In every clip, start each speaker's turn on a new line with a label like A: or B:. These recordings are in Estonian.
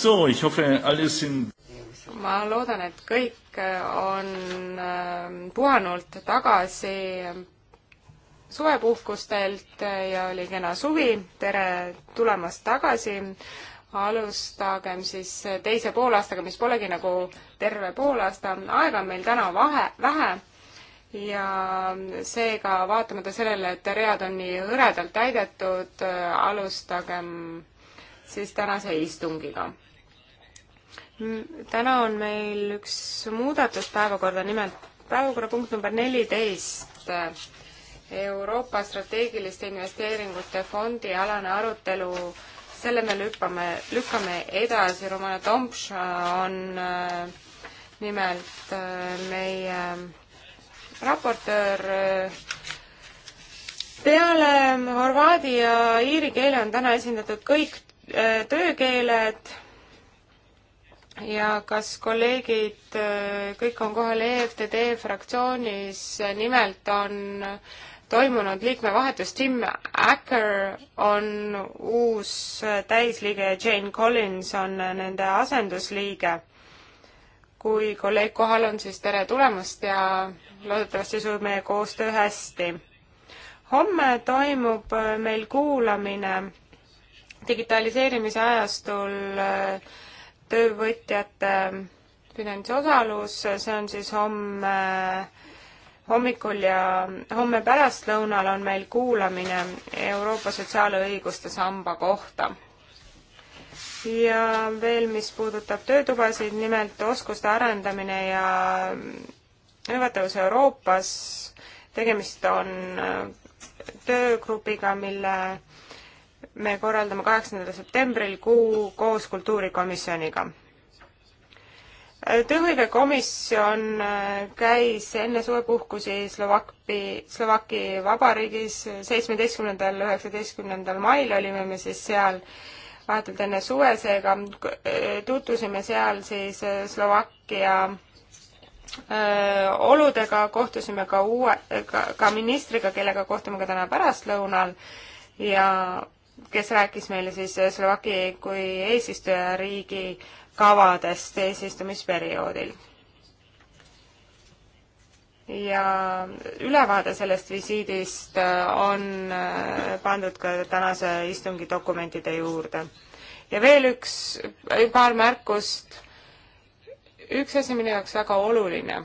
A: So, ich hoffe, alles in
B: ma loodan, et kõik äh, on äh, puhanult tagasi suvepuhkustelt äh, ja oli kena suvi. tere tulemast tagasi. alustagem siis teise poolaastaga, mis polegi nagu terve poolaasta. aega on meil täna vahe, vähe ja seega vaatamata sellele, et read on nii hõredalt täidetud, alustagem siis tänase istungiga täna on meil üks muudatus päevakorda, nimelt päevakorrapunkt number neliteist. Euroopa strateegiliste investeeringute fondi alane arutelu, selle me lüppame, lükkame edasi, Romana Tomš on äh, nimelt äh, meie äh, raportöör peale horvaadi ja iiri keele on täna esindatud kõik äh, töökeeled ja kas kolleegid äh, kõik on kohal EFTD fraktsioonis, nimelt on toimunud liikmevahetus, Tim Acker on uus täisliige ja Jane Collins on nende asendusliige. kui kolleeg kohal on, siis tere tulemast ja loodetavasti sujub meie koostöö hästi. homme toimub äh, meil kuulamine digitaliseerimise ajastul äh, töövõtjate ähm, finantsosalus, see on siis homme hommikul ja homme pärastlõunal on meil kuulamine Euroopa sotsiaalõiguste samba kohta. ja veel, mis puudutab töötubasid, nimelt oskuste arendamine ja hõivatavus Euroopas, tegemist on äh, töögrupiga, mille me korraldame kaheksandal septembril kuu koos kultuurikomisjoniga. tööhõive komisjon äh, käis enne suvepuhkusi Slovakki, Slovaki Vabariigis seitsmeteistkümnendal, üheksateistkümnendal mail olime me siis seal vahetult enne suve, seega äh, tutvusime seal siis äh, Slovakkia oludega, kohtusime ka uue, ka, ka ministriga, kellega kohtume ka täna pärastlõunal ja kes rääkis meile siis Slovaki kui eesistujariigi kavadest eesistumisperioodil. ja ülevaade sellest visiidist äh, on äh, pandud ka tänase istungi dokumentide juurde. ja veel üks, äh, paar märkust. üks asi minu jaoks väga oluline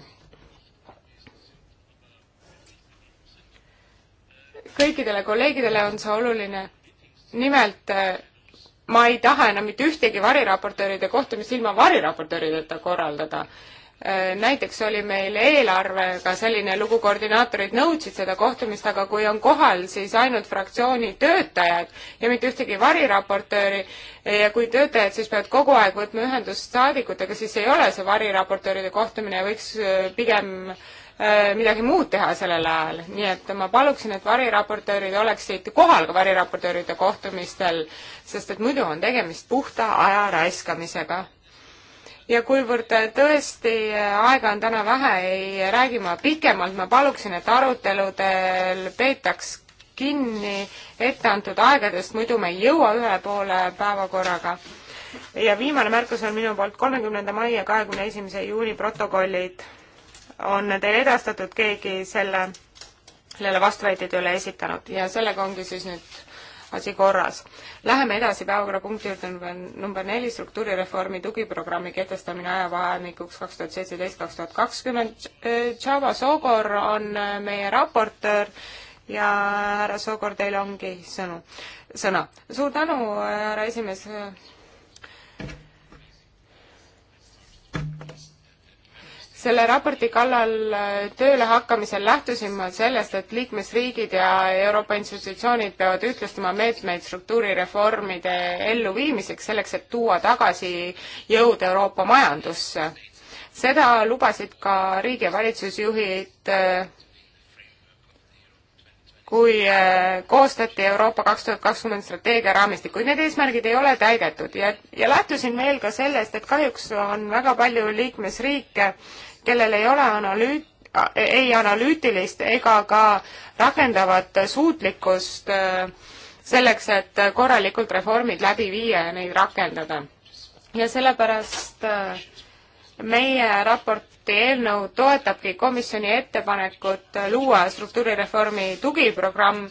B: kõikidele kolleegidele on see oluline, nimelt äh, ma ei taha enam mitte ühtegi variraportööride kohtumist ilma variraportöörideta korraldada. Äh, näiteks oli meil eelarvega selline lugu, koordinaatorid nõudsid seda kohtumist, aga kui on kohal siis ainult fraktsiooni töötajad ja mitte ühtegi variraportööri äh, ja kui töötajad siis peavad kogu aeg võtma ühendust saadikutega, siis ei ole see variraportööride kohtumine, võiks pigem äh, Äh, midagi muud teha sellel ajal, nii et ma paluksin, et variraportöörid oleksid kohal ka variraportööride kohtumistel, sest et muidu on tegemist puhta aja raiskamisega. ja kuivõrd äh, tõesti äh, aega on täna vähe, ei räägi ma pikemalt, ma paluksin, et aruteludel peetaks kinni etteantud aegadest, muidu me ei jõua ühele poole päevakorraga ja viimane märkus on minu poolt kolmekümnenda mai ja kahekümne esimese juuni protokollid on teile edastatud, keegi selle, sellele vastuväiteid ei ole esitanud ja sellega ongi siis nüüd asi korras. Läheme edasi päevakorrapunkti juurde number, number neli, struktuurireformi tugiprogrammi kehtestamine ajavahemikuks kaks tuhat seitseteist, kaks tuhat kakskümmend. Tšava Sogor on meie raportöör ja härra Sogor, teil ongi sõnu, sõna. suur tänu, härra esimees selle raporti kallal äh, tööle hakkamisel lähtusin ma sellest, et liikmesriigid ja Euroopa institutsioonid peavad ühtlustama meetmeid struktuurireformide elluviimiseks, selleks et tuua tagasi jõud Euroopa majandusse. seda lubasid ka riigi- ja valitsusjuhid äh, kui äh, koostati Euroopa kaks tuhat kakskümmend strateegia raamistikuid, need eesmärgid ei ole täidetud ja, ja lähtusin veel ka sellest, et kahjuks on väga palju liikmesriike, kellel ei ole analüüt-, ei analüütilist ega ka rakendavat suutlikkust äh, selleks, et korralikult reformid läbi viia ja neid rakendada. ja sellepärast äh, meie raporti eelnõu toetabki komisjoni ettepanekut luua struktuurireformi tugiprogramm,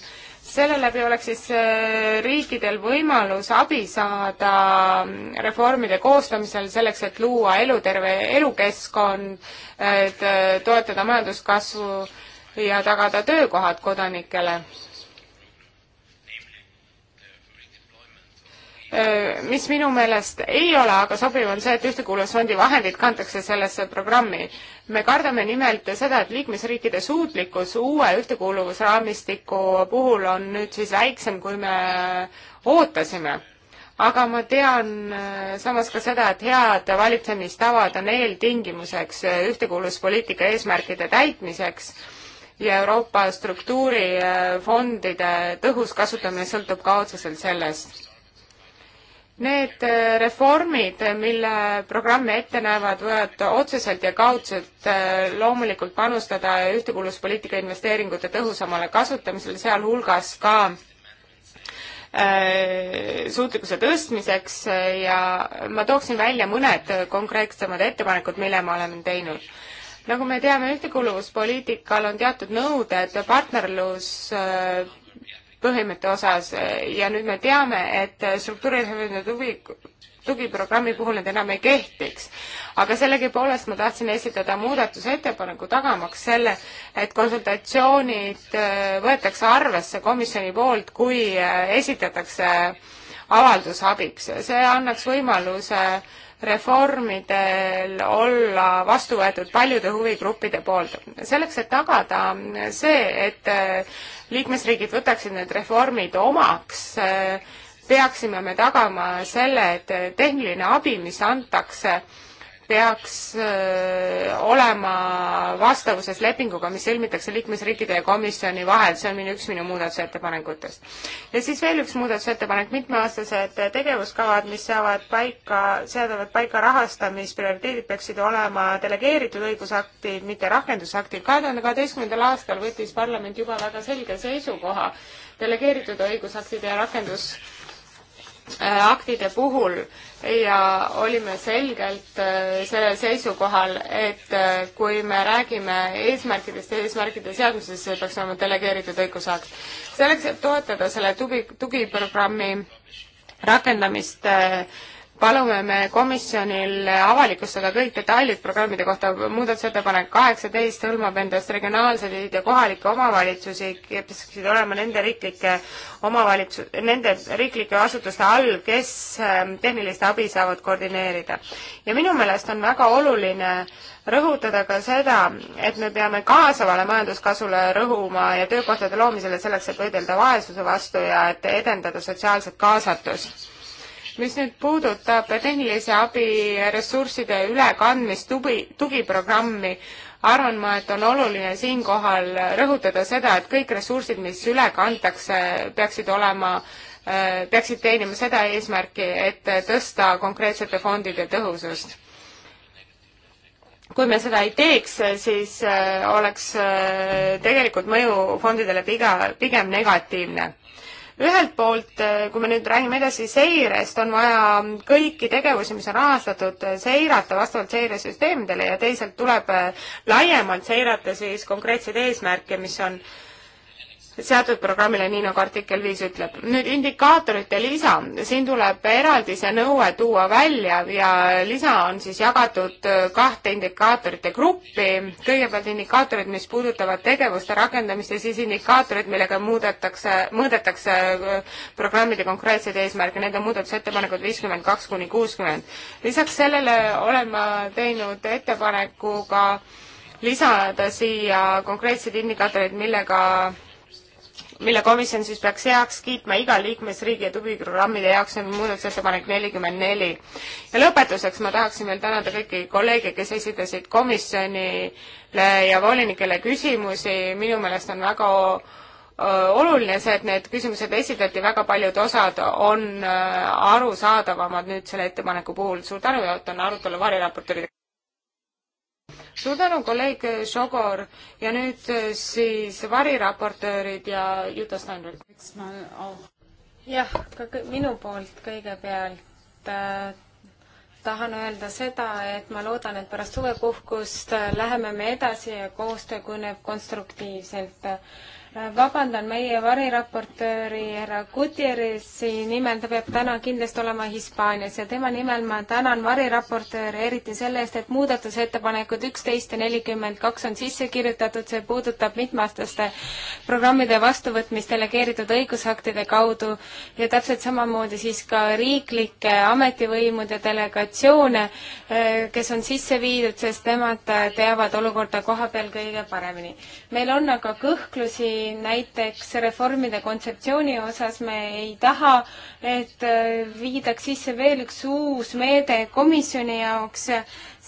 B: selle läbi oleks siis äh, riikidel võimalus abi saada mm, reformide koostamisel selleks, et luua eluterve elukeskkond, et äh, toetada majanduskasvu ja tagada töökohad kodanikele. mis minu meelest ei ole aga sobiv, on see, et Ühtekuuluvusfondi vahendid kantakse sellesse programmi. me kardame nimelt seda, et liikmesriikide suutlikkus uue ühtekuuluvusraamistiku puhul on nüüd siis väiksem, kui me ootasime. aga ma tean samas ka seda, et head valitsemistavad on eeltingimuseks ühtekuuluvuspoliitika eesmärkide täitmiseks ja Euroopa struktuurifondide tõhus kasutamine sõltub ka otseselt sellest Need äh, reformid, mille programm ette näevad, võivad otseselt ja kaudselt äh, loomulikult panustada ühtekuuluvuspoliitika investeeringute tõhusamale kasutamisele, sealhulgas ka äh, suutlikkuse tõstmiseks ja ma tooksin välja mõned konkreetsemad ettepanekud, mille me oleme teinud nagu me teame, ühtekuuluvuspoliitikal on teatud nõuded partnerlus põhimõtte osas ja nüüd me teame, et struktuurireformide tugi, tugiprogrammi puhul need enam ei kehtiks. aga sellegipoolest ma tahtsin esitada muudatusettepaneku tagamaks selle, et konsultatsioonid äh, võetakse arvesse komisjoni poolt, kui äh, esitatakse avaldus abiks. see annaks võimaluse äh, reformidel olla vastu võetud paljude huvigruppide poolt. selleks, et tagada see, et äh, liikmesriigid võtaksid need reformid omaks, äh, peaksime me tagama selle, et tehniline abi, mis antakse, peaks äh, olema vastavuses lepinguga, mis sõlmitakse liikmesriikide ja komisjoni vahel, see on minu, üks minu muudatusettepanekutest. ja siis veel üks muudatusettepanek, mitmeaastased tegevuskavad, mis seavad paika, seadavad paika rahastamisprioriteedid, peaksid olema delegeeritud õigusaktid, mitte rakendusaktid. kahe tuhande kaheteistkümnendal aastal võttis parlament juba väga selge seisukoha delegeeritud õigusaktide ja rakendus Äh, aktide puhul ja olime selgelt äh, sellel seisukohal, et äh, kui me räägime eesmärkidest ja eesmärkide seadmisest, see peaks olema delegeeritud õigusakt. selleks, et toetada selle tugi, tugiprogrammi rakendamist äh, palume me komisjonil avalikustada kõik detailid programmide kohta, muudatusettepanek kaheksateist hõlmab endast regionaalseid ja kohalikke omavalitsusi, kes peaksid olema nende riiklike omavalitsu-, nende riiklike asutuste all, kes ähm, tehnilist abi saavad koordineerida. ja minu meelest on väga oluline rõhutada ka seda, et me peame kaasavale majanduskasule rõhuma ja töökohtade loomisele selleks, et võidelda vaesuse vastu ja et edendada sotsiaalset kaasatust mis nüüd puudutab tehnilise abi ressursside ülekandmist tugi, tugiprogrammi, arvan ma, et on oluline siinkohal rõhutada seda, et kõik ressursid, mis üle kantakse, peaksid olema, äh, peaksid teenima seda eesmärki, et tõsta konkreetsete fondide tõhusust. kui me seda ei teeks, siis äh, oleks äh, tegelikult mõju fondidele piga, pigem negatiivne ühelt poolt, eh, kui me nüüd räägime edasi seirest, on vaja kõiki tegevusi, mis on rahastatud, eh, seirata vastavalt seiresüsteemidele ja teisalt tuleb eh, laiemalt seirata siis konkreetseid eesmärke, mis on äh, seatud programmile, nii nagu artikkel viis ütleb. nüüd indikaatorite lisa, siin tuleb eraldi see nõue tuua välja ja lisa on siis jagatud kahte indikaatorite gruppi. kõigepealt indikaatorid, mis puudutavad tegevuste rakendamist ja siis indikaatorid, millega muudetakse, mõõdetakse programmide konkreetseid eesmärke, need on muudatusettepanekud viiskümmend kaks kuni kuuskümmend. lisaks sellele olen ma teinud ettepaneku ka lisada siia konkreetsed indikaatorid, millega mille komisjon siis peaks heaks kiitma iga liikmesriigi ja tugiprogrammide jaoks, on muudatusettepanek nelikümmend neli. ja lõpetuseks ma tahaksin veel tänada kõiki kolleege, kes esitasid komisjonile ja volinikele küsimusi, minu meelest on väga oluline see, et need küsimused esitati, väga paljud osad on arusaadavamad nüüd selle ettepaneku puhul. suur tänu ja ootan arutelu variraportööridega suur tänu, kolleeg Šogor ja nüüd äh, siis variraportöörid ja Juta Steinberg. jah, ka minu poolt kõigepealt äh, tahan öelda seda, et ma loodan, et pärast suvepuhkust äh, läheme me edasi ja koostöö kujuneb konstruktiivselt äh, vabandan meie variraportööri härra Gutierrezi nimel, ta peab täna kindlasti olema Hispaanias ja tema nimel ma tänan variraportööri eriti selle eest, et muudatusettepanekud üksteist ja nelikümmend kaks on sisse kirjutatud, see puudutab mitmeaastaste programmide vastuvõtmist delegeeritud õigusaktide kaudu ja täpselt samamoodi siis ka riiklike ametivõimude delegatsioone, eh, kes on sisse viidud, sest nemad teavad olukorda koha peal kõige paremini. meil on aga kõhklusi näiteks reformide kontseptsiooni osas me ei taha, et äh, viidaks sisse veel üks uus meede komisjoni jaoks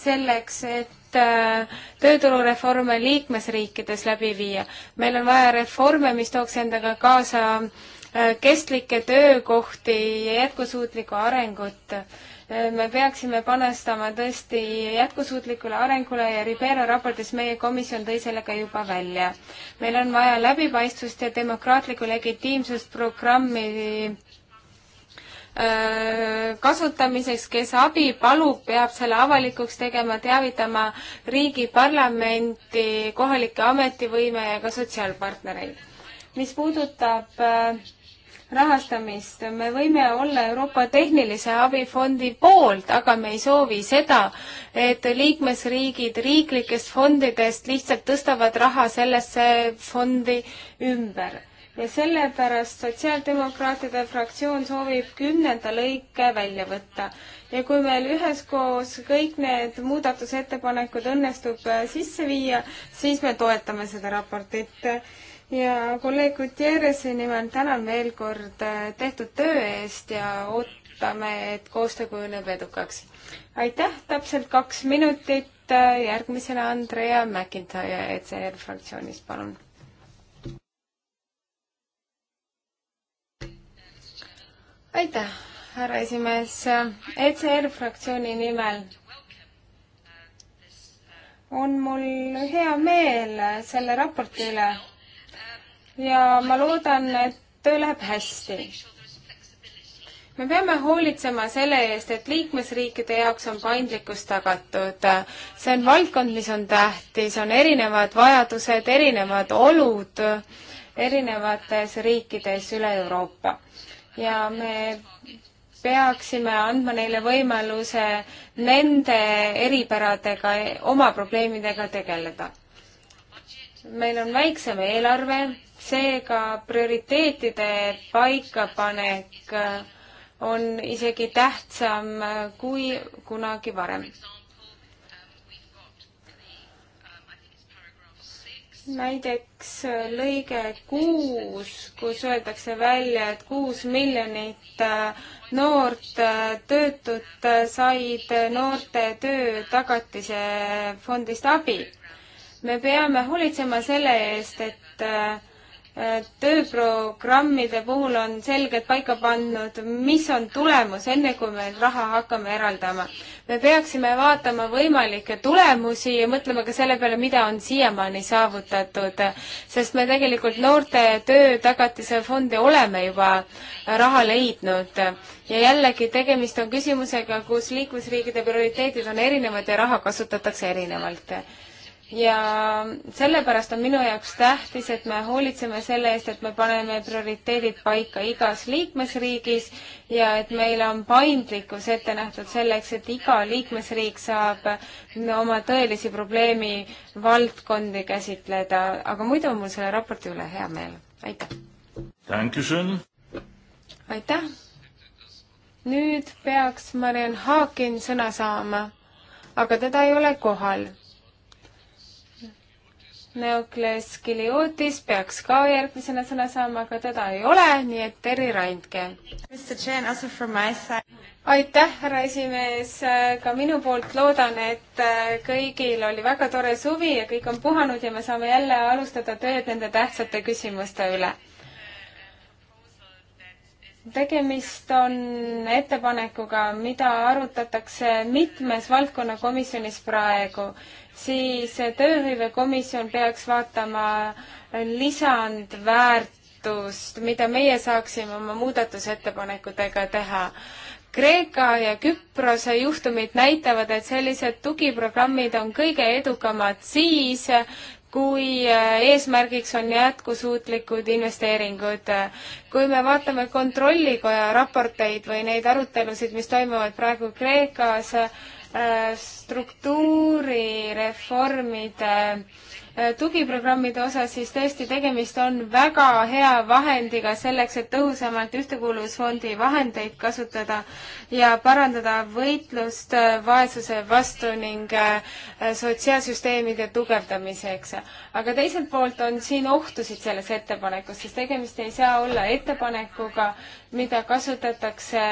B: selleks, et äh, tööturureforme liikmesriikides läbi viia. meil on vaja reforme, mis tooks endaga kaasa äh, kestlikke töökohti ja jätkusuutlikku arengut me peaksime panestama tõesti jätkusuutlikule arengule ja Ribeiro raportis meie komisjon tõi selle ka juba välja. meil on vaja läbipaistvust ja demokraatlikku legitiimsust programmi äh, kasutamiseks, kes abi palub, peab selle avalikuks tegema, teavitama riigi parlamenti, kohalikke ametivõime ja ka sotsiaalpartnereid. mis puudutab äh, rahastamist. me võime olla Euroopa Tehnilise Abifondi poolt, aga me ei soovi seda, et liikmesriigid riiklikest fondidest lihtsalt tõstavad raha sellesse fondi ümber. ja sellepärast Sotsiaaldemokraatide fraktsioon soovib kümnenda lõike välja võtta. ja kui meil üheskoos kõik need muudatusettepanekud õnnestub sisse viia, siis me toetame seda raportit ja kolleeg Gutierrezi nimel tänan veel kord äh, tehtud töö eest ja ootame, et koostöö kujuneb edukaks. aitäh, täpselt kaks minutit, äh, järgmisena Andrea McIntyre ECR fraktsioonist, palun. aitäh, härra esimees, ECR fraktsiooni nimel on mul hea meel selle raporti üle ja ma loodan, et töö läheb hästi. me peame hoolitsema selle eest, et liikmesriikide jaoks on paindlikkus tagatud. see on valdkond, mis on tähtis, on erinevad vajadused, erinevad olud erinevates riikides üle Euroopa. ja me peaksime andma neile võimaluse nende eripäradega, oma probleemidega tegeleda. meil on väiksem eelarve seega prioriteetide paikapanek on isegi tähtsam kui kunagi varem. näiteks lõige kuus, kus öeldakse välja, et kuus miljonit noort töötut said noorte töötagatise fondist abi. me peame hoolitsema selle eest, et tööprogrammide puhul on selgelt paika pannud, mis on tulemus, enne kui me raha hakkame eraldama. me peaksime vaatama võimalikke tulemusi ja mõtlema ka selle peale, mida on siiamaani saavutatud, sest me tegelikult noorte töötagatise fondi oleme juba raha leidnud ja jällegi, tegemist on küsimusega, kus liikmesriikide prioriteedid on erinevad ja raha kasutatakse erinevalt ja sellepärast on minu jaoks tähtis, et me hoolitseme selle eest, et me paneme prioriteedid paika igas liikmesriigis ja et meil on paindlikkus ette nähtud selleks, et iga liikmesriik saab oma tõelisi probleemi valdkondi käsitleda, aga muidu on mul selle raporti üle hea meel, aitäh! aitäh! nüüd peaks Mariann Haakin sõna saama, aga teda ei ole kohal Neokles Kiliotis peaks ka järgmisena sõna saama, aga teda ei ole, nii et Terri Randke. aitäh, härra esimees, ka minu poolt loodan, et äh, kõigil oli väga tore suvi ja kõik on puhanud ja me saame jälle alustada tööd nende tähtsate küsimuste üle tegemist on ettepanekuga, mida arutatakse mitmes valdkonnakomisjonis praegu siis tööhõivekomisjon peaks vaatama lisandväärtust, mida meie saaksime oma muudatusettepanekutega teha. Kreeka ja Küprose juhtumid näitavad, et sellised tugiprogrammid on kõige edukamad siis, kui eesmärgiks on jätkusuutlikud investeeringud. kui me vaatame Kontrollikoja raporteid või neid arutelusid, mis toimuvad praegu Kreekas, struktuurireformide äh, tugiprogrammide osas, siis tõesti tegemist on väga hea vahendiga selleks, et tõhusamalt Ühtekuuluvusfondi vahendeid kasutada ja parandada võitlust äh, vaesuse vastu ning äh, sotsiaalsüsteemide tugevdamiseks. aga teiselt poolt on siin ohtusid selles ettepanekus, sest tegemist ei saa olla ettepanekuga, mida kasutatakse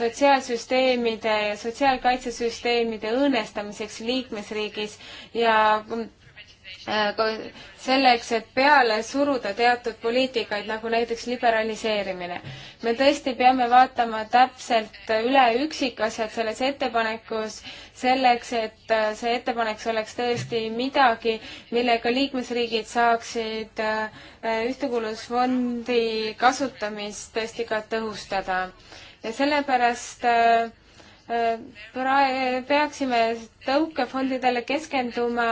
B: sotsiaalsüsteemide ja sotsiaalkaitsesüsteemide õõnestamiseks õõnestamiseks liikmesriigis ja äh, selleks, et peale suruda teatud poliitikaid, nagu näiteks liberaliseerimine. me tõesti peame vaatama täpselt üle üksikasjad selles ettepanekus, selleks et äh, see ettepanek oleks tõesti midagi, millega liikmesriigid saaksid äh, ühtekuuluvusfondi kasutamist tõesti ka tõhustada. ja sellepärast äh, praegu peaksime tõukefondidele keskenduma,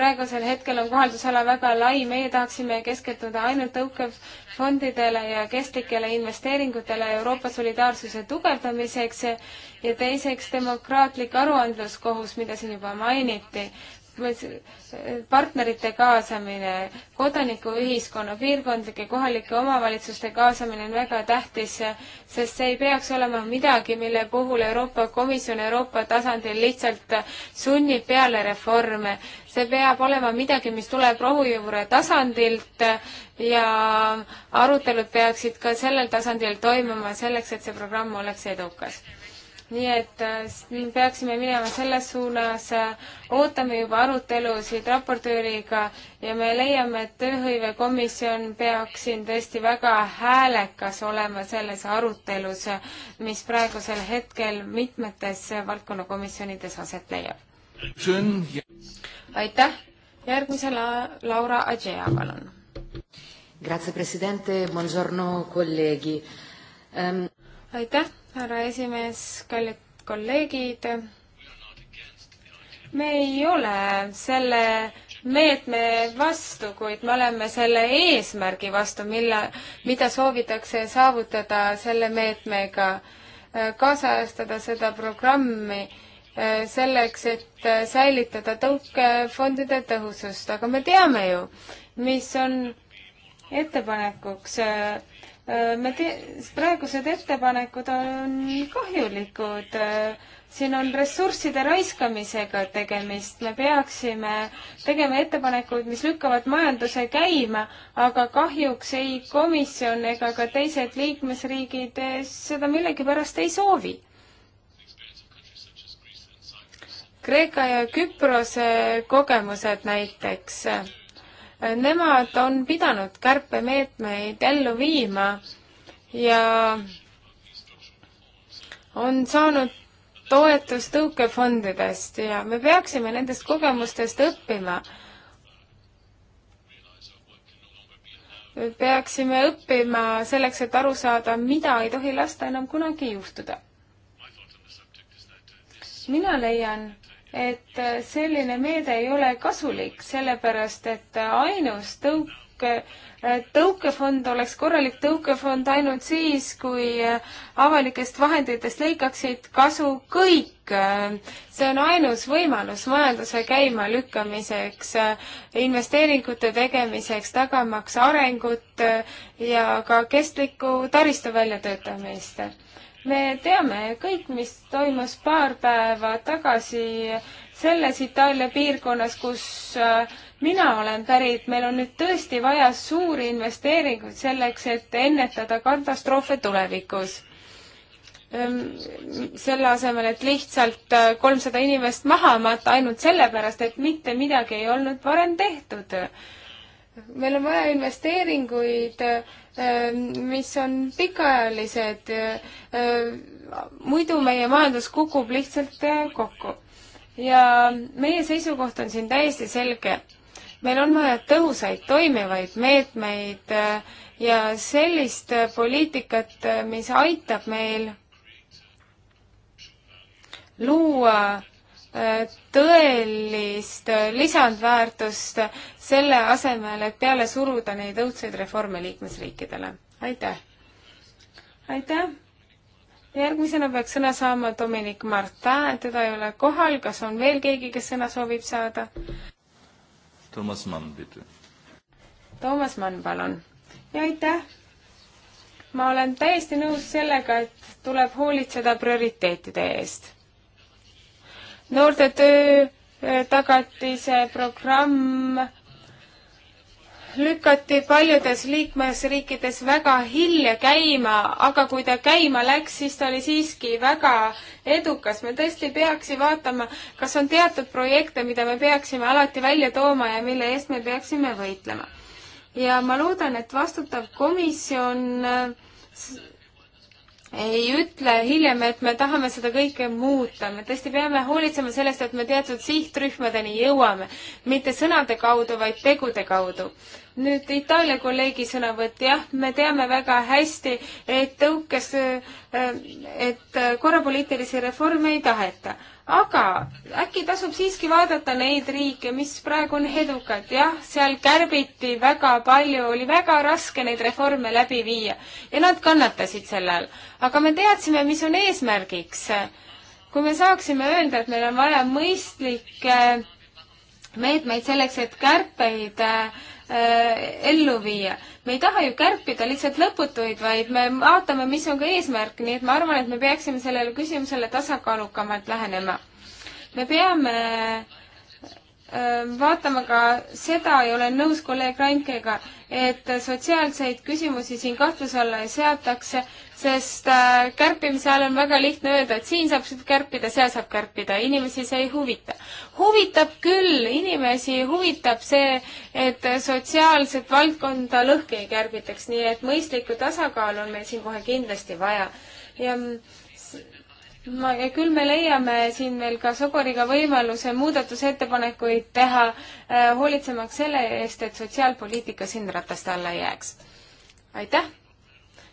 B: praegusel hetkel on kohaldusala väga lai, meie tahaksime keskenduda ainult tõukefondidele ja kestlikele investeeringutele Euroopa solidaarsuse tugevdamiseks ja teiseks demokraatlik aruandluskohus, mida siin juba mainiti partnerite kaasamine, kodanikuühiskonna, piirkondlike, kohalike omavalitsuste kaasamine on väga tähtis, sest see ei peaks olema midagi, mille puhul Euroopa Komisjon Euroopa tasandil lihtsalt sunnib peale reforme. see peab olema midagi, mis tuleb rohujuure tasandilt ja arutelud peaksid ka sellel tasandil toimuma selleks, et see programm oleks edukas nii et äh, me peaksime minema selles suunas, ootame juba arutelusid raportööriga ja me leiame, et tööhõivekomisjon peaks siin tõesti väga häälekas olema selles arutelus, mis praegusel hetkel mitmetes valdkonnakomisjonides aset leiab. aitäh, järgmisele Laura Adjea, palun. Grazie Presidente, buongiorno colleghi um.... aitäh härra esimees, kallid kolleegid. me ei ole selle meetme vastu, kuid me oleme selle eesmärgi vastu, mille, mida soovitakse saavutada selle meetmega, äh, kaasajastada seda programmi äh, selleks, et äh, säilitada tõukefondide tõhusust, aga me teame ju, mis on ettepanekuks Äh, me te-, praegused ettepanekud on kahjulikud. Äh, siin on ressursside raiskamisega tegemist, me peaksime tegema ettepanekuid, mis lükkavad majanduse käima, aga kahjuks ei komisjon ega ka teised liikmesriigid äh, seda millegipärast ei soovi. Kreeka ja Küprose kogemused näiteks nemad on pidanud kärpemeetmeid ellu viima ja on saanud toetust tõukefondidest ja me peaksime nendest kogemustest õppima. me peaksime õppima selleks, et aru saada, mida ei tohi lasta enam kunagi juhtuda. mina leian, et äh, selline meede ei ole kasulik, sellepärast et äh, ainus tõuke, äh, tõukefond oleks korralik tõukefond ainult siis, kui avalikest vahenditest lõikaksid kasu kõik. see on ainus võimalus majanduse käimalükkamiseks, investeeringute tegemiseks, tagamaks arengut ja ka kestliku taristu väljatöötamist me teame kõik, mis toimus paar päeva tagasi selles Itaalia piirkonnas, kus äh, mina olen pärit, meil on nüüd tõesti vaja suuri investeeringuid selleks, et ennetada katastroofe tulevikus. Ehm, selle asemel, et lihtsalt äh, kolmsada inimest maha matta ainult sellepärast, et mitte midagi ei olnud varem tehtud meil on vaja investeeringuid, äh, mis on pikaajalised, äh, muidu meie majandus kukub lihtsalt äh, kokku. ja meie seisukoht on siin täiesti selge. meil on vaja tõhusaid toimivaid meetmeid ja sellist poliitikat, mis aitab meil luua tõelist lisandväärtust selle asemel, et peale suruda neid õudseid reforme liikmesriikidele. aitäh! aitäh! järgmisena peaks sõna saama Dominic Martin, teda ei ole kohal, kas on veel keegi, kes sõna soovib saada?
A: Toomas Mann, bitte.
B: Toomas Mann, palun. ja aitäh! ma olen täiesti nõus sellega, et tuleb hoolitseda prioriteetide eest noorte töötagatise eh, programm lükati paljudes liikmesriikides väga hilja käima, aga kui ta käima läks, siis ta oli siiski väga edukas. me tõesti peaksime vaatama, kas on teatud projekte, mida me peaksime alati välja tooma ja mille eest me peaksime võitlema. ja ma loodan, et vastutav komisjon eh, ei ütle hiljem, et me tahame seda kõike muuta, me tõesti peame hoolitsema sellest, et me teatud sihtrühmadeni jõuame, mitte sõnade kaudu, vaid tegude kaudu. nüüd Itaalia kolleegi sõnavõtt, jah, me teame väga hästi, et tõukes, äh, et korrapoliitilisi reforme ei taheta, aga äkki tasub siiski vaadata neid riike, mis praegu on edukad, jah, seal kärbiti väga palju, oli väga raske neid reforme läbi viia ja nad kannatasid selle all. aga me teadsime, mis on eesmärgiks. kui me saaksime öelda, et meil on vaja mõistlikke meetmeid selleks, et kärpeid Äh, ellu viia. me ei taha ju kärpida lihtsalt lõputuid, vaid me vaatame, mis on ka eesmärk, nii et ma arvan, et me peaksime sellele küsimusele tasakaalukamalt lähenema. me peame äh, vaatama ka seda ja olen nõus kolleeg Rankega, et sotsiaalseid küsimusi siin kahtluse alla ei seatakse sest äh, kärpimise ajal on väga lihtne öelda, et siin saab kärpida, seal saab kärpida, inimesi see ei huvita. huvitab küll, inimesi huvitab see, et sotsiaalset valdkonda lõhki ei kärbitaks, nii et mõistlikku tasakaalu on meil siin kohe kindlasti vaja. ja ma, ja küll me leiame siin veel ka Sogoriga võimaluse muudatusettepanekuid teha, äh, hoolitsemaks selle eest, et sotsiaalpoliitika siin rataste alla ei jääks. aitäh!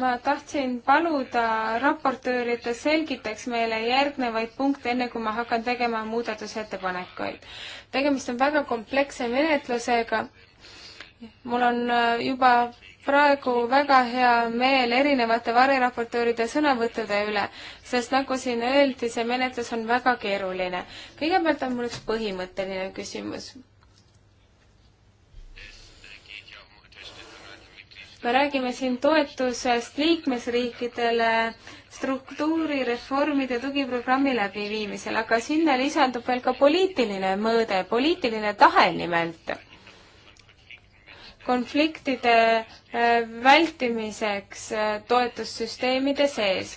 B: ma tahtsin paluda raportööri, et ta selgitaks meile järgnevaid punkte, enne kui ma hakkan tegema muudatusettepanekuid. tegemist on väga kompleksse menetlusega. mul on äh, juba praegu väga hea meel erinevate variraportööride sõnavõttude üle, sest nagu siin öeldi, see menetlus on väga keeruline. kõigepealt on mul üks põhimõtteline küsimus me räägime siin toetusest liikmesriikidele struktuurireformide tugiprogrammi läbiviimisel, aga sinna lisandub veel ka poliitiline mõõde, poliitiline tahe nimelt konfliktide äh, vältimiseks äh, toetussüsteemide sees.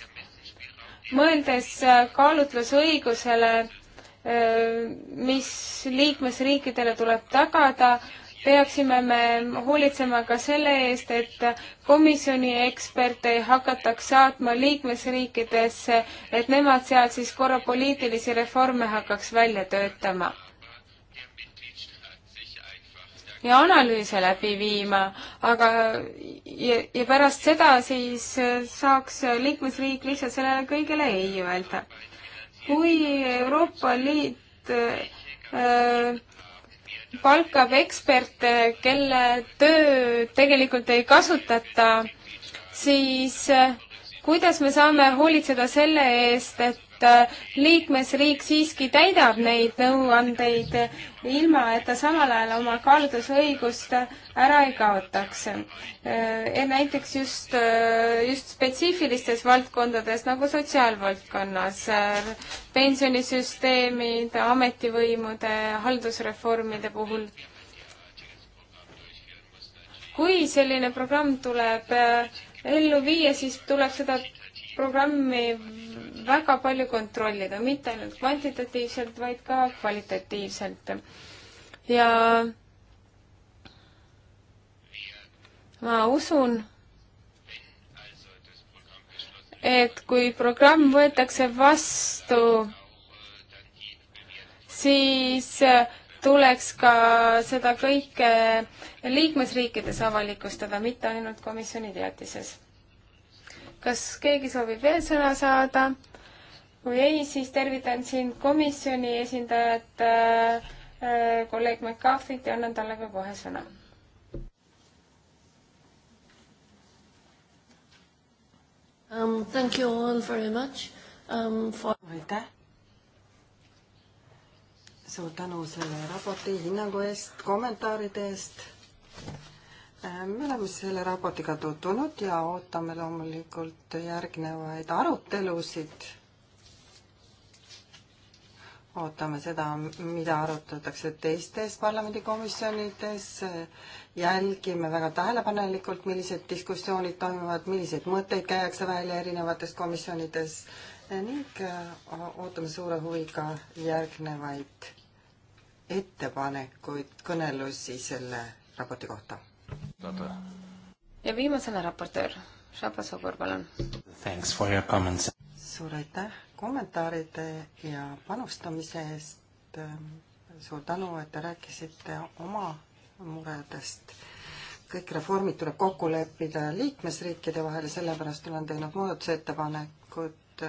B: mõeldes äh, kaalutlusõigusele, mis liikmesriikidele tuleb tagada, peaksime me hoolitsema ka selle eest, et komisjoni eksperte ei hakataks saatma liikmesriikidesse, et nemad seal siis korra poliitilisi reforme hakkaks välja töötama ja analüüse läbi viima, aga ja, ja pärast seda siis saaks liikmesriik lihtsalt sellele kõigele ei öelda. kui Euroopa Liit äh, palkab eksperte, kelle töö tegelikult ei kasutata, siis eh, kuidas me saame hoolitseda selle eest, et et äh, liikmesriik siiski täidab neid nõuandeid, ilma et ta samal ajal oma kaalutlusõigust ära ei kaotaks. Äh, näiteks just, äh, just spetsiifilistes valdkondades nagu sotsiaalvaldkonnas, pensionisüsteemid, ametivõimude, haldusreformide puhul kui selline programm tuleb ellu viia, siis tuleb seda programmi väga palju kontrollida, mitte ainult kvantitatiivselt, vaid ka kvalitatiivselt. ja ma usun, et kui programm võetakse vastu, siis tuleks ka seda kõike liikmesriikides avalikustada, mitte ainult komisjoni teatises. kas keegi soovib veel sõna saada? kui ei, siis tervitan siin komisjoni esindajat äh, äh,, kolleeg McCarthy't ja annan talle ka kohe sõna.
C: Um, thank you all very much um, for aitäh! suur tänu selle raporti hinnangu eest, kommentaaride eest. Äh, me oleme selle raportiga tutvunud ja ootame loomulikult järgnevaid arutelusid ootame seda, mida arutatakse teistes parlamendikomisjonides, jälgime väga tähelepanelikult, millised diskussioonid toimuvad, milliseid mõtteid käiakse välja erinevates komisjonides ning äh, ootame suure huviga järgnevaid ettepanekuid, kõnelusi selle raporti kohta. ja viimasena raportöör, Shaba Sobor, palun. suur aitäh kommentaaride ja panustamise eest. suur tänu, et te rääkisite oma muredest. kõik reformid tuleb kokku leppida liikmesriikide vahel ja sellepärast olen teinud muudatusettepanekud,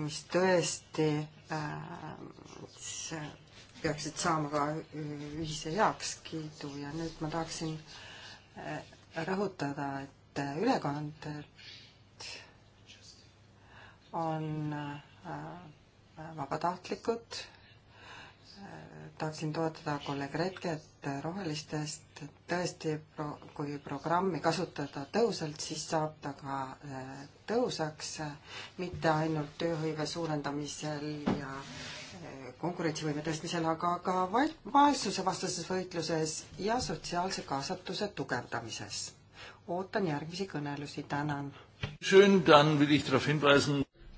C: mis tõesti äh, peaksid saama ka ühise heakskiidu ja nüüd ma tahaksin äh, rõhutada, et äh, ülekanded on äh, äh, vabatahtlikud. Äh, tahaksin toetada kolleeg Retket Rohelistest, et tõesti, kui programmi kasutada tõhusalt, siis saab ta ka tõhusaks, mitte ainult tööhõive suurendamisel ja konkurentsivõime tõstmisel, aga ka vaesusevastases võitluses ja sotsiaalse kaasatuse tugevdamises. ootan järgmisi kõnelusi, tänan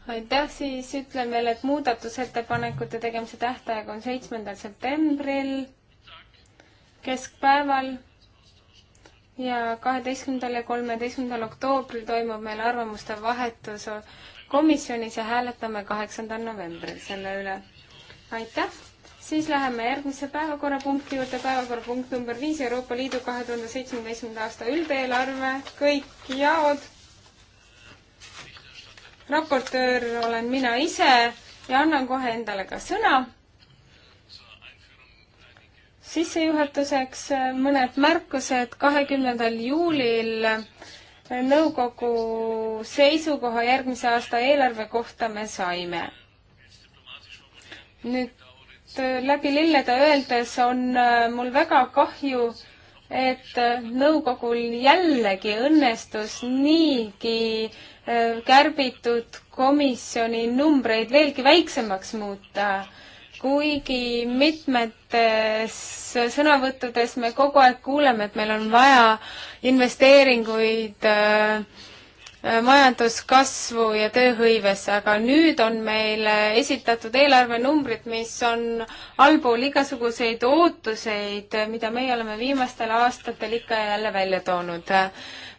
C: aitäh, siis ütlen veel,
B: et muudatusettepanekute tegemise tähtaeg on seitsmendal septembril keskpäeval ja kaheteistkümnendal ja kolmeteistkümnendal oktoobril toimub meil arvamuste vahetus komisjonis ja hääletame kaheksandal novembril selle üle. aitäh, siis läheme järgmise päevakorrapunkti juurde, päevakorrapunkt number viis, Euroopa Liidu kahe tuhande seitsmeteistkümnenda aasta üldeelarve, kõik jaod raportöör olen mina ise ja annan kohe endale ka sõna. sissejuhatuseks mõned märkused kahekümnendal juulil nõukogu seisukoha järgmise aasta eelarve kohta me saime. nüüd läbi lillede öeldes on mul väga kahju, et äh, nõukogul jällegi õnnestus niigi äh, kärbitud komisjoni numbreid veelgi väiksemaks muuta, kuigi mitmetes sõnavõttudes me kogu aeg kuuleme, et meil on vaja investeeringuid äh, Äh, majanduskasvu ja tööhõivesse, aga nüüd on meile esitatud eelarvenumbrid, mis on allpool igasuguseid ootuseid, mida meie oleme viimastel aastatel ikka ja jälle välja toonud.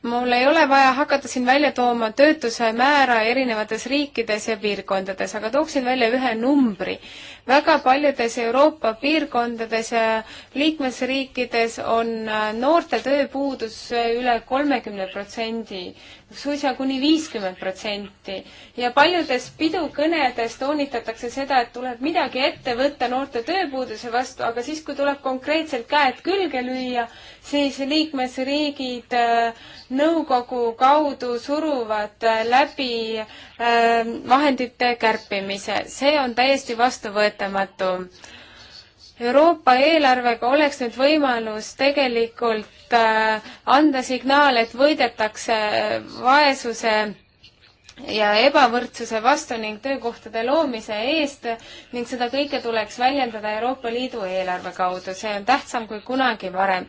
B: mul ei ole vaja hakata siin välja tooma töötuse määra erinevates riikides ja piirkondades, aga tooksin välja ühe numbri väga paljudes Euroopa piirkondades ja liikmesriikides on äh, noorte tööpuudus äh, üle kolmekümne protsendi, suisa kuni viiskümmend protsenti. ja paljudes pidukõnedes toonitatakse seda, et tuleb midagi ette võtta noorte tööpuuduse vastu, aga siis, kui tuleb konkreetselt käed külge lüüa, siis liikmesriigid äh, nõukogu kaudu suruvad läbi vahendite kärpimise. see on täiesti vastuvõetamatu vastuvõetamatu. Euroopa eelarvega oleks nüüd võimalus tegelikult äh, anda signaal, et võidetakse äh, vaesuse ja ebavõrdsuse vastu ning töökohtade loomise eest ning seda kõike tuleks väljendada Euroopa Liidu eelarve kaudu, see on tähtsam kui kunagi varem.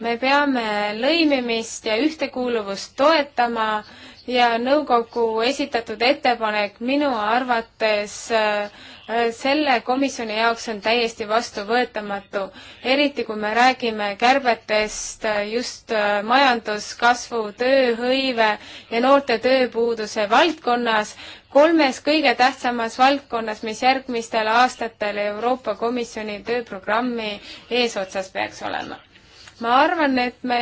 B: me peame lõimimist ja ühtekuuluvust toetama ja nõukogu esitatud ettepanek minu arvates äh, Äh, selle komisjoni jaoks on täiesti vastuvõetamatu, eriti kui me räägime kärbetest äh, just äh, majanduskasvu, tööhõive ja noorte tööpuuduse valdkonnas, kolmes kõige tähtsamas valdkonnas, mis järgmistel aastatel Euroopa Komisjoni tööprogrammi eesotsas peaks olema ma arvan, et me,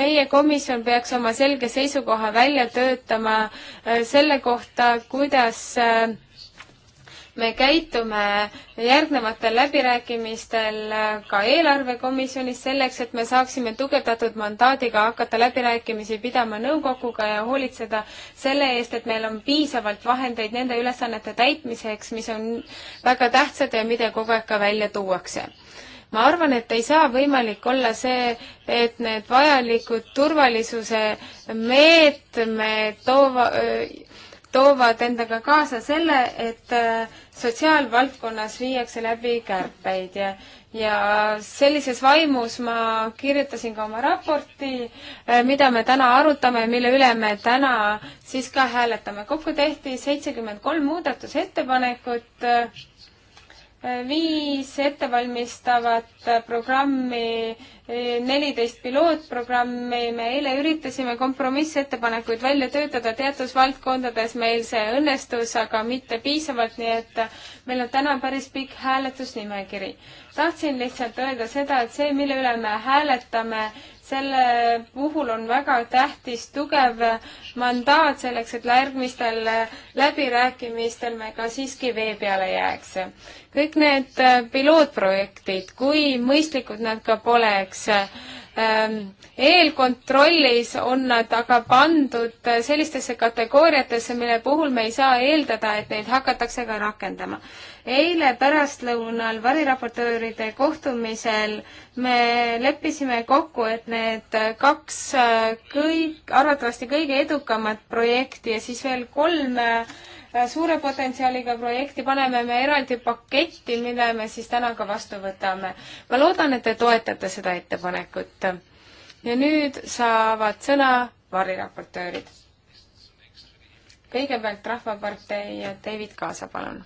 B: meie komisjon peaks oma selge seisukoha välja töötama selle kohta, kuidas äh, me käitume järgnevatel läbirääkimistel ka eelarvekomisjonis selleks, et me saaksime tugevdatud mandaadiga hakata läbirääkimisi pidama nõukoguga ja hoolitseda selle eest, et meil on piisavalt vahendeid nende ülesannete täitmiseks, mis on väga tähtsad ja mida kogu aeg ka välja tuuakse ma arvan, et ei saa võimalik olla see, et need vajalikud turvalisuse meetmed toova, toovad endaga kaasa selle, et äh, sotsiaalvaldkonnas viiakse läbi kärpeid ja ja sellises vaimus ma kirjutasin ka oma raporti, äh, mida me täna arutame, mille üle me täna siis ka hääletame. kokku tehti seitsekümmend kolm muudatusettepanekut äh, viis ettevalmistavat programmi, neliteist pilootprogrammi, me eile üritasime kompromissettepanekuid välja töötada, teatud valdkondades meil see õnnestus, aga mitte piisavalt, nii et meil on täna päris pikk hääletusnimekiri. tahtsin lihtsalt öelda seda, et see, mille üle me hääletame, selle puhul on väga tähtis tugev mandaat selleks, et järgmistel läbirääkimistel me ka siiski vee peale jääks. kõik need pilootprojektid, kui mõistlikud nad ka poleks, Ähm, eelkontrollis on nad aga pandud äh, sellistesse kategooriatesse, mille puhul me ei saa eeldada, et neid hakatakse ka rakendama. eile pärastlõunal variraportööride kohtumisel me leppisime kokku, et need kaks äh, kõik, arvatavasti kõige edukamat projekti ja siis veel kolm äh, Äh, suure potentsiaaliga projekti paneme me eraldi paketti, mille me siis täna ka vastu võtame. ma loodan, et te toetate seda ettepanekut. ja nüüd saavad sõna variraportöörid. kõigepealt Rahvapartei ja David Kaasa, palun.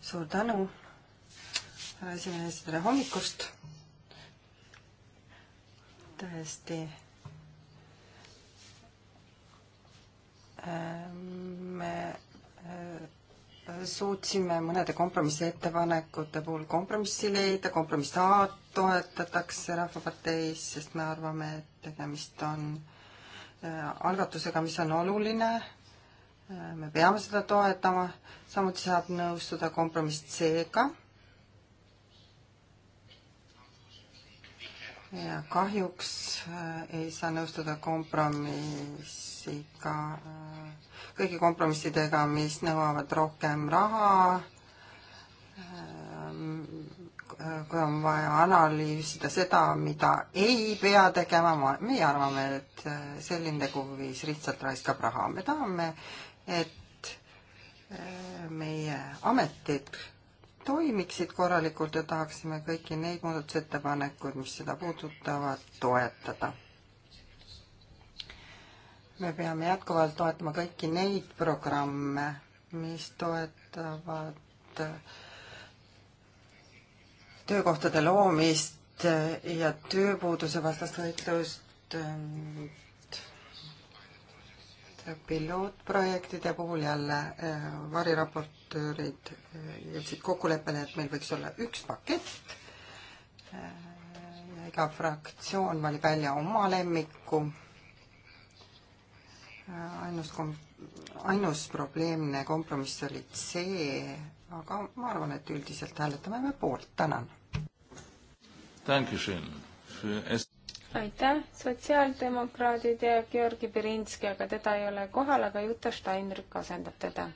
C: suur tänu, härra äh, esimees, tere hommikust. tõesti me e, suutsime mõnede kompromissettepanekute puhul kompromissi leida, kompromiss A toetatakse Rahvaparteis, sest me arvame, et tegemist on e, algatusega, mis on oluline, e, me peame seda toetama, samuti saab nõustuda kompromiss C-ga. ja kahjuks ei saa nõustuda kompromiss kompromissiga, äh, kõigi kompromissidega, mis nõuavad rohkem raha, äh, äh, kui on vaja analüüsida seda, mida ei pea tegema, ma, meie arvame, et selline teguviis lihtsalt raiskab raha. me tahame, et meie ametid toimiksid korralikult ja tahaksime kõiki neid muudatusettepanekuid, mis seda puudutavad, toetada me peame jätkuvalt toetama kõiki neid programme, mis toetavad töökohtade loomist ja tööpuuduse vastast võitlust. Ähm, pilootprojektide puhul jälle äh, variraportöörid äh, jõudsid kokkuleppele, et meil võiks olla üks pakett äh, ja iga fraktsioon valib välja oma lemmiku ainus kom-, ainus probleemne kompromiss oli see, aga ma arvan, et üldiselt hääletame me poolt, tänan.
B: aitäh, sotsiaaldemokraadid ja Georgi Berinski, aga teda ei ole kohal, aga Juta Steinrück asendab teda.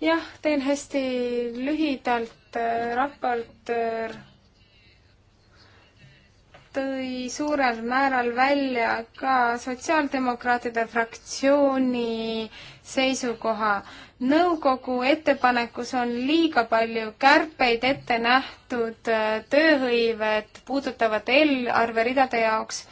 B: jah, teen hästi lühidalt, äh, raportöör äh, tõi suurel määral välja ka Sotsiaaldemokraatide fraktsiooni seisukoha. nõukogu ettepanekus on liiga palju kärpeid ette nähtud äh, tööhõivet puudutavate eelarveridade jaoks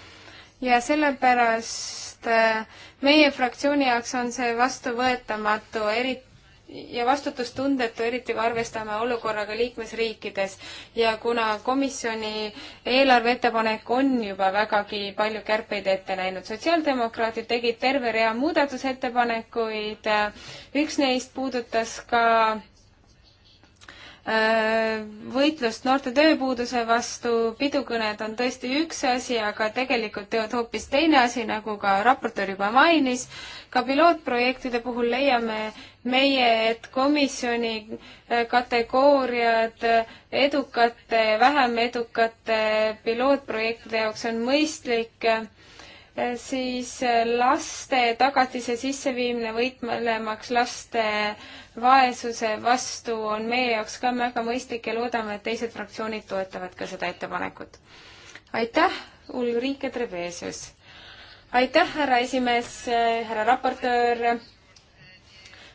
B: ja sellepärast äh, meie fraktsiooni jaoks on see vastuvõetamatu, eriti ja vastutustundetu, eriti kui arvestame olukorraga liikmesriikides. ja kuna komisjoni eelarveettepanek on juba vägagi palju kärpeid ette näinud, sotsiaaldemokraadid tegid terve rea muudatusettepanekuid, üks neist puudutas ka Äh, võitlust noorte tööpuuduse vastu, pidukõned on tõesti üks asi, aga tegelikult teevad hoopis teine asi, nagu ka raportöör juba mainis. ka pilootprojektide puhul leiame meie, et komisjoni äh, kategooriad äh, edukate, vähem edukate pilootprojektide jaoks on mõistlik siis äh, laste tagatise sisseviimine võitlemaks laste vaesuse vastu on meie jaoks ka väga mõistlik ja loodame, et teised fraktsioonid toetavad ka seda ettepanekut. aitäh, Ulrike Trebesius! aitäh, härra esimees, äh, härra raportöör!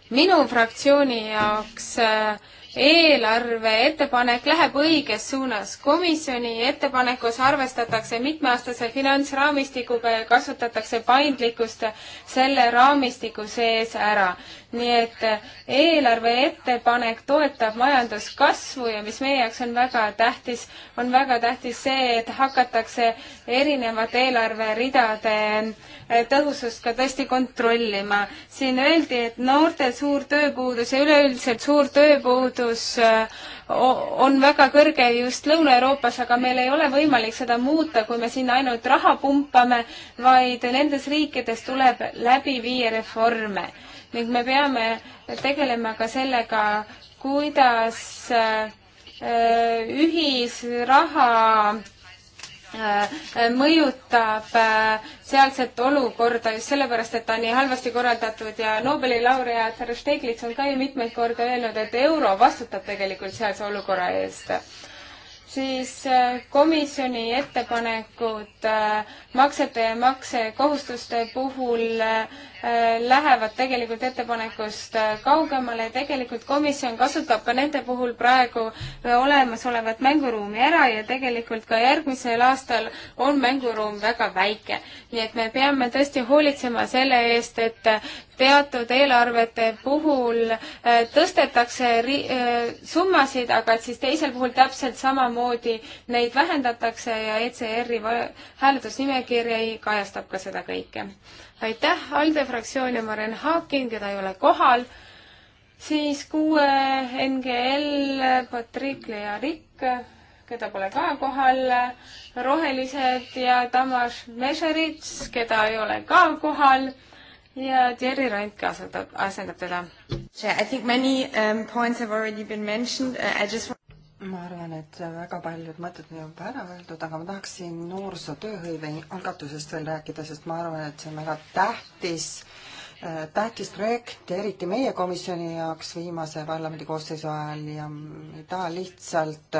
B: minu fraktsiooni jaoks äh, eelarve ettepanek läheb õiges suunas. komisjoni ettepanekus arvestatakse mitmeaastase finantsraamistikuga ja kasutatakse paindlikkust selle raamistiku sees ära. nii et eelarve ettepanek toetab majanduskasvu ja mis meie jaoks on väga tähtis, on väga tähtis see, et hakatakse erinevate eelarveridade eh, tõhusust ka tõesti kontrollima. siin öeldi, et noorte suur tööpuudus ja üleüldiselt suur tööpuudus tööstus äh, on väga kõrge just Lõuna-Euroopas, aga meil ei ole võimalik seda muuta, kui me sinna ainult raha pumpame, vaid nendes riikides tuleb läbi viia reforme ning me peame tegelema ka sellega, kuidas äh, ühisraha Äh, äh, mõjutab äh, sealset olukorda just sellepärast, et ta on nii halvasti korraldatud ja Nobeli laureaat härra Steglitz on ka ju mitmeid kordi öelnud, et euro vastutab tegelikult sealse olukorra eest siis komisjoni ettepanekud maksete ja maksekohustuste puhul Äh, lähevad tegelikult ettepanekust äh, kaugemale ja tegelikult komisjon kasutab ka nende puhul praegu äh, olemasolevat mänguruumi ära ja tegelikult ka järgmisel aastal on mänguruum väga väike. nii et me peame tõesti hoolitsema selle eest, et teatud eelarvete puhul tõstetakse summasid, aga et siis teisel puhul täpselt samamoodi neid vähendatakse ja ECR-i hääletusnimekiri kajastab ka seda kõike. aitäh, Alde fraktsioon ja Maren Haakin, keda ei ole kohal, siis kuue NGL, Patrick ja Rikk, keda pole ka kohal, Rohelised ja Tamas Mešerits, keda ei ole ka kohal ja Thierry Randke asendab, asendab teda. Um,
C: uh, just ma arvan, et väga paljud mõtted on juba ära öeldud, aga ma tahaksin noorsootööhõive algatusest veel rääkida, sest ma arvan, et see on väga tähtis, äh, tähtis projekt, eriti meie komisjoni jaoks viimase parlamendikoosseisu ajal ja mm, ei taha lihtsalt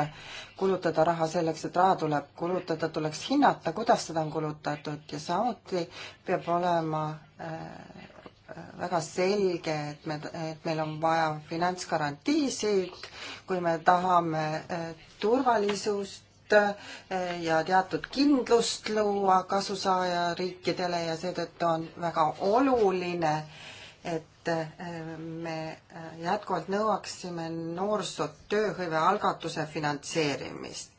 C: kulutada raha selleks, et raha tuleb kulutada, tuleks hinnata, kuidas seda on kulutatud ja samuti peab olema äh, väga selge, et me, et meil on vaja finantsgarantiisid, kui me tahame eh, turvalisust eh, ja teatud kindlust luua kasusaaja riikidele ja seetõttu on väga oluline, et eh, me jätkuvalt nõuaksime noorsootööhõive algatuse finantseerimist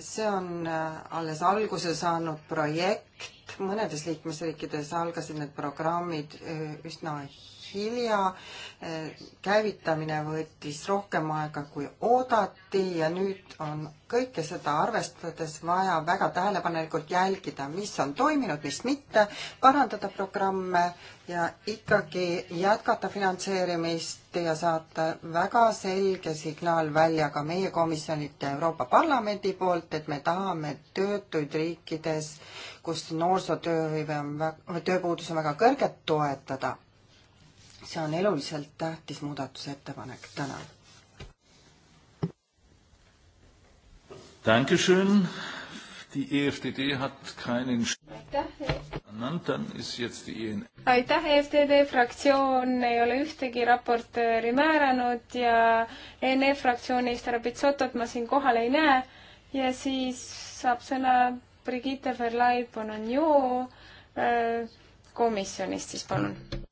C: see on äh, alles alguse saanud projekt, mõnedes liikmesriikides algasid need programmid äh, üsna hilja. Eh, käivitamine võttis rohkem aega, kui oodati ja nüüd on kõike seda arvestades vaja väga tähelepanelikult jälgida, mis on toiminud, mis mitte, parandada programme ja ikkagi jätkata finantseerimist ja saata väga selge signaal välja ka meie komisjonilt ja Euroopa Parlamendi poolt, et me tahame töötuid riikides, kus noorsootööhõive on, tööpuudus on väga kõrge, toetada see on eluliselt tähtis muudatusettepanek, tänan.
A: Dankeschön. Die EFDD hat keinen
B: aitäh, EFTD e e fraktsioon ei ole ühtegi raportööri määranud ja ENF fraktsioonist härra Pitsotot ma siin kohal ei näe ja siis saab sõna Brigitte Verlaid-Bonanjou äh, komisjonist siis palun mm..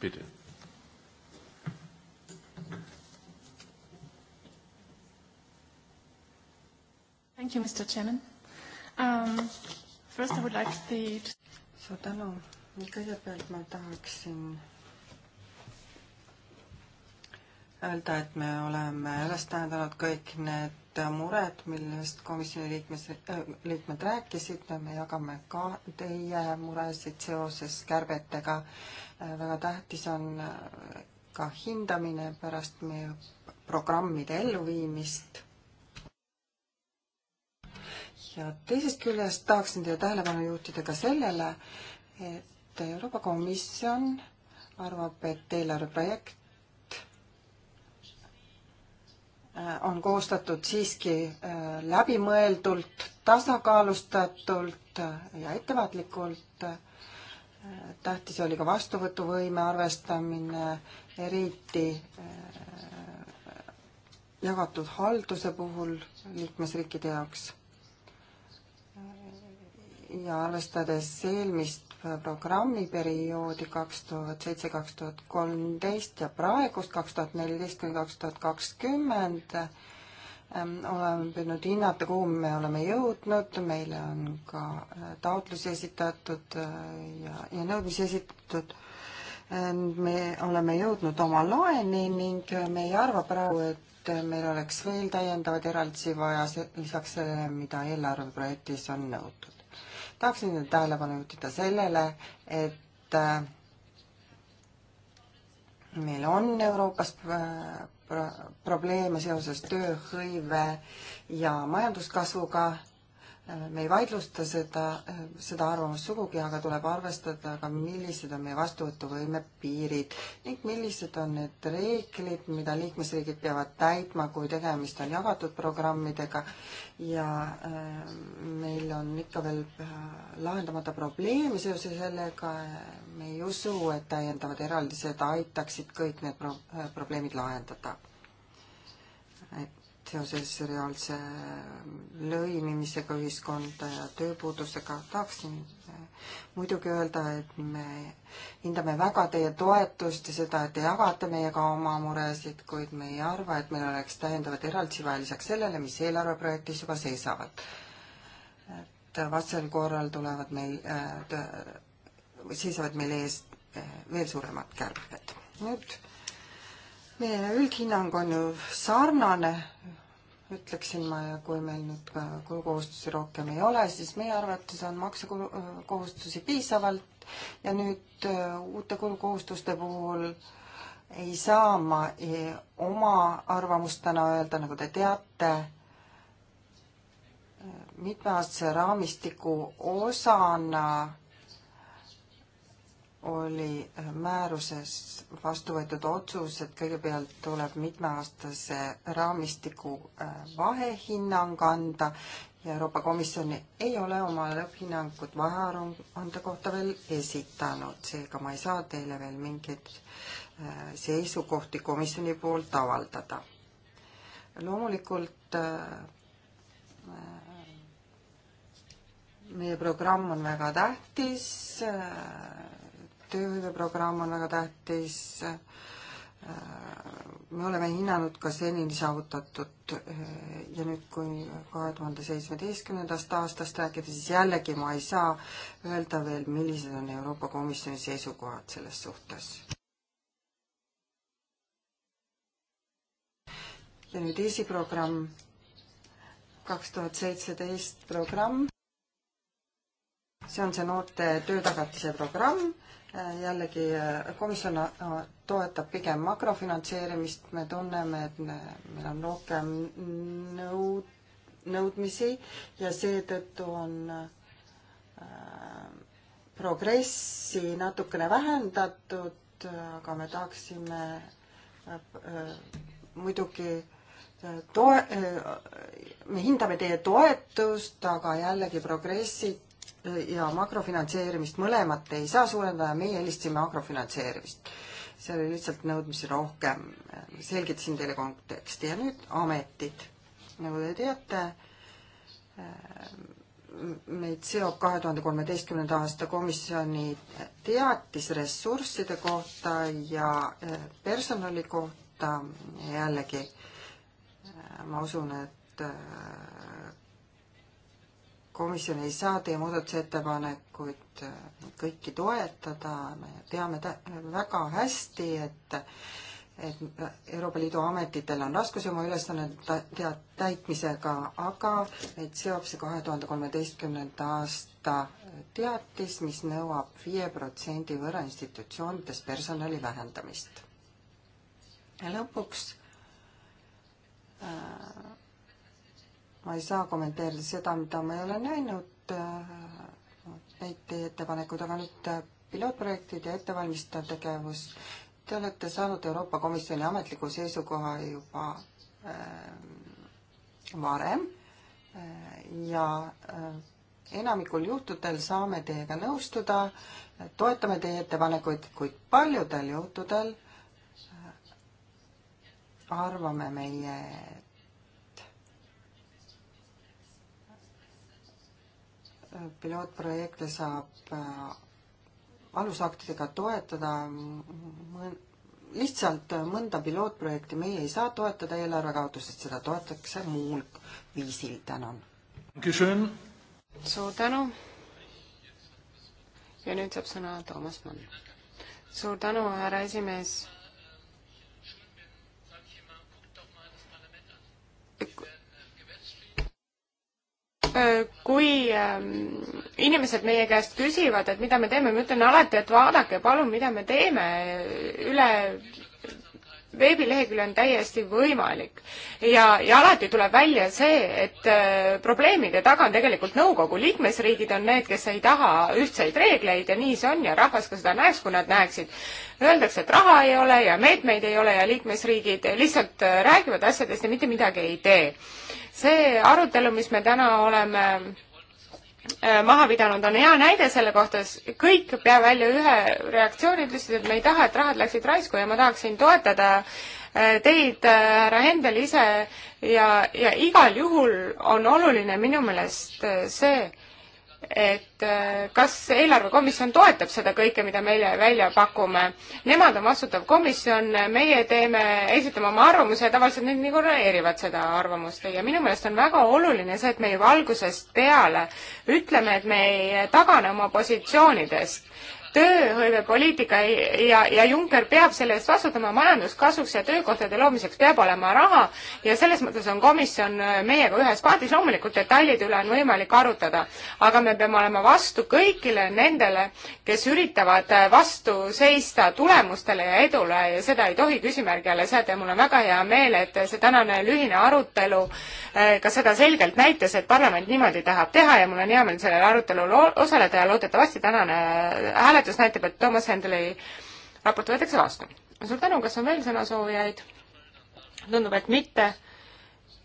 B: Bitte. Thank you, Mr.
C: Chairman. Um, first I would like the... Suur tänu. Kõigepealt ma tahaksin öelda, et me oleme üles tähendanud kõik need mured, millest komisjoni liikmes äh,, liikmed rääkisid, me jagame ka teie muresid seoses kärbetega. Äh, väga tähtis on äh, ka hindamine pärast meie programmide elluviimist ja teisest küljest tahaksin teie tähelepanu juhtida ka sellele, et Euroopa Komisjon arvab, et eelarveprojekt Äh, on koostatud siiski äh, läbimõeldult, tasakaalustatult äh, ja ettevaatlikult. tähtis oli ka vastuvõtuvõime arvestamine, eriti jagatud halduse puhul liikmesriikide jaoks. ja arvestades eelmist programmiperioodi kaks tuhat seitse, kaks tuhat kolmteist ja praegust kaks tuhat neliteist kuni kaks tuhat kakskümmend ehm, oleme püüdnud hinnata, kuhu me oleme jõudnud, meile on ka äh, taotlusi esitatud äh, ja, ja nõudmisi esitatud. Ehm, me oleme jõudnud oma loeni ning me ei arva praegu, et äh, meil oleks veel täiendavaid eraldisi vaja lisaks sellele, mida eelarveprojektis on nõutud tahaksin nüüd tähelepanu juhtida sellele, et äh, meil on Euroopas äh, probleeme seoses tööhõive ja majanduskasvuga me ei vaidlusta seda, seda arvamust sugugi, aga tuleb arvestada ka, millised on meie vastuvõtuvõime piirid ning millised on need reeglid, mida liikmesriigid peavad täitma, kui tegemist on jagatud programmidega ja äh, meil on ikka veel äh, lahendamata probleeme seoses sellega, me ei usu, et täiendavad eraldised aitaksid kõik need pro äh, probleemid lahendada. et seoses reaalse lõimimisega ühiskonda ja tööpuudusega. tahaksin eh, muidugi öelda, et me hindame väga teie toetust ja seda, et te jagate meiega oma muresid, kuid me ei arva, et meil oleks täiendavad eraldisi vaja lisaks sellele, mis eelarveprojektis juba seisavad. et vastasel korral tulevad meil äh,, seisavad meil ees eh, veel suuremad kärped. nüüd meie üldhinnang on ju sarnane, ütleksin ma ja kui meil nüüd kulukohustusi rohkem ei ole, siis meie arvates on maksekohustusi piisavalt ja nüüd äh, uute kulukohustuste puhul ei saa ma äh, oma arvamust täna öelda, nagu te teate, äh, mitmeaastase raamistiku osana oli äh, määruses vastu võetud otsus, et kõigepealt tuleb mitmeaastase raamistiku äh, vahehinnang anda ja Euroopa Komisjon ei ole oma lõpphinnangut vahearuande kohta veel esitanud, seega ma ei saa teile veel mingeid äh, seisukohti komisjoni poolt avaldada. loomulikult meie programm on väga tähtis tööhõiveprogramm on väga tähtis. Äh, me oleme hinnanud ka senini saavutatut äh, ja nüüd, kui kahe tuhande seitsmeteistkümnendast aastast rääkida, siis jällegi ma ei saa öelda veel, millised on Euroopa Komisjoni seisukohad selles suhtes. ja nüüd EASY programm, kaks tuhat seitseteist programm see on see noorte töötagatise programm, äh, jällegi äh, komisjon äh, toetab pigem makrofinantseerimist, me tunneme, et me, meil on rohkem nõud-, nõudmisi ja seetõttu on progressi natukene vähendatud, aga me tahaksime muidugi toe-, me hindame teie toetust, aga jällegi progressid ja makrofinantseerimist, mõlemat ei saa suurendada, meie eelistasime makrofinantseerimist. see oli lihtsalt nõudmisi rohkem. selgitasin teile konteksti ja nüüd ametid. nagu te teate, meid seob kahe tuhande kolmeteistkümnenda aasta komisjoni teatis ressursside kohta ja eh, personali kohta jällegi ma usun, et eh, komisjon ei saa teie muudatusettepanekuid äh, kõiki toetada, me teame väga hästi, et et Euroopa Liidu ametitel on raskusi oma ülesannete täitmisega, aga neid seob see kahe tuhande kolmeteistkümnenda aasta teatis, mis nõuab viie protsendi võrra institutsioonides personali vähendamist. ja lõpuks äh, ma ei saa kommenteerida seda, mida ma ei ole näinud, äh, neid teie ettepanekuid, aga nüüd äh, pilootprojektid ja ettevalmistav tegevus. Te olete saanud Euroopa Komisjoni ametliku seisukoha juba äh, varem äh, ja äh, enamikul juhtudel saame teiega nõustuda, toetame teie ettepanekuid, kuid paljudel juhtudel äh, arvame meie pilootprojekte saab äh, alusaktidega toetada, lihtsalt mõnda pilootprojekti meie ei saa toetada eelarve kaudu, sest seda toetatakse muul viisil, tänan. suur tänu. ja nüüd saab sõna Toomas
B: Mann. suur tänu, härra esimees Äh, kui ähm, inimesed meie käest küsivad, et mida me teeme, ma ütlen alati, et vaadake palun, mida me teeme üle veebilehekülg on täiesti võimalik. ja, ja alati tuleb välja see, et äh, probleemide taga on tegelikult nõukogu, liikmesriigid on need, kes ei taha ühtseid reegleid ja nii see on ja rahvas ka seda näeks, kui nad näeksid. Öeldakse, et raha ei ole ja meetmeid ei ole ja liikmesriigid lihtsalt äh, räägivad asjadest ja mitte midagi ei tee. see arutelu, mis me täna oleme Äh, maha pidanud, on hea näide selle kohta, kõik pea välja ühe reaktsiooni ütlesid, et me ei taha, et rahad läksid raisku ja ma tahaksin toetada äh, teid, äh, härra Hendel ise ja, ja igal juhul on oluline minu meelest see, et äh, kas eelarvekomisjon toetab seda kõike, mida meile välja pakume. Nemad on vastutav komisjon, meie teeme, esitame oma arvamuse ja tavaliselt need ignoreerivad seda arvamust ja minu meelest on väga oluline see, et me juba algusest peale ütleme, et me ei tagane oma positsioonidest tööhõivepoliitika ja, ja Juncker peab selle eest vastutama, majanduskasvuks ja töökohtade loomiseks peab olema raha ja selles mõttes on komisjon äh, meiega ühes paadis, loomulikult detailide üle on võimalik arutada, aga me peame olema vastu kõigile nendele, kes üritavad äh, vastu seista tulemustele ja edule ja seda ei tohi küsimärgi alla seada ja mul on väga hea meel, et see tänane lühine arutelu äh, ka seda selgelt näitas, et parlament niimoodi tahab teha ja mul on hea meel sellel arutelul osaleda ja loodetavasti tänane hääletus hääletus näitab, et Toomas Hendeli raport võetakse vastu. suur tänu, kas on veel sõnasoovijaid? tundub, et mitte.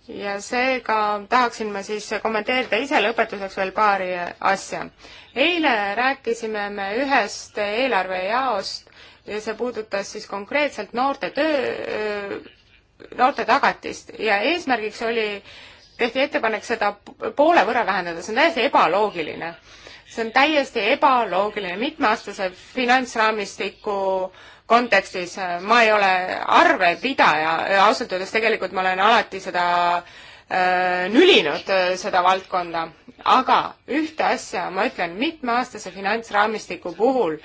B: ja seega tahaksin ma siis kommenteerida ise lõpetuseks veel paari asja. eile rääkisime me ühest eelarvejaost ja see puudutas siis konkreetselt noorte töö, noorte tagatist ja eesmärgiks oli tehti ettepanek seda poole võrra vähendada, see on täiesti ebaloogiline see on täiesti ebaloogiline mitmeaastase finantsraamistiku kontekstis, ma ei ole arvepidaja, ausalt öeldes tegelikult ma olen alati seda äh, nülinud, äh, seda valdkonda, aga ühte asja ma ütlen, mitmeaastase finantsraamistiku puhul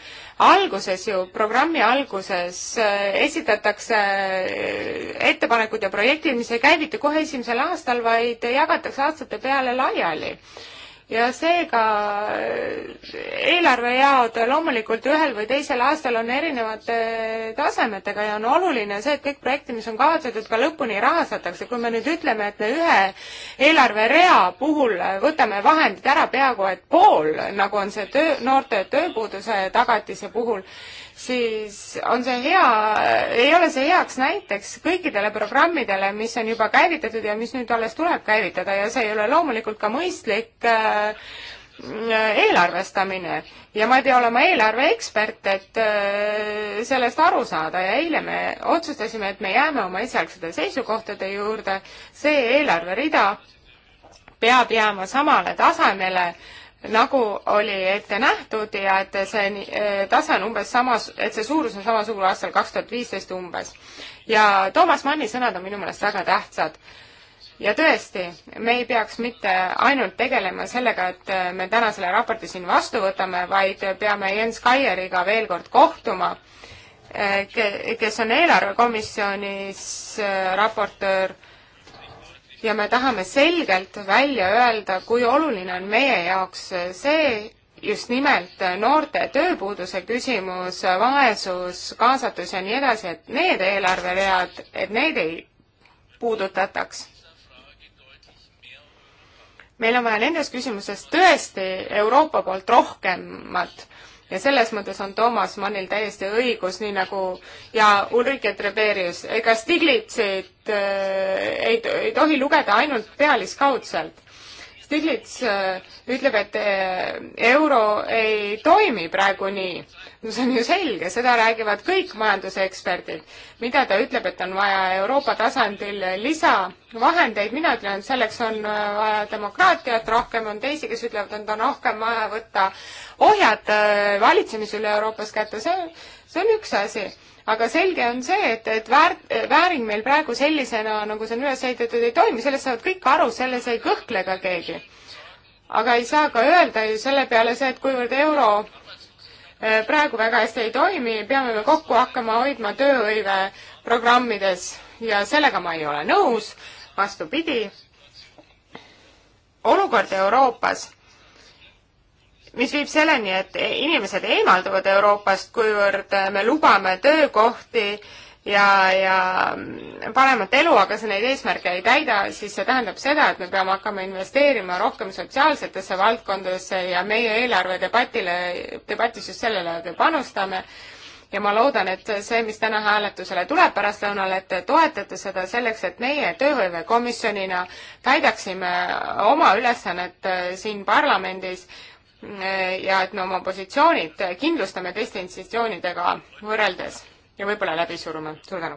B: alguses ju, programmi alguses äh, esitatakse äh, ettepanekud ja projektid, mis ei käivitu kohe esimesel aastal, vaid jagatakse aastate peale laiali ja seega äh, eelarvejaod loomulikult ühel või teisel aastal on erinevate äh, tasemetega ja on oluline see, et kõik projektid, mis on kavatsetud, ka lõpuni rahastatakse. kui me nüüd ütleme, et me ühe eelarverea puhul äh, võtame vahendid ära peaaegu et pool, nagu on see töö, noorte tööpuuduse tagatise puhul, siis on see hea, ei ole see heaks näiteks kõikidele programmidele, mis on juba käivitatud ja mis nüüd alles tuleb käivitada ja see ei ole loomulikult ka mõistlik äh, eelarvestamine ja ma ei pea olema eelarveekspert, et äh, sellest aru saada ja eile me otsustasime, et me jääme oma esialgsete seisukohtade juurde, see eelarverida peab jääma samale tasemele äh, nagu oli ette nähtud ja et see e, tase on umbes samas, et see suurus on samasugune aastal kaks tuhat viisteist umbes. ja Toomas Manni sõnad on minu meelest väga tähtsad. ja tõesti, me ei peaks mitte ainult tegelema sellega, et me täna selle raporti siin vastu võtame, vaid peame Jens Kaieriga veel kord kohtuma, e, kes on eelarvekomisjonis e, raportöör ja me tahame selgelt välja öelda, kui oluline on meie jaoks see, just nimelt noorte tööpuuduse küsimus, vaesus, kaasatus ja nii edasi, et need eelarveread, et need ei puudutataks. meil on vaja nendes küsimuses tõesti Euroopa poolt rohkemat ja selles mõttes on Toomas Mannil täiesti õigus, nii nagu ja Ulrike Treberius, ega Stiglitzit äh, ei, ei tohi lugeda ainult pealiskaudselt. Stiglitz äh, ütleb, et äh, euro ei toimi praegu nii. no see on ju selge, seda räägivad kõik majanduseksperdid. mida ta ütleb, et on vaja Euroopa tasandil lisavahendeid, mina ütlen, et selleks on äh, vaja demokraatiat, rohkem on teisi, kes ütlevad, et on rohkem vaja võtta ohjad valitsemise üle Euroopas kätte, see see on üks asi, aga selge on see, et, et väär-, vääring meil praegu sellisena, nagu see on üles ehitatud, ei toimi, sellest saavad kõik aru, selles ei kõhkle ka keegi. aga ei saa ka öelda ju selle peale see, et kuivõrd euro äh, praegu väga hästi ei toimi, peame me kokku hakkama hoidma tööhõive programmides ja sellega ma ei ole nõus, vastupidi, olukord Euroopas mis viib selleni, et inimesed eemalduvad Euroopast, kuivõrd me lubame töökohti ja, ja paremat elu, aga see neid eesmärke ei täida, siis see tähendab seda, et me peame hakkama investeerima rohkem sotsiaalsetesse valdkondadesse ja meie eelarvedebatile, debatis just sellele me panustame. ja ma loodan, et see, mis täna hääletusele tuleb pärastlõunal, et te toetate seda selleks, et meie tööhõivekomisjonina täidaksime oma ülesannet äh, siin parlamendis ja et me oma positsioonid kindlustame teiste institutsioonidega võrreldes ja võib-olla läbi surume. suur tänu!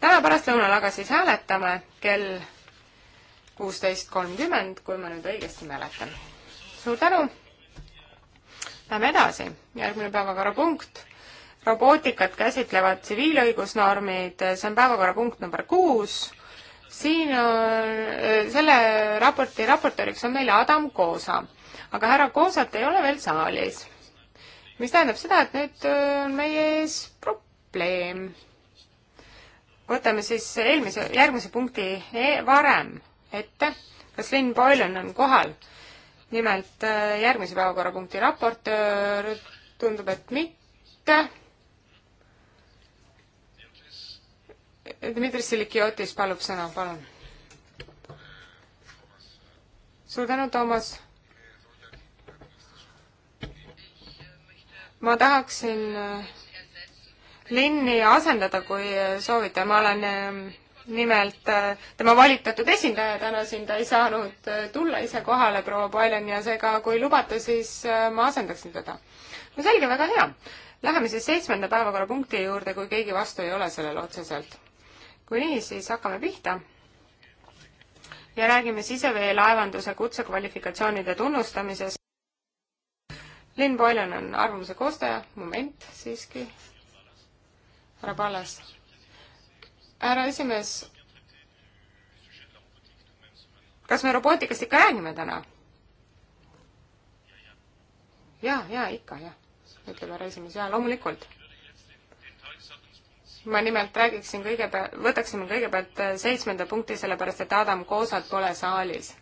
B: täna pärastlõunal aga siis hääletame kell kuusteist kolmkümmend, kui ma nüüd õigesti mäletan. suur tänu! Läheme edasi, järgmine päevakorrapunkt robootikat käsitlevad tsiviilõigusnormid, see on päevakorrapunkt number kuus. siin on, selle raporti raportööriks on meil Adam Koosa aga härra Koosat ei ole veel saalis. mis tähendab seda, et nüüd äh, on meie ees probleem. võtame siis eelmise, järgmise punkti e varem ette. kas Lynn Boylan on kohal? nimelt äh, järgmise päevakorrapunkti raportöör tundub, et mitte. Dmitri Silikiotis palub sõna, palun. suur tänu, Toomas ma tahaksin äh, Linni asendada, kui äh, soovite, ma olen ähm, nimelt äh, tema valitatud esindaja täna siin, ta ei saanud tulla ise kohale, proua Pailen, ja seega, kui lubate, siis ma asendaksin teda. no selge, väga hea. Läheme siis seitsmenda päevakorrapunkti juurde, kui keegi vastu ei ole sellele otseselt. kui nii, siis hakkame pihta ja räägime siseveelaevanduse kutsekvalifikatsioonide tunnustamisest. Lynn Boylan on arvamuse koostaja, moment siiski. härra Pallas. härra esimees, kas me robootikast ikka räägime täna? ja, ja ikka jah, ütleb härra esimees, ja loomulikult. ma nimelt räägiksin kõigepealt, võtaksime kõigepealt seitsmenda punkti, sellepärast et Adam Koosat pole saalis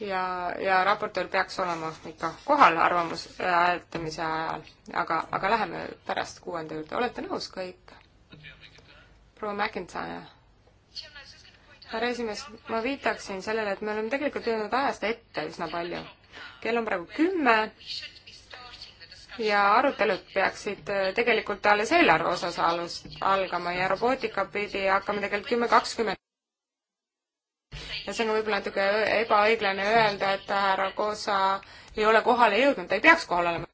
B: ja, ja raportöör peaks olema ikka kohal arvamus äh, hääletamise ajal, aga, aga läheme pärast kuuenda juurde, olete nõus kõik? proua McIntyre. härra esimees, ma viitaksin sellele, et me oleme tegelikult jõudnud ajast ette üsna palju. kell on praegu kümme ja arutelud peaksid äh, tegelikult alles eelarve osas alust, algama ja robootika pidi hakkame tegelikult kümme kakskümmend ja see on ka võib-olla natuke ebaõiglane öelda, et härra Koosa ei ole kohale jõudnud, ta ei peaks kohal olema.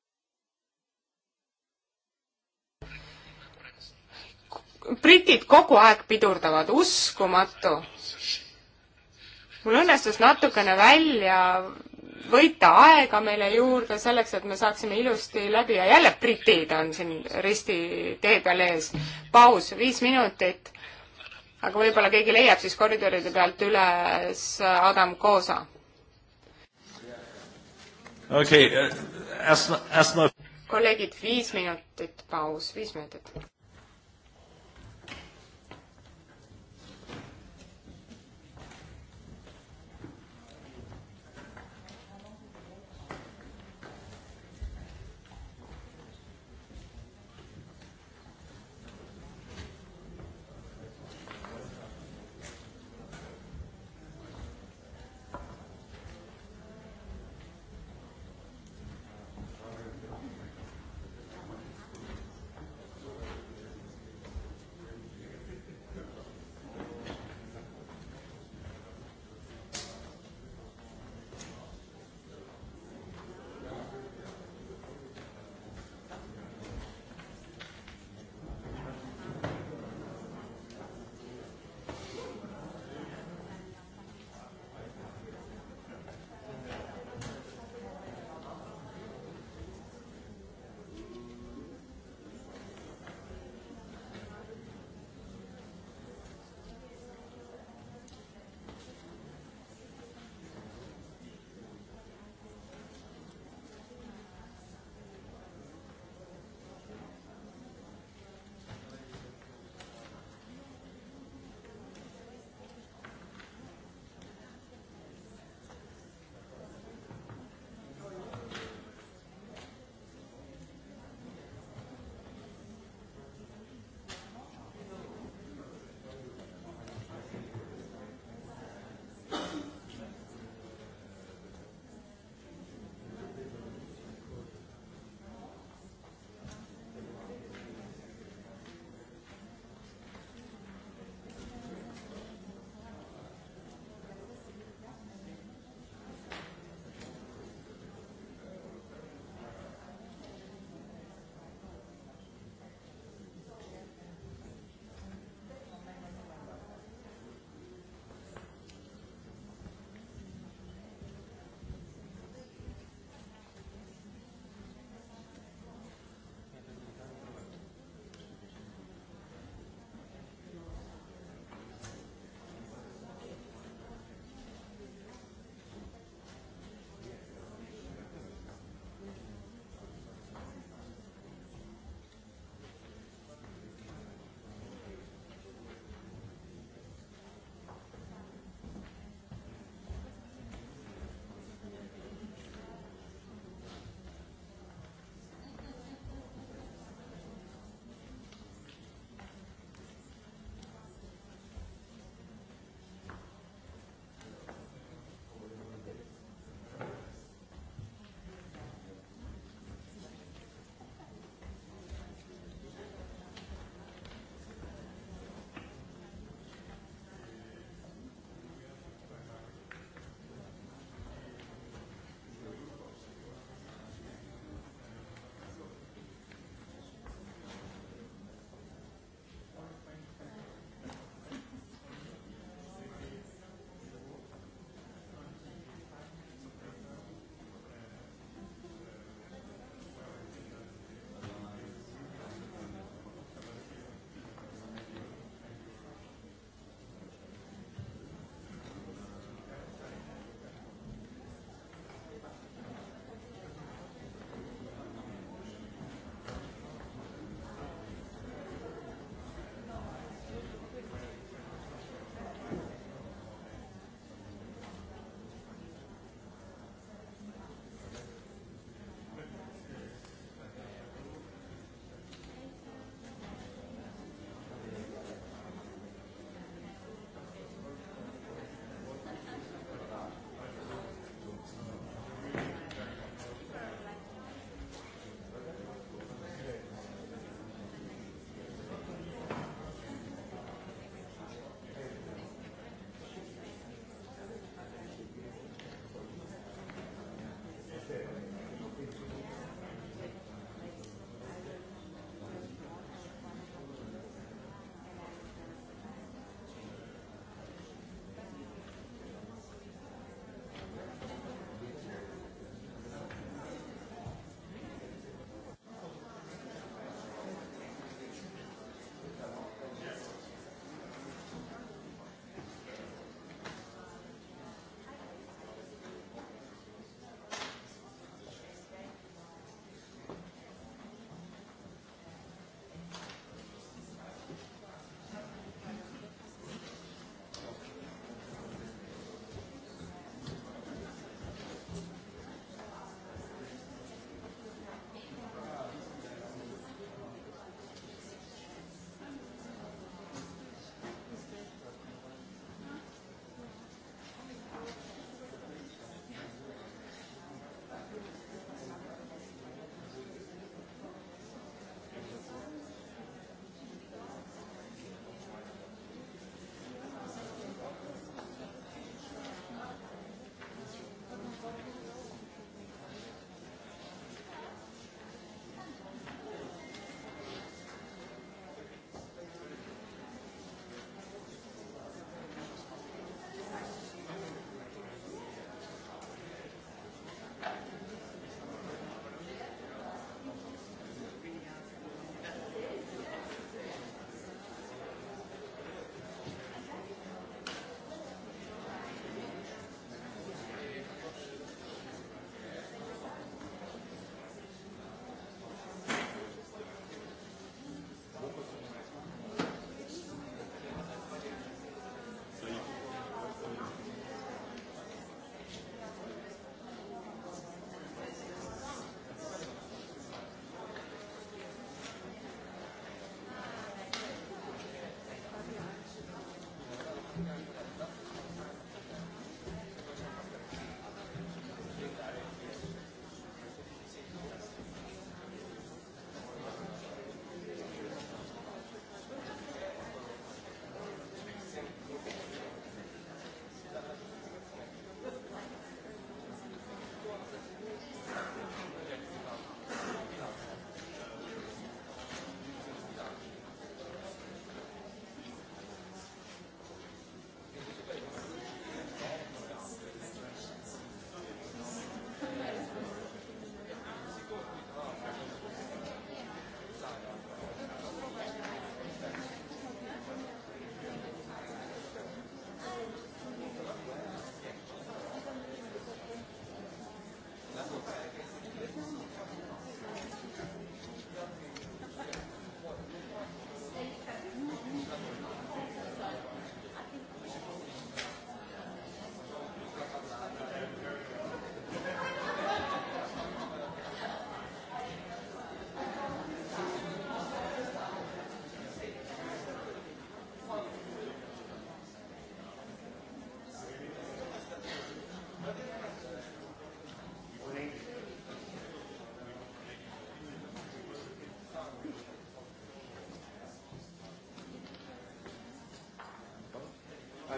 B: britid kogu aeg pidurdavad, uskumatu. mul õnnestus natukene välja võita aega meile juurde selleks, et me saaksime ilusti läbi ja jälle britid on siin risti tee peal ees. paus viis minutit aga võib-olla keegi leiab siis koridoride pealt üles Adam Koosa.
D: okei okay,, äsma,
A: äsma.
B: kolleegid, viis minutit paus, viis minutit.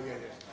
D: bien, bien.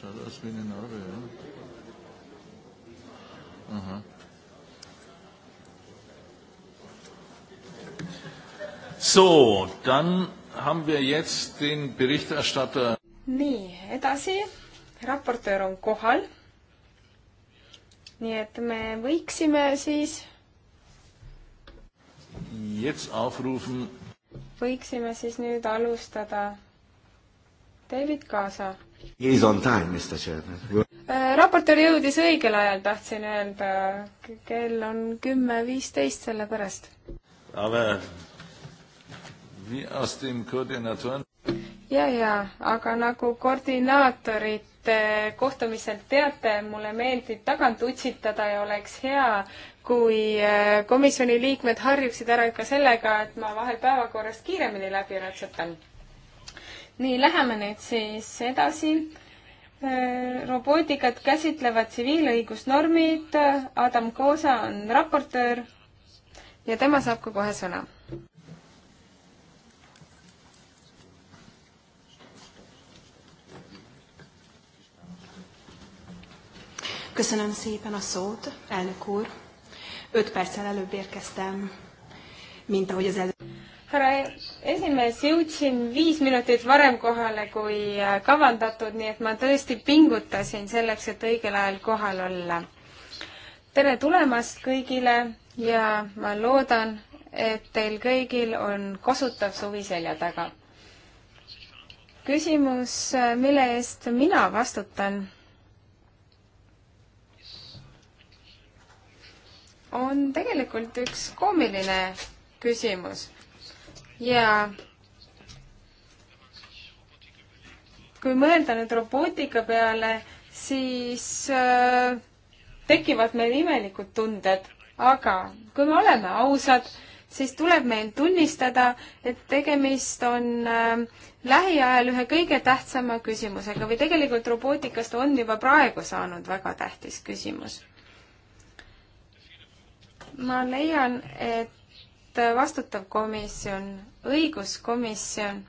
A: Schade, dass wir ihn haben. Ja. Aha. So, dann haben wir jetzt den Berichterstatter.
B: nii, edasi, raportöör on kohal. nii et me võiksime siis.
A: Jetzt aufrufen.
B: võiksime siis nüüd alustada. David Kaasa
D: Is on time, Mr Chairman.
B: Äh, raportöör jõudis õigel ajal, tahtsin öelda. kell on kümme viisteist, sellepärast. ja, ja, aga nagu koordinaatorite kohtumiselt teate, mulle meeldib tagant utsitada ja oleks hea, kui äh, komisjoni liikmed harjuksid ära ikka sellega, et ma vahel päevakorrast kiiremini läbi ratsutan nii, läheme nüüd siis edasi. Äh, robootikat käsitlevad tsiviilõigusnormid, Adam Koosa on raportöör ja tema saab ka kohe sõna. Köszönöm szépen a szót, elnök úr. Öt perccel előbb érkeztem, mint ahogy az előbb esimees, jõudsin viis minutit varem kohale kui äh, kavandatud, nii et ma tõesti pingutasin selleks, et õigel ajal kohal olla. tere tulemast kõigile ja ma loodan, et teil kõigil on kasutav suvi selja taga. küsimus, äh, mille eest mina vastutan, on tegelikult üks koomiline küsimus ja kui mõelda nüüd robootika peale, siis äh, tekivad meil imelikud tunded, aga kui me oleme ausad, siis tuleb meil tunnistada, et tegemist on äh, lähiajal ühe kõige tähtsama küsimusega või tegelikult robootikast on juba praegu saanud väga tähtis küsimus. ma leian, et vastutav komisjon, õiguskomisjon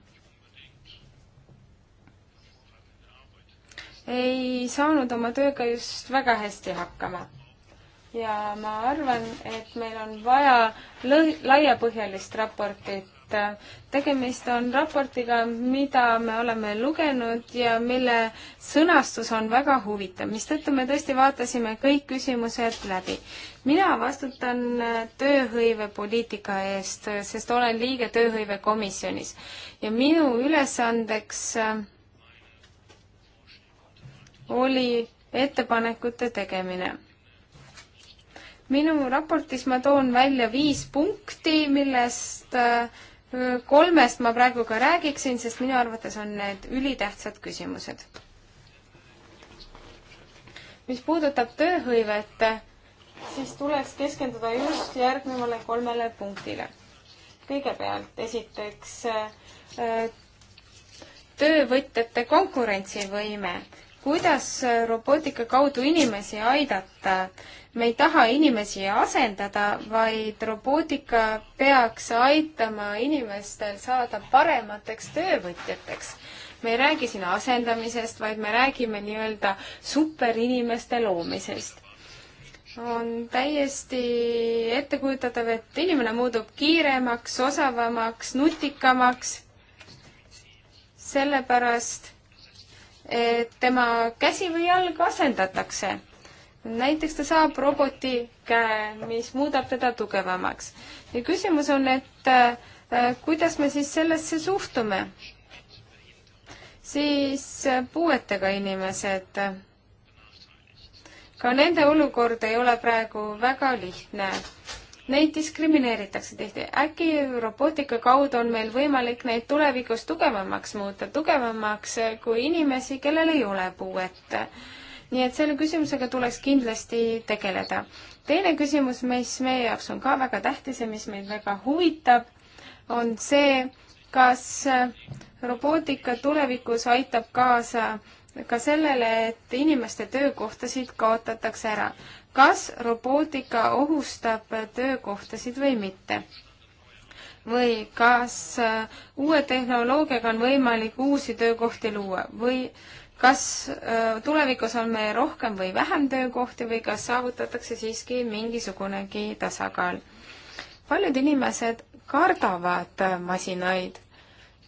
B: ei saanud oma tööga just väga hästi hakkama. ja ma arvan, et meil on vaja laiapõhjalist raportit. tegemist on raportiga, mida me oleme lugenud ja mille sõnastus on väga huvitav, mistõttu me tõesti vaatasime kõik küsimused läbi. mina vastutan tööhõivepoliitika eest, sest olen liige tööhõivekomisjonis ja minu ülesandeks oli ettepanekute tegemine. minu raportis ma toon välja viis punkti, millest äh, kolmest ma praegu ka räägiksin, sest minu arvates on need ülitähtsad küsimused. mis puudutab tööhõivet, siis tuleks keskenduda just järgnevale kolmele punktile. kõigepealt esiteks äh, äh, töövõtjate konkurentsivõime kuidas äh, robootika kaudu inimesi aidata. me ei taha inimesi asendada, vaid robootika peaks aitama inimestel saada paremateks töövõtjateks. me ei räägi siin asendamisest, vaid me räägime nii-öelda superinimeste loomisest on täiesti ettekujutatav, et inimene muutub kiiremaks, osavamaks, nutikamaks. sellepärast et tema käsi või jalg asendatakse. näiteks ta saab roboti käe, mis muudab teda tugevamaks. ja küsimus on, et äh, kuidas me siis sellesse suhtume? siis äh, puuetega inimesed. ka nende olukord ei ole praegu väga lihtne Neid diskrimineeritakse tihti. äkki robootika kaudu on meil võimalik neid tulevikus tugevamaks muuta, tugevamaks eh, kui inimesi, kellel ei ole puuet. nii et selle küsimusega tuleks kindlasti tegeleda. teine küsimus, mis meie jaoks on ka väga tähtis ja mis meid väga huvitab, on see, kas eh, robootika tulevikus aitab kaasa ka sellele, et inimeste töökohtasid kaotatakse ära kas robootika ohustab töökohtasid või mitte. või kas äh, uue tehnoloogiaga on võimalik uusi töökohti luua või kas äh, tulevikus on meil rohkem või vähem töökohti või kas saavutatakse siiski mingisugunegi tasakaal? paljud inimesed kardavad äh, masinaid,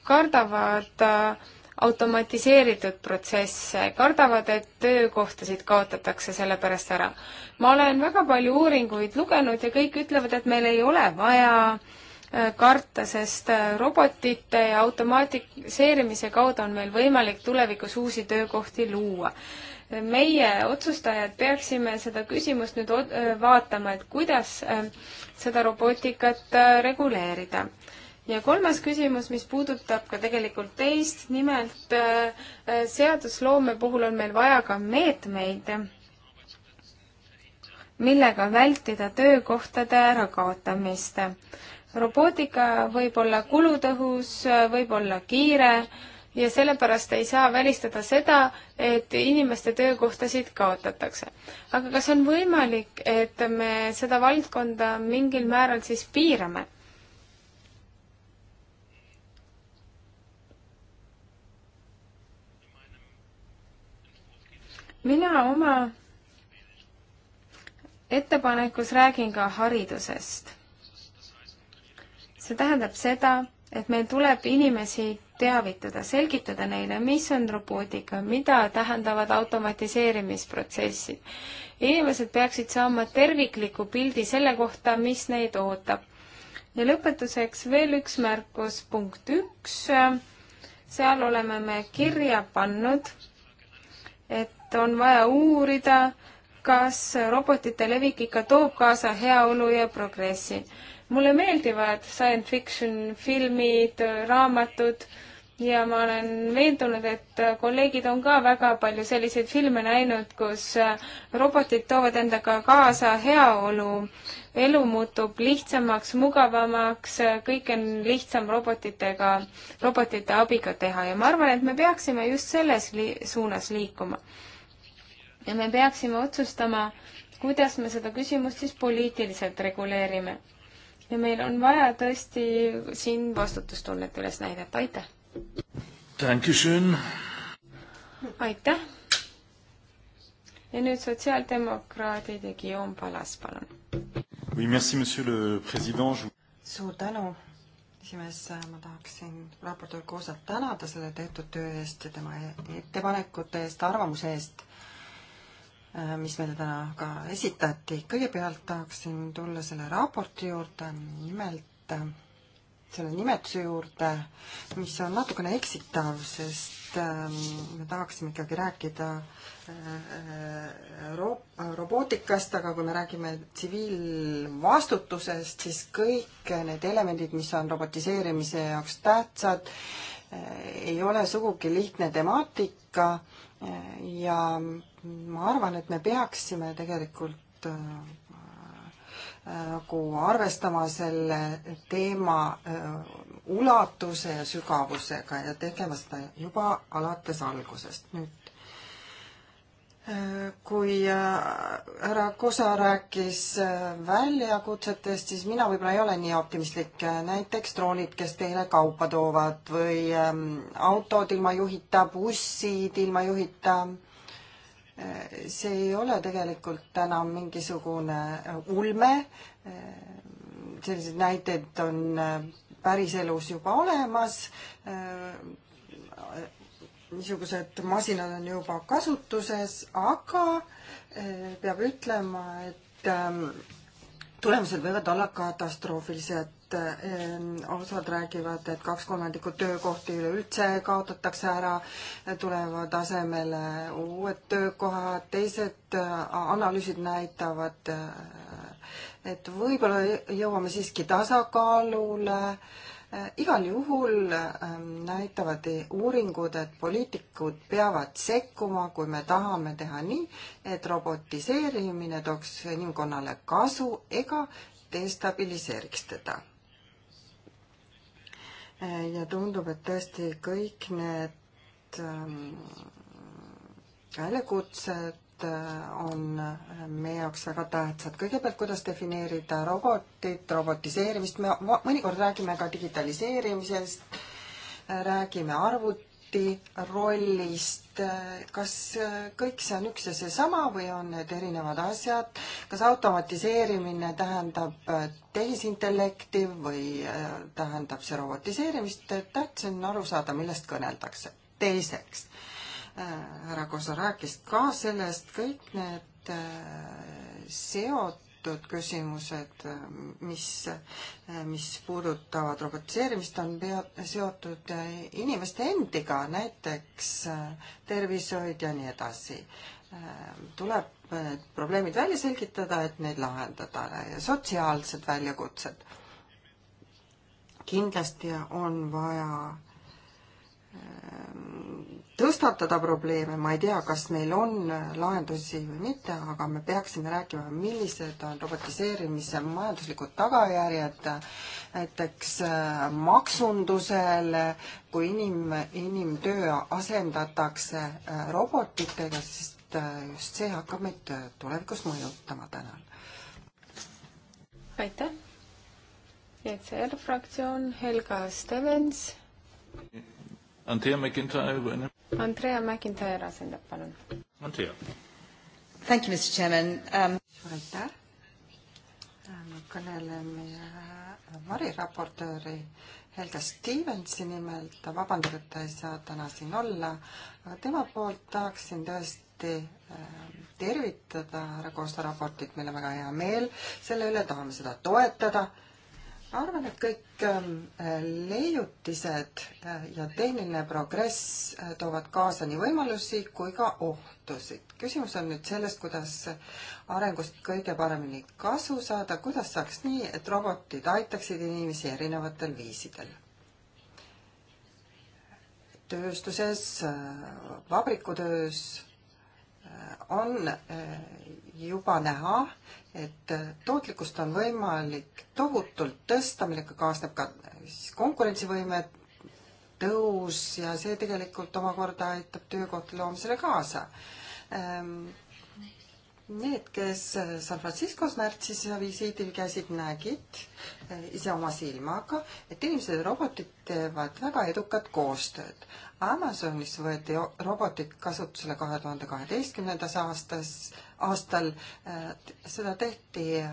B: kardavad äh, automatiseeritud protsesse, kardavad, et töökohtasid kaotatakse selle pärast ära. ma olen väga palju uuringuid lugenud ja kõik ütlevad, et meil ei ole vaja äh, karta, sest äh, robotite ja automatiseerimise kaudu on meil võimalik tulevikus uusi töökohti luua meie otsustajad peaksime seda küsimust nüüd äh, vaatama, et kuidas seda robootikat reguleerida ja kolmas küsimus, mis puudutab ka tegelikult teist, nimelt äh, äh, seadusloome puhul on meil vaja ka meetmeid, millega vältida töökohtade ärakaotamist. robootika võib olla kulutõhus, võib olla kiire ja sellepärast ei saa välistada seda, et inimeste töökohtasid kaotatakse. aga kas on võimalik, et me seda valdkonda mingil määral siis piirame? mina oma ettepanekus räägin ka haridusest. see tähendab seda, et meil tuleb inimesi teavitada, selgitada neile, mis on robootika, mida tähendavad automatiseerimisprotsessid. inimesed peaksid saama tervikliku pildi selle kohta, mis neid ootab. ja lõpetuseks veel üks märkus, punkt üks. seal oleme me kirja pannud, et on vaja uurida, kas robotite levik ikka toob kaasa heaolu ja progressi. mulle meeldivad science fiction filmid, raamatud ja ma olen veendunud, et kolleegid on ka väga palju selliseid filme näinud, kus robotid toovad endaga kaasa heaolu. elu muutub lihtsamaks, mugavamaks, kõik on lihtsam robotitega, robotite abiga teha ja ma arvan, et me peaksime just selles li suunas liikuma ja me peaksime otsustama, kuidas me seda küsimust siis poliitiliselt reguleerime. ja meil on vaja tõesti siin vastutustunnet üles näidata, aitäh! aitäh! ja nüüd sotsiaaldemokraadid
C: ja Guillaume Palas, palun
A: oui,.
C: suur tänu, esimees, ma tahaksin raportöör Koosat tänada selle tehtud töö eest ja tema e-, ettepanekute eest, arvamuse eest Äh, mis meile täna ka esitati. kõigepealt tahaksin tulla selle raporti juurde, nimelt äh, selle nimetuse juurde, mis on natukene eksitav, sest ähm, me tahaksime ikkagi rääkida äh, ro-, robootikast, aga kui me räägime tsiviilvastutusest, siis kõik need elemendid, mis on robotiseerimise jaoks tähtsad, ei ole sugugi lihtne temaatika ja ma arvan, et me peaksime tegelikult äh, nagu arvestama selle teema äh, ulatuse ja sügavusega ja tegema seda juba alates algusest. nüüd äh, kui härra Kosa rääkis väljakutsetest, siis mina võib-olla ei ole nii optimistlik. näiteks droonid, kes teile kaupa toovad või ähm, autod ilma juhita, bussid ilma juhita see ei ole tegelikult enam mingisugune ulme, selliseid näiteid on äh, päriselus juba olemas, äh, niisugused masinad on juba kasutuses, aga äh, peab ütlema, et ähm, tulemused võivad olla katastroofilised et osad räägivad, et kaks kolmandikku töökohti üleüldse kaotatakse ära, tulevad asemele uued töökohad, teised äh, analüüsid näitavad, äh, et võib-olla jõuame siiski tasakaalule. Äh, igal juhul ähm, näitavad uuringud, et poliitikud peavad sekkuma, kui me tahame teha nii, et robotiseerimine tooks inimkonnale kasu ega destabiliseeriks teda Äh, ja tundub, et tõesti kõik need ähm, väljakutsed äh, on äh, meie jaoks väga tähtsad. kõigepealt, kuidas defineerida robotit, robotiseerimist, me mõnikord räägime ka digitaliseerimisest, räägime arvut-, ameti rollist, kas kõik see on üks ja seesama või on need erinevad asjad, kas automatiseerimine tähendab tehisintellekti või äh, tähendab see robotiseerimist, tähtis on aru saada, millest kõneldakse. teiseks, äh, härra Kosa rääkis ka sellest, kõik need äh, seod seotud küsimused, mis, mis puudutavad robotiseerimist, on pea-, seotud inimeste endiga, näiteks tervishoid ja nii edasi. tuleb need probleemid välja selgitada, et neid lahendada ja sotsiaalsed väljakutsed. kindlasti on vaja tõstatada probleeme, ma ei tea, kas meil on äh, lahendusi või mitte, aga me peaksime rääkima, millised on robotiseerimise majanduslikud tagajärjed näiteks äh, maksundusele, kui inim, inimtöö asendatakse äh, robotitega, sest just see hakkab meid tulevikus mõjutama, tänan.
B: aitäh. ECR fraktsioon, Helga Stevens.
A: Antea McIntyre.
B: Antea McIntyre asendab, palun. Antea. Thank you, Mr Chairman
C: um.... suur aitäh. me kõneleme variraportööri Helga Stevensi nimel, ta vabandab, et ta ei saa täna siin olla, aga tema poolt tahaksin tõesti ähm, tervitada härra Kosta raportit, meil on väga hea meel selle üle, tahame seda toetada arvan, et kõik ähm, leiutised äh, ja tehniline progress äh, toovad kaasa nii võimalusi kui ka ohtusid. küsimus on nüüd selles, kuidas arengust kõige paremini kasu saada, kuidas saaks nii, et robotid aitaksid inimesi erinevatel viisidel. tööstuses, äh, vabrikutöös on juba näha, et tootlikkust on võimalik tohutult tõsta, millega kaasneb ka siis konkurentsivõime tõus ja see tegelikult omakorda aitab töökohtade loomisele kaasa. Ehm, need, kes San Franciscos märtsis visiidil käisid, nägid eh, ise oma silmaga, et inimesed ja robotid teevad väga edukat koostööd. Amazonis võeti robotid kasutusele kahe tuhande kaheteistkümnendas aastas aastal äh, seda tehti äh,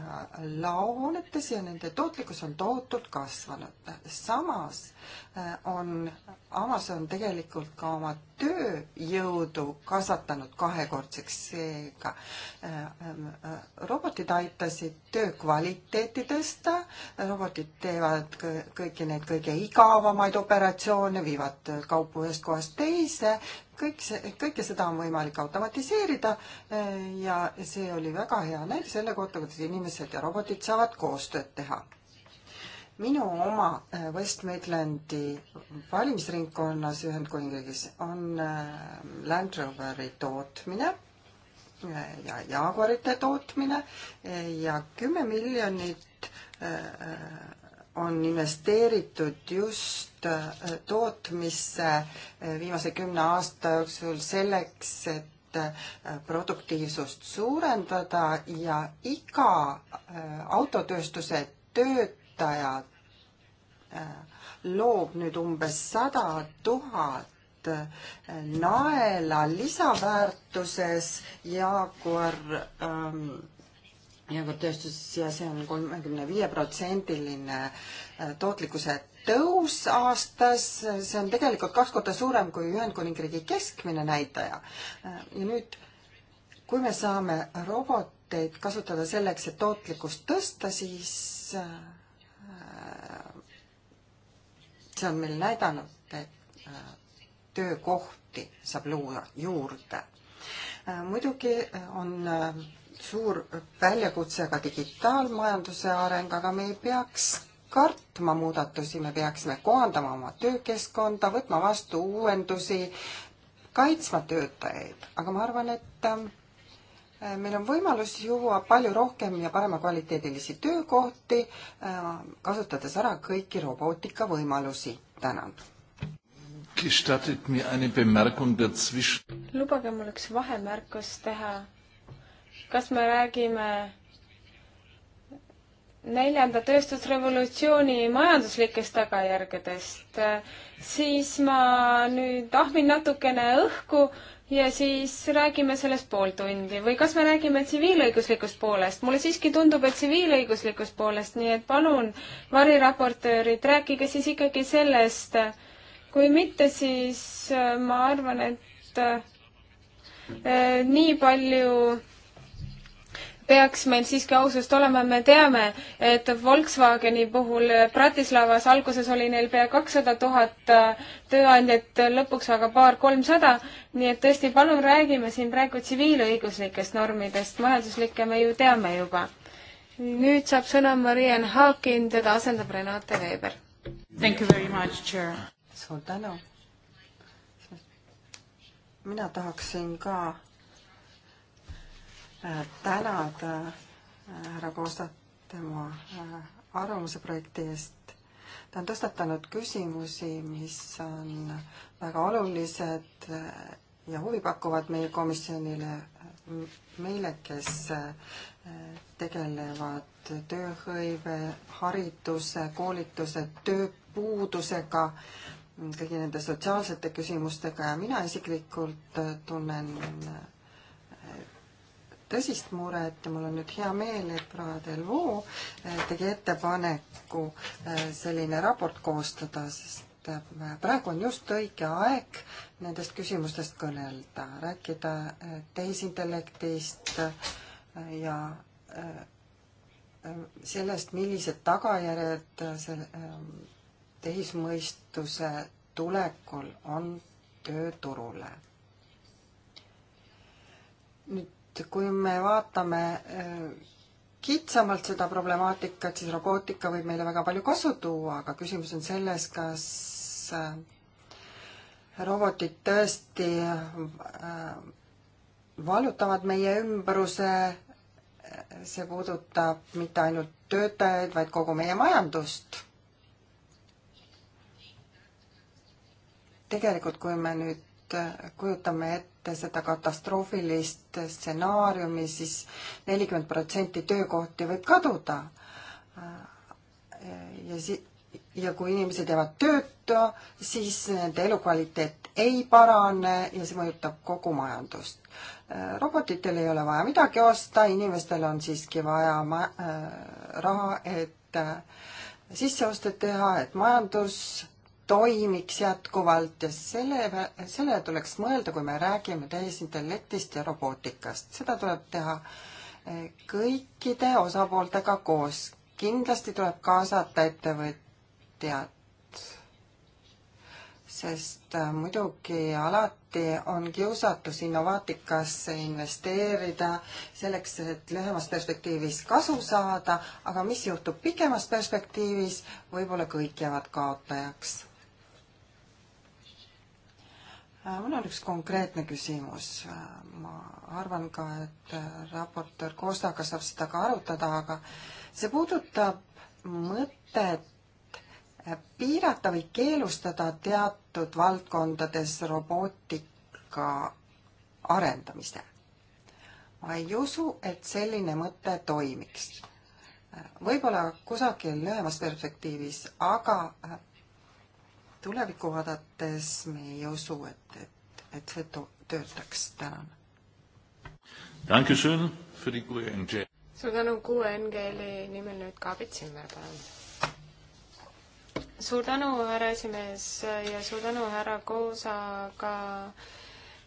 C: laohoonetes ja nende tootlikkus on tohutult kasvanud. samas äh, on Amazon tegelikult ka oma tööjõudu kasvatanud kahekordseks, seega ähm, robotid aitasid töö kvaliteeti tõsta, robotid teevad kõiki neid kõige igavamaid operatsioone, viivad kaupu ühest kohast teise, kõik see, kõike seda on võimalik automatiseerida eh, ja see oli väga hea näide selle kohta, kuidas inimesed ja robotid saavad koostööd teha. minu oma eh, West Midlandi valimisringkonnas Ühendkuningriigis on eh, Land Roveri tootmine ja jaaguarite tootmine ja kümme miljonit on investeeritud just Äh, tootmisse äh, viimase kümne aasta jooksul selleks, et äh, produktiivsust suurendada ja iga autotööstuse töötaja loob nüüd umbes sada tuhat naela lisaväärtuses Jaguar ähm, Jaguar tööstus ja see on kolmekümne viie protsendiline tootlikkuse tõus aastas, see on tegelikult kaks korda suurem kui Ühendkuningriigi keskmine näitaja. ja nüüd, kui me saame roboteid kasutada selleks, et tootlikkust tõsta, siis äh, see on meil näidanud, et äh, töökohti saab luua juurde. Äh, muidugi on suur väljakutse ka digitaalmajanduse areng, aga me ei peaks kartma muudatusi, me peaksime kohandama oma töökeskkonda, võtma vastu uuendusi, kaitsma töötajaid, aga ma arvan, et ähm, meil on võimalus juua palju rohkem ja parema kvaliteedilisi töökohti, ähm, kasutades ära kõiki robootika võimalusi. tänan.
B: lubage mul üks vahemärkus teha. kas me räägime neljanda tööstusrevolutsiooni majanduslikest tagajärgedest, siis ma nüüd ahmin natukene õhku ja siis räägime sellest pool tundi või kas me räägime tsiviilõiguslikust poolest? mulle siiski tundub, et tsiviilõiguslikust poolest, nii et palun, variraportöörid, rääkige siis ikkagi sellest. kui mitte, siis ma arvan, et äh, nii palju peaks meil siiski ausust olema, me teame, et Volkswageni puhul Bratislavas alguses oli neil pea kakssada tuhat äh, tööandjat, lõpuks aga paar-kolmsada, nii et tõesti, palun räägime siin praegu tsiviilõiguslikest normidest, majanduslikke me ju teame juba. nüüd saab sõna Mariann Haakin, teda asendab Renate Veeber.
C: suur tänu. mina tahaksin ka tänada äh, härra Koostat tema äh, arvamuse projekti eest. ta on tõstatanud küsimusi, mis on väga olulised äh, ja huvipakkuvad meie komisjonile, meile, kes tegelevad tööhõive, hariduse, koolituse, tööpuudusega, kõigi nende sotsiaalsete küsimustega ja mina isiklikult tunnen tõsist muret ja mul on nüüd hea meel, et proua Delvaux eh, tegi ettepaneku eh, selline raport koostada, sest eh, praegu on just õige aeg nendest küsimustest kõnelda, rääkida tehisintellektist ja sellest, millised tagajärjed selle tehismõistuse tulekul on tööturule. nüüd et kui me vaatame eh, kitsamalt seda problemaatikat, siis robootika võib meile väga palju kasu tuua, aga küsimus on selles, kas eh, robotid tõesti eh, vallutavad meie ümbruse, see puudutab mitte ainult töötajaid, vaid kogu meie majandust. tegelikult, kui me nüüd kujutame ette vaatate seda katastroofilist stsenaariumi, siis nelikümmend protsenti töökohti võib kaduda. ja si-, ja kui inimesed jäävad tööta, siis nende elukvaliteet ei parane ja see mõjutab kogu majandust. robotitel ei ole vaja midagi osta, inimestel on siiski vaja ma-, äh, raha, et äh, sisseosted teha, et majandus toimiks jätkuvalt ja selle, sellele tuleks mõelda, kui me räägime tehisintellektist ja robootikast. seda tuleb teha eh, kõikide osapooltega koos. kindlasti tuleb kaasata ettevõtjad, sest eh, muidugi alati on kiusatus innovaatikasse investeerida selleks, et lühemas perspektiivis kasu saada, aga mis juhtub pikemas perspektiivis, võib-olla kõik jäävad kaotajaks Äh, mul on üks konkreetne küsimus. Äh, ma arvan ka, et äh, raportöör Kostaga saab seda ka arutada, aga see puudutab mõtet piirata või keelustada teatud valdkondades robootika arendamise. ma ei usu, et selline mõte toimiks. võib-olla kusagil lühemas perspektiivis, aga tulevikku vaadates me ei usu, et, et, et see to-, töötaks, tänan.
A: E
B: suur tänu, QNGL-i e nimel nüüd Kaabit Simmer, palun. suur tänu, härra esimees ja suur tänu, härra Koosa ka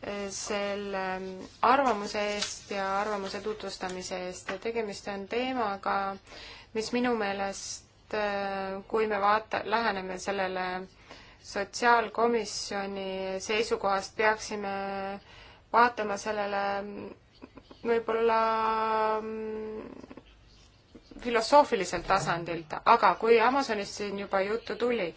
B: eh, selle mm, arvamuse eest ja arvamuse tutvustamise eest. tegemist on teemaga, mis minu meelest, eh, kui me vaata-, läheneme sellele sotsiaalkomisjoni seisukohast peaksime vaatama sellele võib-olla mm, filosoofiliselt tasandilt, aga kui Amazonist siin juba juttu tuli,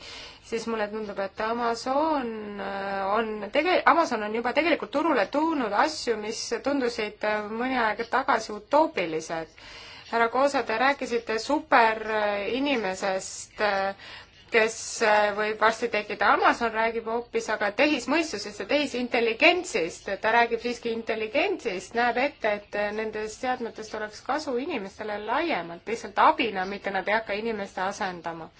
B: siis mulle tundub, et Amazon äh, on tege-, Amazon on juba tegelikult turule tulnud asju, mis tundusid äh, mõni aeg tagasi utoopilised. härra Koosa, te rääkisite superinimesest äh, kes äh, võib varsti tekkida. Amazon räägib hoopis aga tehismõistusest ja tehisintelligentsist. ta räägib siiski intelligentsist, näeb ette, et äh, nendest seadmetest oleks kasu inimestele laiemalt, lihtsalt abina, mitte nad ei hakka inimeste asendama.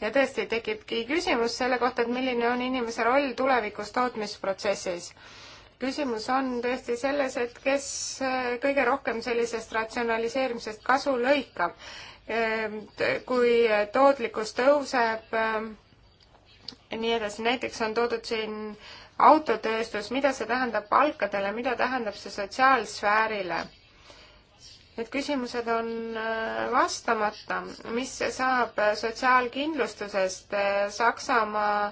B: ja tõesti tekibki küsimus selle kohta, et milline on inimese roll tulevikus tootmisprotsessis küsimus on tõesti selles, et kes äh, kõige rohkem sellisest ratsionaliseerimisest kasu lõikab. Ehm, kui tootlikkus tõuseb, äh, nii edasi, näiteks on toodud siin autotööstus, mida see tähendab palkadele, mida tähendab see sotsiaalsfäärile? Need küsimused on äh, vastamata, mis saab sotsiaalkindlustusest, Saksamaa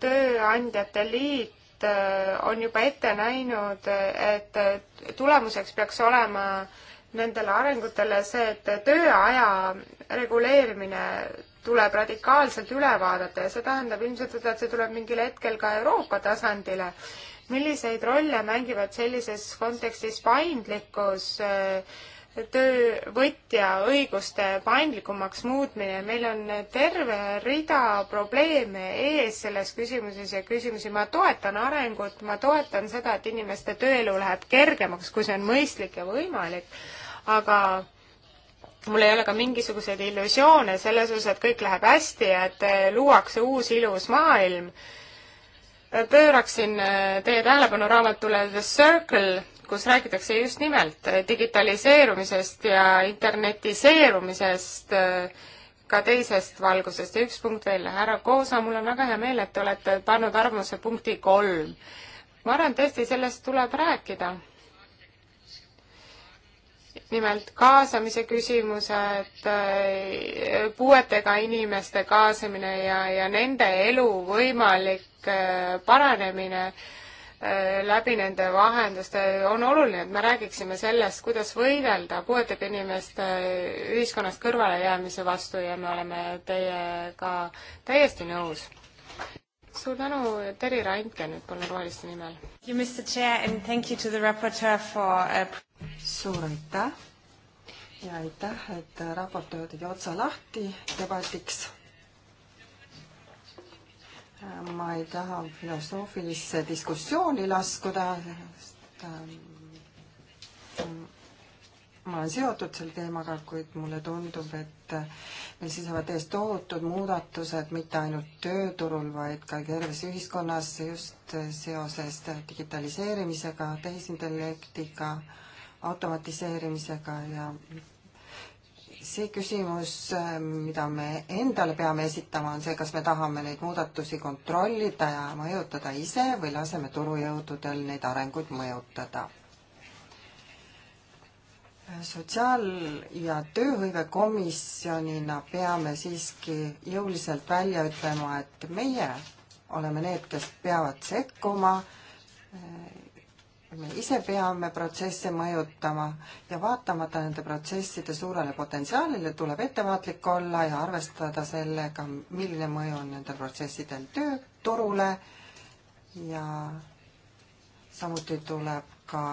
B: Tööandjate Liit Äh, on juba ette näinud, et tulemuseks peaks olema nendele arengutele see, et tööaja reguleerimine tuleb radikaalselt üle vaadata ja see tähendab ilmselt seda, et see tuleb mingil hetkel ka Euroopa tasandile. milliseid rolle mängivad sellises kontekstis paindlikkus äh, töövõtja õiguste paindlikumaks muutmine, meil on terve rida probleeme ees selles küsimuses ja küsimusi, ma toetan arengut, ma toetan seda, et inimeste tööelu läheb kergemaks, kui see on mõistlik ja võimalik, aga mul ei ole ka mingisuguseid illusioone selles osas, et kõik läheb hästi ja et luuakse uus ilus maailm pööraksin äh, teie tähelepanu raamatule The Circle, kus räägitakse just nimelt äh, digitaliseerumisest ja internetiseerumisest äh, ka teisest valgusest ja üks punkt veel, härra Koosa, mul on väga hea meel, et te olete pannud arvamuse punkti kolm. ma arvan, tõesti sellest tuleb rääkida nimelt kaasamise küsimused, äh, puuetega inimeste kaasamine ja, ja nende elu võimalik äh, paranemine äh, läbi nende vahenduste on oluline, et me räägiksime sellest, kuidas võidelda puuetega inimeste ühiskonnast kõrvalejäämise vastu ja me oleme teiega täiesti nõus. suur tänu, Terri Randke nüüd palun roheliste
C: nimel Uh, suur aitäh ja aitäh, et äh, raportöör tegi otsa lahti debatiks. ma ei taha filosoofilisse diskussiooni laskuda, sest ähm, ma olen seotud selle teemaga, kuid mulle tundub, et meil seisavad ees tohutud muudatused mitte ainult tööturul, vaid ka terves ühiskonnas just seoses digitaliseerimisega, tehisintellektiga, automatiseerimisega ja see küsimus, mida me endale peame esitama, on see, kas me tahame neid muudatusi kontrollida ja mõjutada ise või laseme turujõududel neid arenguid mõjutada sotsiaal- ja tööhõivekomisjonina peame siiski jõuliselt välja ütlema, et meie oleme need, kes peavad sekkuma, me ise peame protsesse mõjutama ja vaatamata nende protsesside suurele potentsiaalile tuleb ettevaatlik olla ja arvestada sellega, milline mõju on nendel protsessidel tööturule ja samuti tuleb ka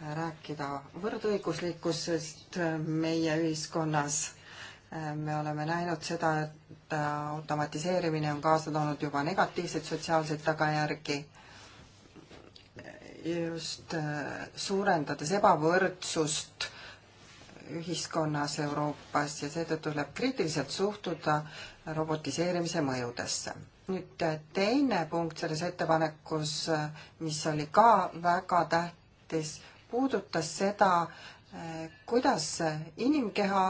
C: rääkida võrdõiguslikkusest äh, meie ühiskonnas. Äh, me oleme näinud seda, et äh, automatiseerimine on kaasa toonud juba negatiivseid sotsiaalseid tagajärgi. just suurendades ebavõrdsust ühiskonnas Euroopas ja seetõttu tuleb kriitiliselt suhtuda robotiseerimise mõjudesse nüüd teine punkt selles ettepanekus, mis oli ka väga tähtis, puudutas seda, kuidas inimkeha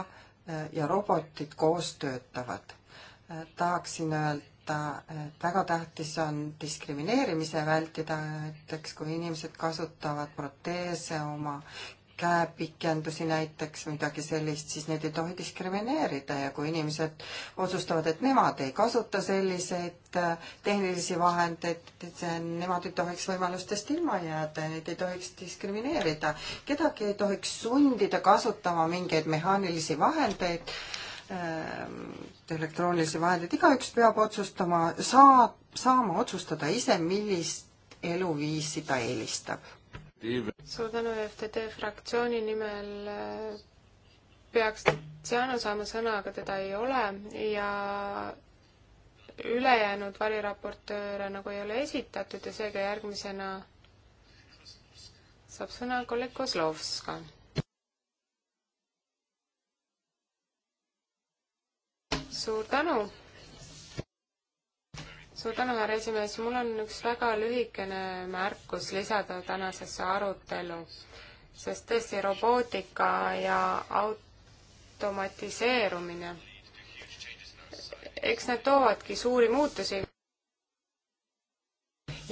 C: ja robotid koos töötavad. tahaksin öelda, et väga tähtis on diskrimineerimise vältida, näiteks kui inimesed kasutavad proteese oma käepikendusi näiteks või midagi sellist, siis neid ei tohi diskrimineerida ja kui inimesed otsustavad, et nemad ei kasuta selliseid äh, tehnilisi vahendeid, et äh, nemad ei tohiks võimalustest ilma jääda ja neid ei tohiks diskrimineerida. kedagi ei tohiks sundida kasutama mingeid mehaanilisi vahendeid, äh, elektroonilisi vahendeid, igaüks peab otsustama, saa, saama otsustada ise, millist eluviisi ta eelistab
B: suur tänu FTD fraktsiooni nimel peaks Tiziano saama sõna, aga teda ei ole ja ülejäänud variraportööre nagu ei ole esitatud ja seega järgmisena saab sõna kolleeg Kozlovska. suur tänu suur tänu, härra esimees, mul on üks väga lühikene märkus lisada tänasesse arutelu, sest tõesti robootika ja automatiseerumine, eks need toovadki suuri muutusi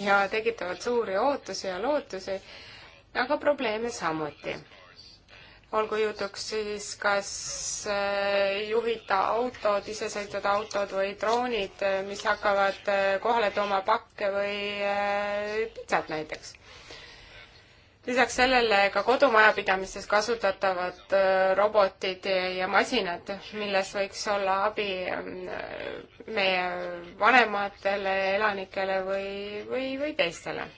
B: ja tekitavad suuri ootusi ja lootusi, aga probleeme samuti olgu jutuks siis kas äh, juhita autod, isesõitvad autod või droonid, äh, mis hakkavad äh, kohale tooma pakke või pitsat näiteks. lisaks sellele ka kodumajapidamistes kasutatavad robotid ja masinad, millest võiks olla abi ähm, meie vanematele elanikele või, või, või teistele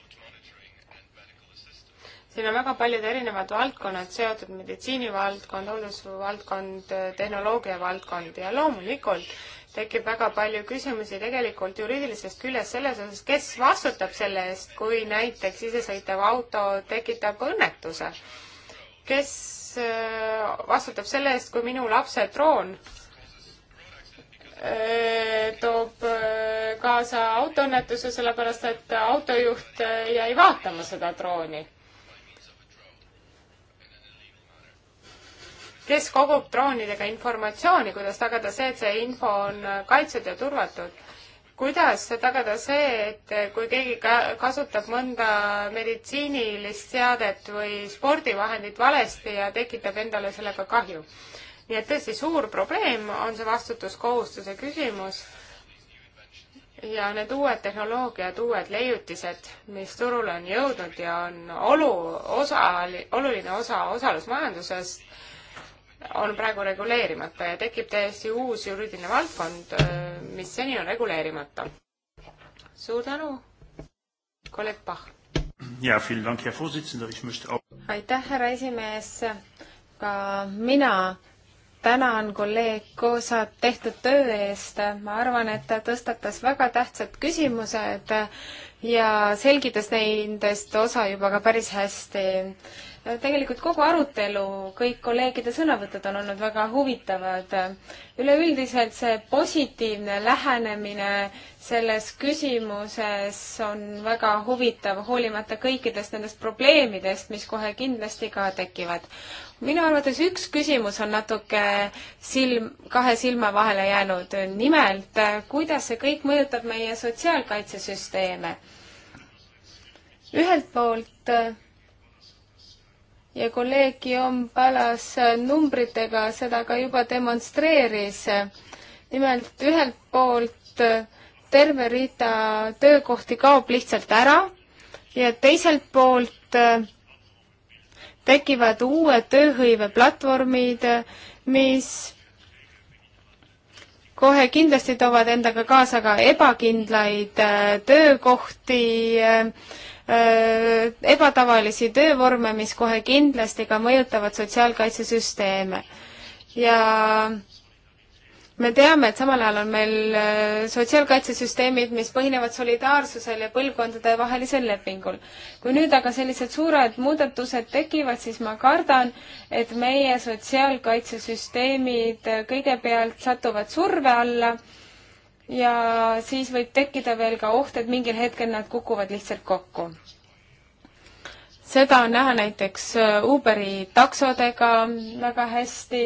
B: siin on väga paljud erinevad valdkonnad seotud, meditsiinivaldkond, hooldusvaldkond, tehnoloogiavaldkond ja loomulikult tekib väga palju küsimusi tegelikult juriidilisest küljest selles osas, kes vastutab selle eest, kui näiteks isesõitev auto tekitab õnnetuse. kes äh, vastutab selle eest, kui minu lapse troon äh, toob äh, kaasa autoõnnetuse, sellepärast et autojuht jäi vaatama seda drooni kes kogub droonidega informatsiooni, kuidas tagada see, et see info on kaitstud ja turvatud? kuidas tagada see, et kui keegi ka kasutab mõnda meditsiinilist seadet või spordivahendit valesti ja tekitab endale sellega kahju? nii et tõesti suur probleem on see vastutuskohustuse küsimus ja need uued tehnoloogiad, uued leiutised, mis turule on jõudnud ja on olu, osa, oluline osa osalusmajandusest, on praegu reguleerimata ja tekib täiesti uus juriidiline valdkond, mis seni on reguleerimata. suur tänu, kolleeg Pahv. ja, aitäh, härra esimees. ka mina tänan kolleeg Koosa tehtud töö eest. ma arvan, et ta tõstatas väga tähtsad küsimused ja selgitas nendest osa juba ka päris hästi tegelikult kogu arutelu, kõik kolleegide sõnavõtud on olnud väga huvitavad. üleüldiselt see positiivne lähenemine selles küsimuses on väga huvitav, hoolimata kõikidest nendest probleemidest, mis kohe kindlasti ka tekivad. minu arvates üks küsimus on natuke silm, kahe silma vahele jäänud. nimelt, kuidas see kõik mõjutab meie sotsiaalkaitsesüsteeme? ühelt poolt ja kolleeg Guillaume Palas numbritega seda ka juba demonstreeris. nimelt ühelt poolt terve rida töökohti kaob lihtsalt ära ja teiselt poolt tekivad uued tööhõiveplatvormid, mis kohe kindlasti toovad endaga kaasa ka ebakindlaid töökohti, Äh, ebatavalisi töövorme, mis kohe kindlasti ka mõjutavad sotsiaalkaitsesüsteeme. ja me teame, et samal ajal on meil äh, sotsiaalkaitsesüsteemid, mis põhinevad solidaarsusel ja põlvkondadevahelisel lepingul. kui nüüd aga sellised suured muudatused tekivad, siis ma kardan, et meie sotsiaalkaitsesüsteemid kõigepealt satuvad surve alla ja siis võib tekkida veel ka oht, et mingil hetkel nad kukuvad lihtsalt kokku. seda on näha näiteks äh, Uberi taksodega väga hästi,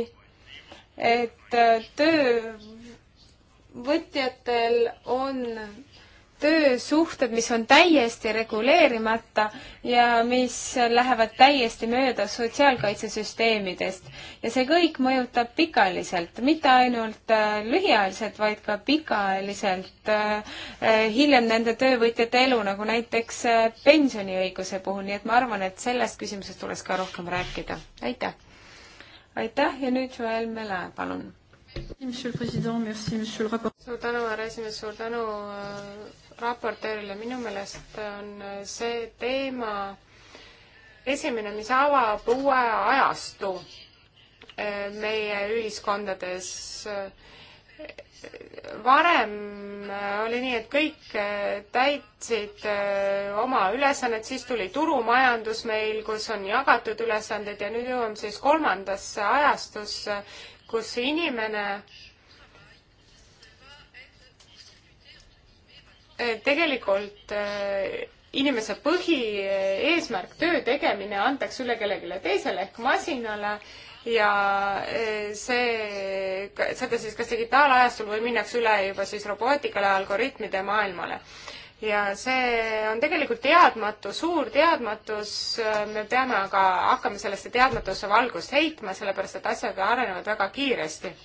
B: et äh, töövõtjatel on töösuhted, mis on täiesti reguleerimata ja mis lähevad täiesti mööda sotsiaalkaitsesüsteemidest. ja see kõik mõjutab pikaajaliselt, mitte ainult äh, lühiajaliselt, vaid ka pikaajaliselt äh, äh, hiljem nende töövõtjate elu, nagu näiteks pensioniõiguse puhul, nii et ma arvan, et sellest küsimusest tuleks ka rohkem rääkida. aitäh! aitäh ja nüüd Joel Mele, palun! suur tänu, härra esimees, suur tänu raportöörile, minu meelest on see teema esimene, mis avab uue ajastu eh, meie ühiskondades. varem oli nii, et kõik eh, täitsid eh, oma ülesannet, siis tuli turumajandus meil, kus on jagatud ülesanded ja nüüd jõuame siis kolmandasse ajastusse, kus inimene Eh, tegelikult eh, inimese põhieesmärk, töö tegemine antakse üle kellelegi teisele ehk masinale ja eh, see, seda siis kas digitaalajastul või minnakse üle juba siis robootikale, algoritmide maailmale. ja see on tegelikult teadmatu, suur teadmatus, me peame aga hakkama sellesse teadmatusse valgust heitma, sellepärast et asjad arenevad väga kiiresti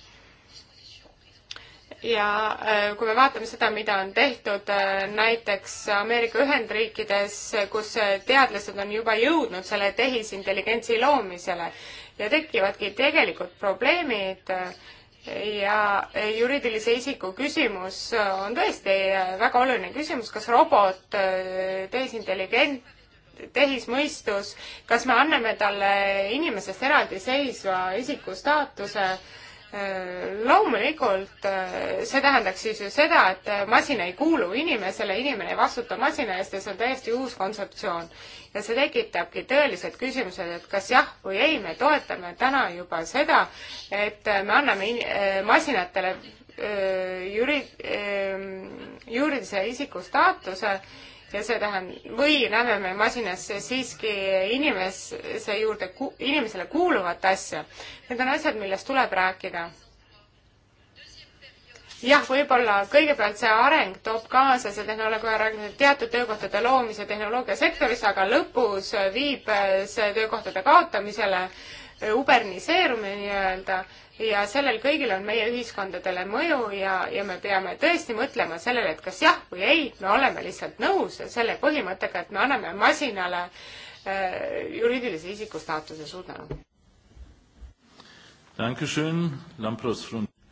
B: ja äh, kui me vaatame seda, mida on tehtud äh, näiteks Ameerika Ühendriikides, kus äh, teadlased on juba jõudnud selle tehisintelligentsi loomisele ja tekivadki tegelikult probleemid ja juriidilise isiku küsimus on tõesti väga oluline küsimus, kas robot, tehisintelligent, tehismõistus, kas me anname talle inimesest eraldiseisva isiku staatuse äh, Äh, loomulikult äh, see tähendaks siis ju seda, et äh, masin ei kuulu inimesele, inimene ei vastuta masina eest ja see on täiesti uus kontseptsioon. ja see tekitabki tõelised küsimused, et kas jah või ei, me toetame täna juba seda, et me anname masinatele juri-, juriidilise isiku staatuse ja see tähendab, või näeme me masinas siiski inimese juurde, inimesele kuuluvat asja. Need on asjad, millest tuleb rääkida. jah, võib-olla kõigepealt see areng toob kaasa, see tehnoloogia areng, teatud töökohtade loomise tehnoloogiasektoris, aga lõpus viib see töökohtade kaotamisele uberniseerume nii-öelda ja sellel kõigil on meie ühiskondadele mõju ja, ja me peame tõesti mõtlema sellele, et kas jah või ei, me oleme lihtsalt nõus selle põhimõttega, et me anname masinale äh, juriidilise isiku staatuse. suur tänu!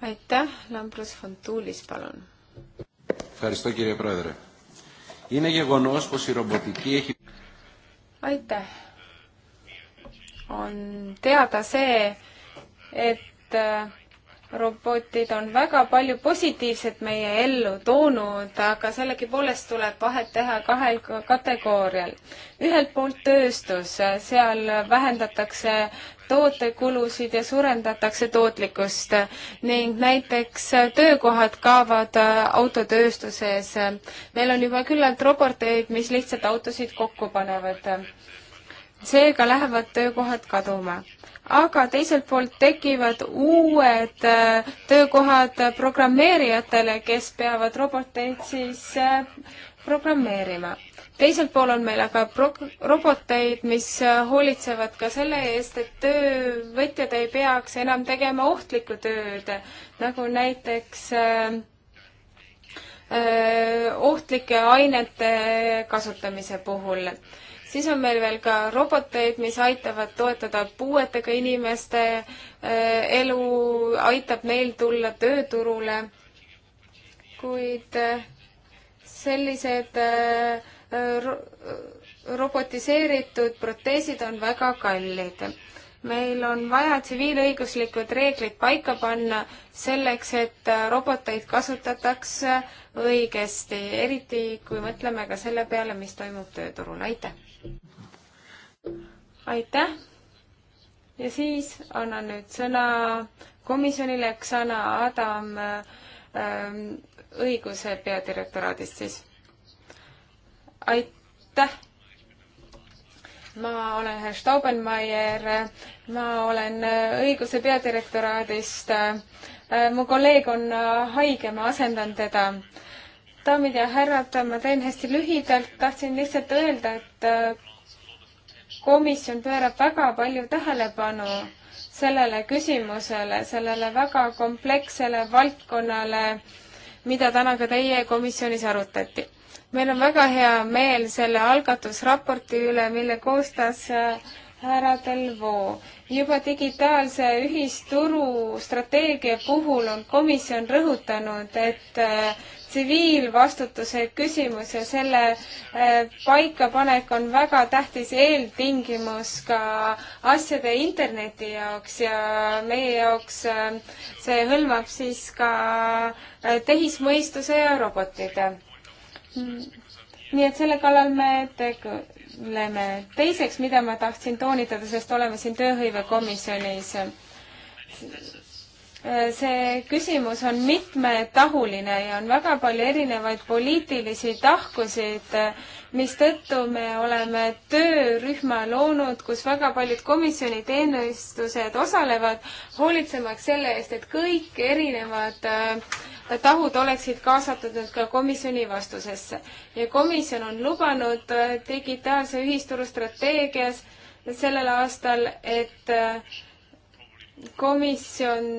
B: aitäh, Lambros Fontoulis, palun! aitäh! on teada see, et äh, robotid on väga palju positiivset meie ellu toonud, aga sellegipoolest tuleb vahet teha kahel kategoorial. ühelt poolt tööstus, seal vähendatakse tootekulusid ja suurendatakse tootlikkust ning näiteks töökohad kaovad äh, autotööstuses. meil on juba küllalt roboteid, mis lihtsalt autosid kokku panevad seega lähevad töökohad kaduma. aga teiselt poolt tekivad uued äh, töökohad programmeerijatele, kes peavad roboteid siis äh, programmeerima. teiselt pool on meil aga pro-, roboteid, mis äh, hoolitsevad ka selle eest, et töövõtjad ei peaks enam tegema ohtlikku tööd, nagu näiteks äh, öö, ohtlike ainete kasutamise puhul siis on meil veel ka roboteid, mis aitavad toetada puuetega inimeste äh, elu, aitab neil tulla tööturule, kuid äh, sellised äh, robotiseeritud proteesid on väga kallid. meil on vaja tsiviilõiguslikud reeglid paika panna selleks, et roboteid kasutataks õigesti, eriti kui mõtleme ka selle peale, mis toimub tööturul, aitäh! aitäh! ja siis annan nüüd sõna komisjonile Xana Adam ähm, õiguse peadirektoraadist siis. aitäh! ma olen Herr Staubenmaier, ma olen äh, õiguse peadirektoraadist. Äh, mu kolleeg on äh, haige, ma asendan teda. daamid ja härrad, ma teen hästi lühidalt, tahtsin lihtsalt öelda, et komisjon pöörab väga palju tähelepanu sellele küsimusele, sellele väga komplekssele valdkonnale, mida täna ka teie komisjonis arutati. meil on väga hea meel selle algatusraporti üle, mille koostas äh, härra Delvaux. juba digitaalse ühisturu strateegia puhul on komisjon rõhutanud, et äh, tsiviilvastutuse küsimus ja selle äh, paikapanek on väga tähtis eeltingimus ka asjade interneti jaoks ja meie jaoks äh, see hõlmab siis ka äh, tehismõistuse ja robotid. nii et selle kallal me tegu-, oleme. teiseks, mida ma tahtsin toonitada, sest oleme siin tööhõivekomisjonis see küsimus on mitmetahuline ja on väga palju erinevaid poliitilisi tahkusid, mistõttu me oleme töörühma loonud, kus väga paljud komisjoni teenistused osalevad, hoolitsemaks selle eest, et kõik erinevad äh, tahud oleksid kaasatud nüüd ka komisjoni vastusesse. ja komisjon on lubanud äh, digitaalse ühisturu strateegias sellel aastal, et äh, komisjon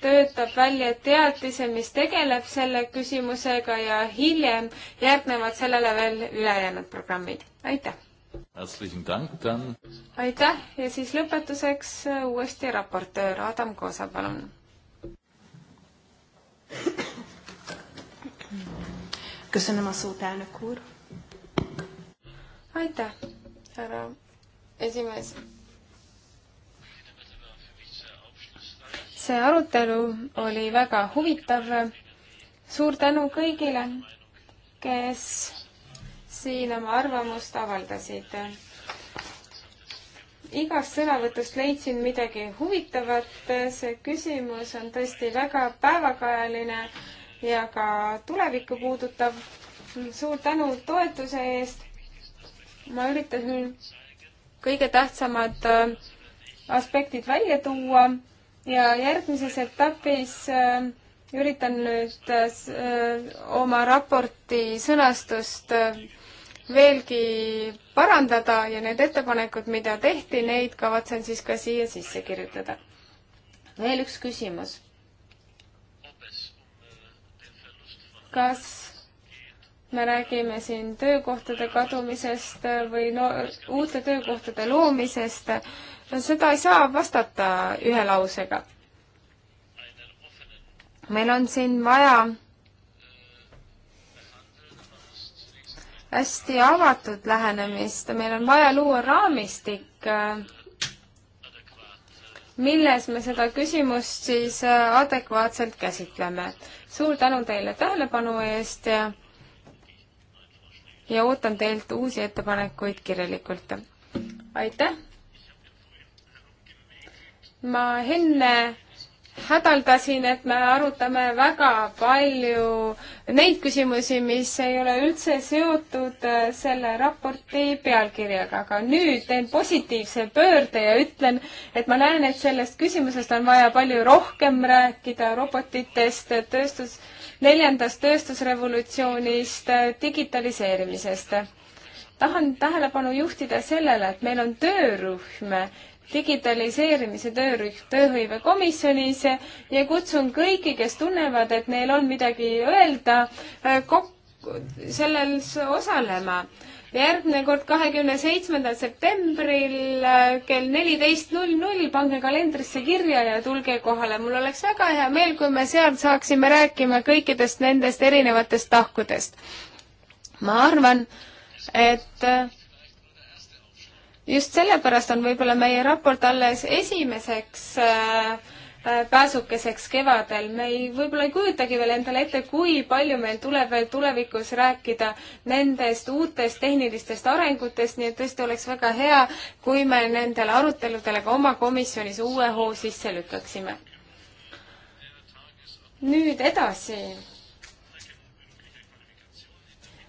B: töötab välja teatise, mis tegeleb selle küsimusega ja hiljem järgnevad sellele veel ülejäänud programmid. aitäh! aitäh ja siis lõpetuseks uuesti raportöör Adam Koosa, palun.
C: köszönöm a szót, elnök úr.
B: Aitäh, härra esimees see arutelu oli väga huvitav. suur tänu kõigile, kes siin oma arvamust avaldasid. igast sõnavõtust leidsin midagi huvitavat. see küsimus on tõesti väga päevakajaline ja ka tulevikku puudutav. suur tänu toetuse eest. ma üritasin kõige tähtsamad aspektid välja tuua ja järgmises etapis äh, üritan nüüd äh, oma raporti sõnastust äh, veelgi parandada ja need ettepanekud, mida tehti, neid kavatsen siis ka siia sisse kirjutada. veel üks küsimus. kas me räägime siin töökohtade kadumisest või no uute töökohtade loomisest seda ei saa vastata ühe lausega. meil on siin vaja hästi avatud lähenemist, meil on vaja luua raamistik, milles me seda küsimust siis adekvaatselt käsitleme. suur tänu teile tähelepanu eest ja ja ootan teilt uusi ettepanekuid kirjalikult. aitäh! ma enne hädaldasin, et me arutame väga palju neid küsimusi, mis ei ole üldse seotud äh, selle raporti pealkirjaga, aga nüüd teen positiivse pöörde ja ütlen, et ma näen, et sellest küsimusest on vaja palju rohkem rääkida, robotitest, tööstus, neljandast tööstusrevolutsioonist, äh, digitaliseerimisest tahan tähelepanu juhtida sellele, et meil on töörühm, digitaliseerimise töörühm tööhõivekomisjonis ja kutsun kõiki, kes tunnevad, et neil on midagi öelda, äh, kokku, selles osalema. järgmine kord, kahekümne seitsmendal septembril äh, kell neliteist null null, pange kalendrisse kirja ja tulge kohale. mul oleks väga hea meel, kui me seal saaksime rääkima kõikidest nendest erinevatest tahkudest. ma arvan, et äh, just sellepärast on võib-olla meie raport alles esimeseks äh, äh, pääsukeseks kevadel. me ei, võib-olla ei kujutagi veel endale ette, kui palju meil tuleb veel tulevikus rääkida nendest uutest tehnilistest arengutest, nii et tõesti oleks väga hea, kui me nendele aruteludele ka oma komisjonis uue UH hoo sisse lükkaksime. nüüd edasi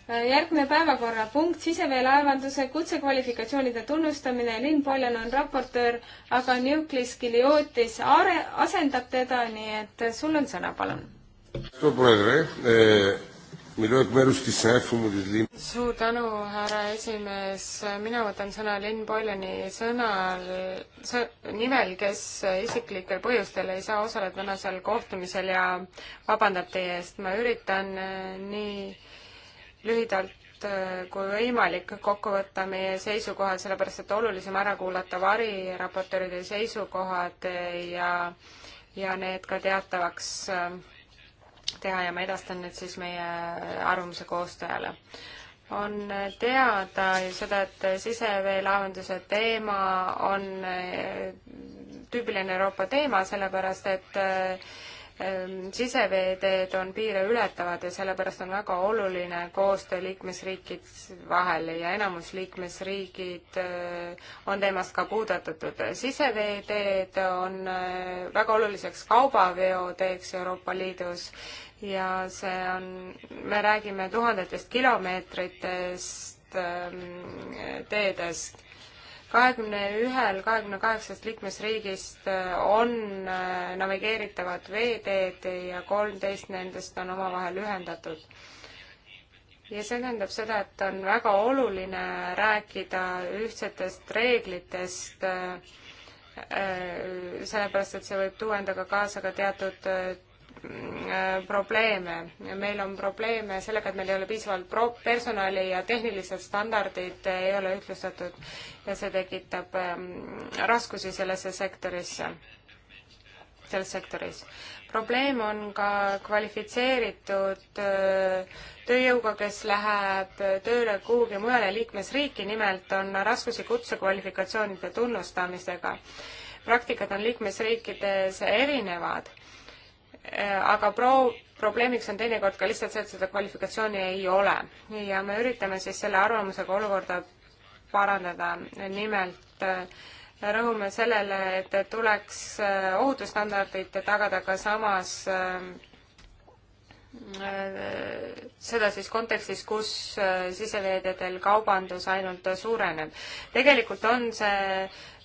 B: Äh, järgmine päevekorrapunkt, siseveelaevanduse kutsekvalifikatsioonide tunnustamine, Lynn Poljan on raportöör, aga Newclis Kiliotis are-, asendab teda, nii et äh, sul on sõna, palun.
A: Äh,
B: suur tänu, härra esimees, mina võtan sõna Lynn Poljani sõnal, nimel, kes isiklikel põhjustel ei saa osaleda tänasel kohtumisel ja vabandab teie eest, ma üritan nii lühidalt äh, kui võimalik kokku võtta meie seisukohad, sellepärast et olulisem ära kuulata variraportööride seisukohad äh, ja, ja need ka teatavaks äh, teha ja ma edastan need siis meie arvamuse koostajale. on teada seda, et siseveelaevanduse teema on tüüpiline Euroopa teema, sellepärast et Ehm, siseveeteed on piire ületavad ja sellepärast on väga oluline koostöö liikmesriikide vahel ja enamus liikmesriigid ehm, on teemast ka puudutatud. siseveeteed on ehm, väga oluliseks kaubaveoteeks Euroopa Liidus ja see on, me räägime tuhandetest kilomeetritest teedest kahekümne ühel, kahekümne kaheksast liikmesriigist äh, on äh, navigeeritavad veeteed ja kolmteist nendest on omavahel ühendatud. ja see tähendab seda, et on väga oluline rääkida ühtsetest reeglitest, äh, sellepärast et see võib tuua endaga kaasa ka teatud Äh, probleeme. meil on probleeme sellega, et meil ei ole piisavalt pro-, personali ja tehnilised standardid ei ole ühtlustatud ja see tekitab ähm, raskusi sellesse sektorisse, selles sektoris. probleem on ka kvalifitseeritud äh, tööjõuga, kes läheb tööle kuhugi mujale liikmesriiki, nimelt on raskusi kutsekvalifikatsioonide tunnustamisega praktikad on liikmesriikides erinevad Äh, aga pro-, probleemiks on teinekord ka lihtsalt see, et seda kvalifikatsiooni ei ole. ja me üritame siis selle arvamusega olukorda parandada, nimelt äh, rõhume sellele, et tuleks äh, ohutusstandardid tagada ka samas seda siis kontekstis, kus siseveeteedel kaubandus ainult suureneb. tegelikult on see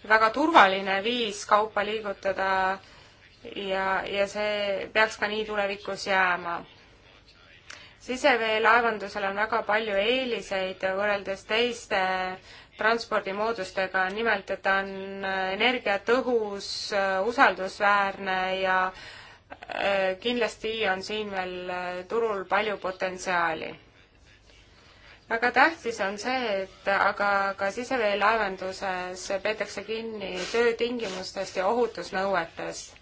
B: väga turvaline viis kaupa liigutada äh, ja, ja see peaks ka nii tulevikus jääma. siseveelaevandusel on väga palju eeliseid võrreldes teiste transpordimoodustega, nimelt et ta on energiatõhus, usaldusväärne ja äh, kindlasti on siin veel äh, turul palju potentsiaali. väga tähtis on see, et aga ka siseveelaevanduses peetakse kinni töötingimustest ja ohutusnõuetest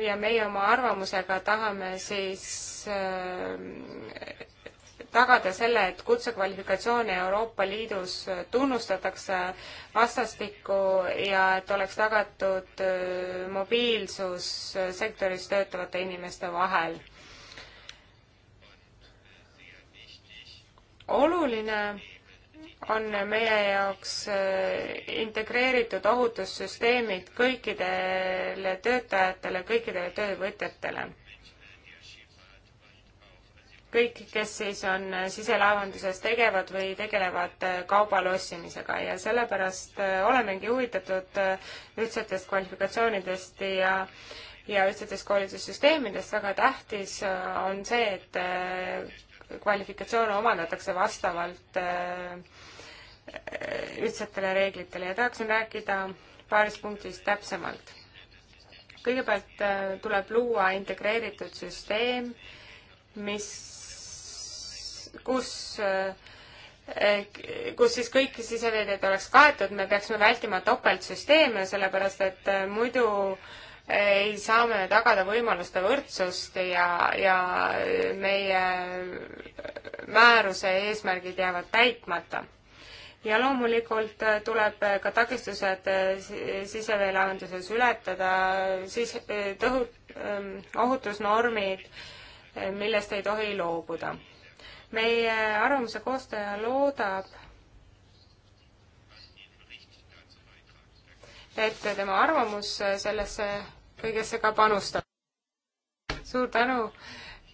B: ja meie oma arvamusega tahame siis äh, tagada selle, et kutsekvalifikatsioone Euroopa Liidus tunnustatakse vastastikku ja et oleks tagatud äh, mobiilsus äh, sektoris töötavate inimeste vahel. oluline on meie jaoks äh, integreeritud ohutussüsteemid kõikidele töötajatele, kõikidele töövõtjatele. kõik, kes siis on siselaevanduses tegevad või tegelevad äh, kauba lossimisega ja sellepärast äh, olemegi huvitatud ühtsetest kvalifikatsioonidest ja ja ühtsetest koolitussüsteemidest väga tähtis on see, et kvalifikatsioone omandatakse vastavalt äh, ühtsetele reeglitele ja tahaksin rääkida paarist punktist täpsemalt. kõigepealt äh, tuleb luua integreeritud süsteem, mis, kus äh, äh, kus siis kõik siseveeteed oleks kaetud, me peaksime vältima topeltsüsteeme, sellepärast et muidu ei saa me tagada võimaluste võrdsust ja, ja meie määruse eesmärgid jäävad täitmata ja loomulikult äh, tuleb äh, ka takistused äh, siseveelahenduses ületada, siis tõhu-, ähm, ohutusnormid, millest ei tohi loobuda. meie arvamuse koostaja loodab, et tema arvamus sellesse kõigesse ka panustab. suur tänu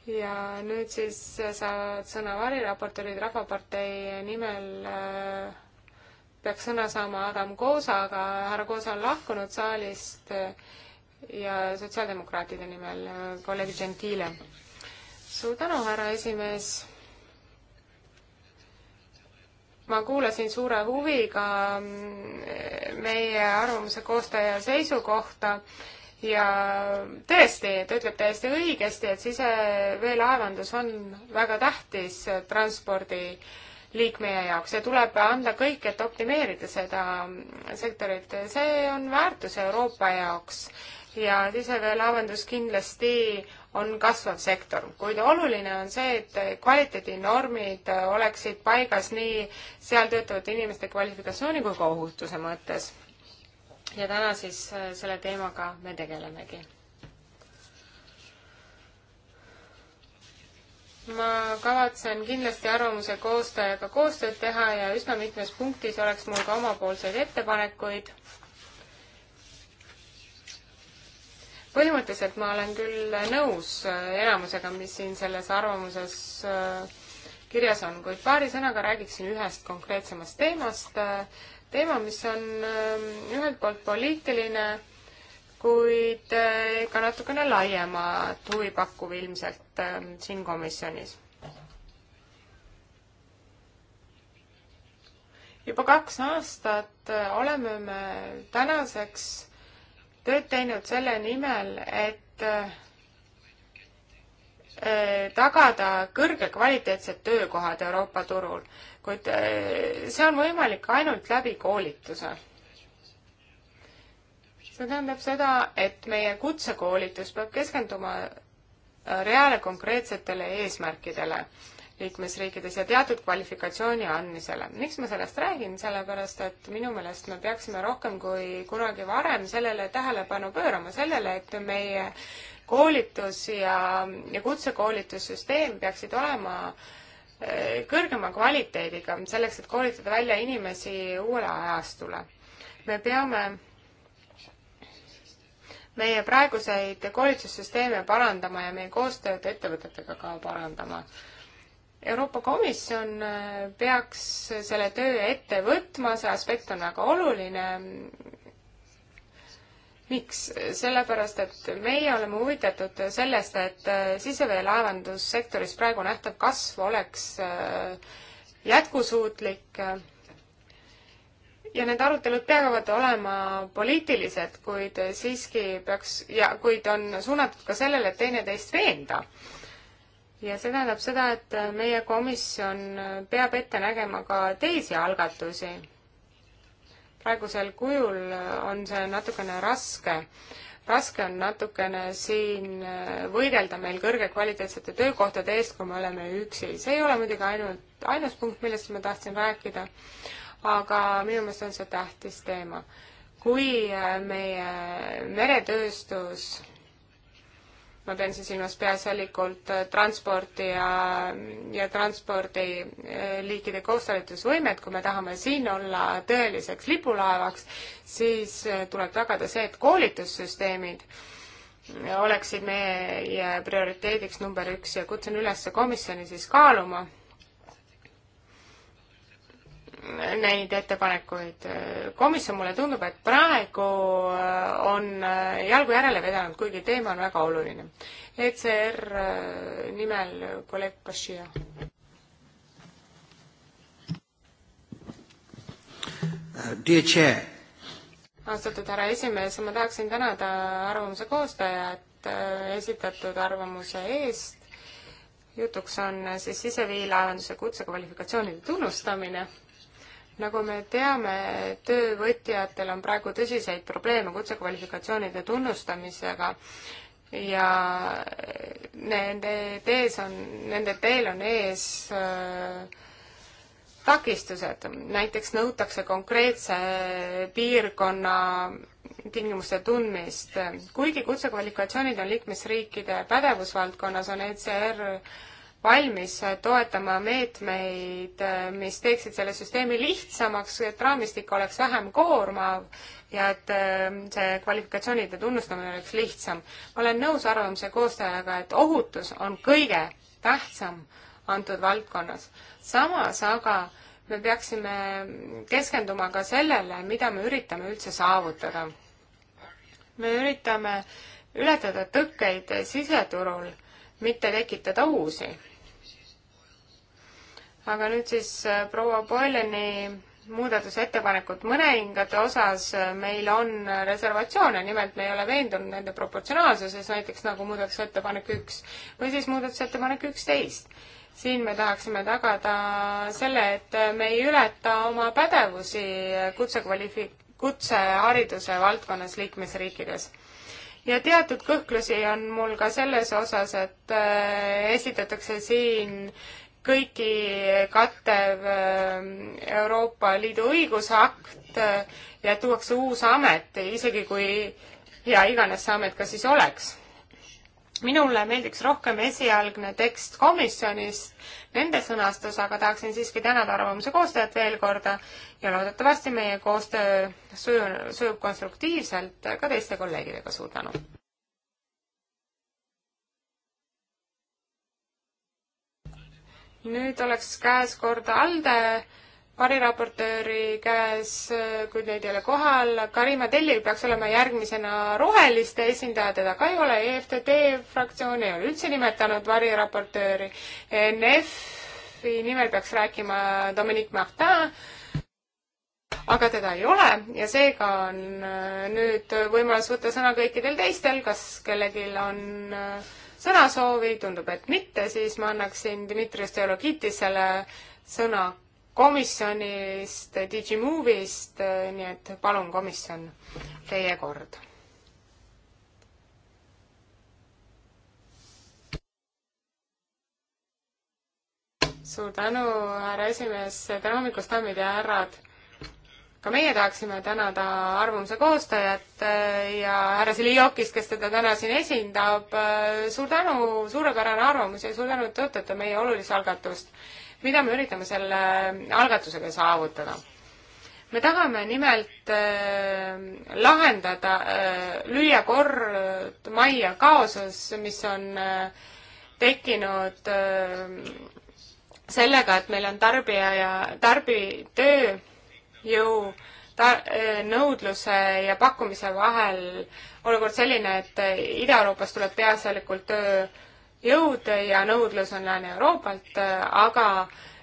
B: ja nüüd siis saavad sõna variraportorid Rahvapartei nimel äh, peaks sõna saama Adam Koosa, aga härra Koosa on lahkunud saalist äh, ja sotsiaaldemokraatide nimel äh, kolleeg Gentile. suur tänu, härra esimees. ma kuulasin suure huviga mm, meie arvamuse koostaja seisukohta ja tõesti, ta ütleb täiesti õigesti, et siseveelaevandus on väga tähtis transpordi liik meie jaoks ja tuleb anda kõik, et optimeerida seda sektorit. see on väärtus Euroopa jaoks ja siseveelaevandus kindlasti on kasvav sektor, kuid oluline on see, et kvaliteedinormid oleksid paigas nii seal töötavate inimeste kvalifikatsiooni kui ka ohutuse mõttes ja täna siis äh, selle teemaga me tegelemegi. ma kavatsen kindlasti arvamuse koostajaga koostööd teha ja üsna mitmes punktis oleks mul ka omapoolseid ettepanekuid põhimõtteliselt ma olen küll nõus äh, enamusega, mis siin selles arvamuses äh, kirjas on, kuid paari sõnaga räägiksin ühest konkreetsemast teemast, teema, mis on ähm, ühelt poolt poliitiline, kuid äh, ka natukene laiemat huvi pakkuv ilmselt ähm, siin komisjonis. juba kaks aastat äh, oleme me tänaseks tööd teinud selle nimel, et äh, Äh, tagada kõrgekvaliteetsed töökohad Euroopa turul, kuid äh, see on võimalik ainult läbi koolituse. see tähendab seda, et meie kutsekoolitus peab keskenduma äh, reaale konkreetsetele eesmärkidele liikmesriikides ja teatud kvalifikatsiooni andmisele. miks ma sellest räägin, sellepärast et minu meelest me peaksime rohkem kui kunagi varem sellele tähelepanu pöörama, sellele, et meie äh, koolitus ja, ja kutsekoolitussüsteem peaksid olema eh, kõrgema kvaliteediga, selleks et koolitada välja inimesi uuele ajastule. me peame meie praeguseid koolitussüsteeme parandama ja meie koostööd ettevõtetega ka parandama. Euroopa Komisjon eh, peaks selle töö ette võtma, see aspekt on väga oluline miks? sellepärast, et meie oleme huvitatud sellest, et äh, siseveelaevandussektoris praegu nähtav kasv oleks äh, jätkusuutlik ja need arutelud peavad olema poliitilised, kuid siiski peaks ja kuid on suunatud ka sellele, et teineteist veenda. ja see tähendab seda, et meie komisjon peab ette nägema ka teisi algatusi praegusel kujul on see natukene raske. raske on natukene siin äh, võidelda meil kõrgekvaliteetsete töökohtade eest, kui me oleme üksi. see ei ole muidugi ainult, ainus punkt, millest ma tahtsin rääkida, aga minu meelest on see tähtis teema. kui äh, meie meretööstus ma pean siin silmas peaasjalikult äh, transporti ja, ja transpordiliikide äh, koostalitusvõimet, kui me tahame siin olla tõeliseks lipulaevaks, siis äh, tuleb tagada see, et koolitussüsteemid oleksid meie prioriteediks number üks ja kutsun üles komisjoni siis kaaluma neid ettepanekuid. komisjon, mulle tundub, et praegu äh, on äh, jalgu järele vedanud, kuigi teema on väga oluline. ECR äh, nimel kolleeg Bashir. austatud härra esimees, ma tahaksin tänada arvamuse koostajat esitatud arvamuse eest. jutuks on siis siseviilaevanduse kutsekvalifikatsioonide tunnustamine nagu me teame, töövõtjatel on praegu tõsiseid probleeme kutsekvalifikatsioonide tunnustamisega ja nende tees on, nende teel on ees äh, takistused, näiteks nõutakse konkreetse piirkonna tingimuste tundmist. kuigi kutsekvalifikatsioonid on liikmesriikide pädevusvaldkonnas, on ECR valmis toetama meetmeid, mis teeksid selle süsteemi lihtsamaks, et raamistik oleks vähem koormav ja et ähm, see kvalifikatsioonide tunnustamine oleks lihtsam. ma olen nõus arvamuse koostajaga, et ohutus on kõige tähtsam antud valdkonnas. samas aga me peaksime keskenduma ka sellele, mida me üritame üldse saavutada. me üritame ületada tõkkeid siseturul, mitte tekitada uusi aga nüüd siis äh, proua Boyleni muudatusettepanekud mõningate osas äh, meil on äh, reservatsioone, nimelt me ei ole veendunud nende proportsionaalsuses, näiteks nagu muudatusettepanek üks või siis muudatusettepanek üksteist. siin me tahaksime tagada selle, et me ei ületa oma pädevusi kutsekvalifi-, kutsehariduse valdkonnas liikmesriikides ja teatud kõhklusi on mul ka selles osas, et esitatakse siin kõiki kattev ähm, Euroopa Liidu õigusakt äh, ja tuuakse uus amet, isegi kui hea iganes see amet ka siis oleks. minule meeldiks rohkem esialgne tekst komisjonist, nende sõnastus, aga tahaksin siiski tänada arvamuse koostajat veel korda ja loodetavasti meie koostöö suju, sujub konstruktiivselt ka teiste kolleegidega, suur tänu! nüüd oleks käes kord ALDE variraportööri käes, kuid neid ei ole kohal. Karima Tellil peaks olema järgmisena roheliste esindaja, teda ka ei ole. EFTD fraktsioon ei ole üldse nimetanud variraportööri. NF-i nimel peaks rääkima Dominic Martin, aga teda ei ole ja seega on äh, nüüd võimalus võtta sõna kõikidel teistel, kas kellelgi on äh, sõnasoovi, tundub, et mitte, siis ma annaksin Dmitri Stolokitisele sõna komisjonist, Digimovist, nii et palun, komisjon, teie kord. suur tänu, härra esimees, tere hommikust, daamid ja härrad ka meie tahaksime tänada arvamuse koostajat äh, ja härra Zeliokist, kes teda täna siin esindab. Äh, suur tänu, suurepärane arvamus ja suur tänu, et toetate meie olulist algatust. mida me üritame selle äh, algatusega saavutada? me tahame nimelt äh, lahendada äh,, lüüa kord majja kaoses, mis on äh, tekkinud äh, sellega, et meil on tarbija ja tarbi töö jõu ta-, nõudluse ja pakkumise vahel olukord selline, et Ida-Euroopast tuleb peaasjalikult tööjõud ja nõudlus on Lääne-Euroopalt, aga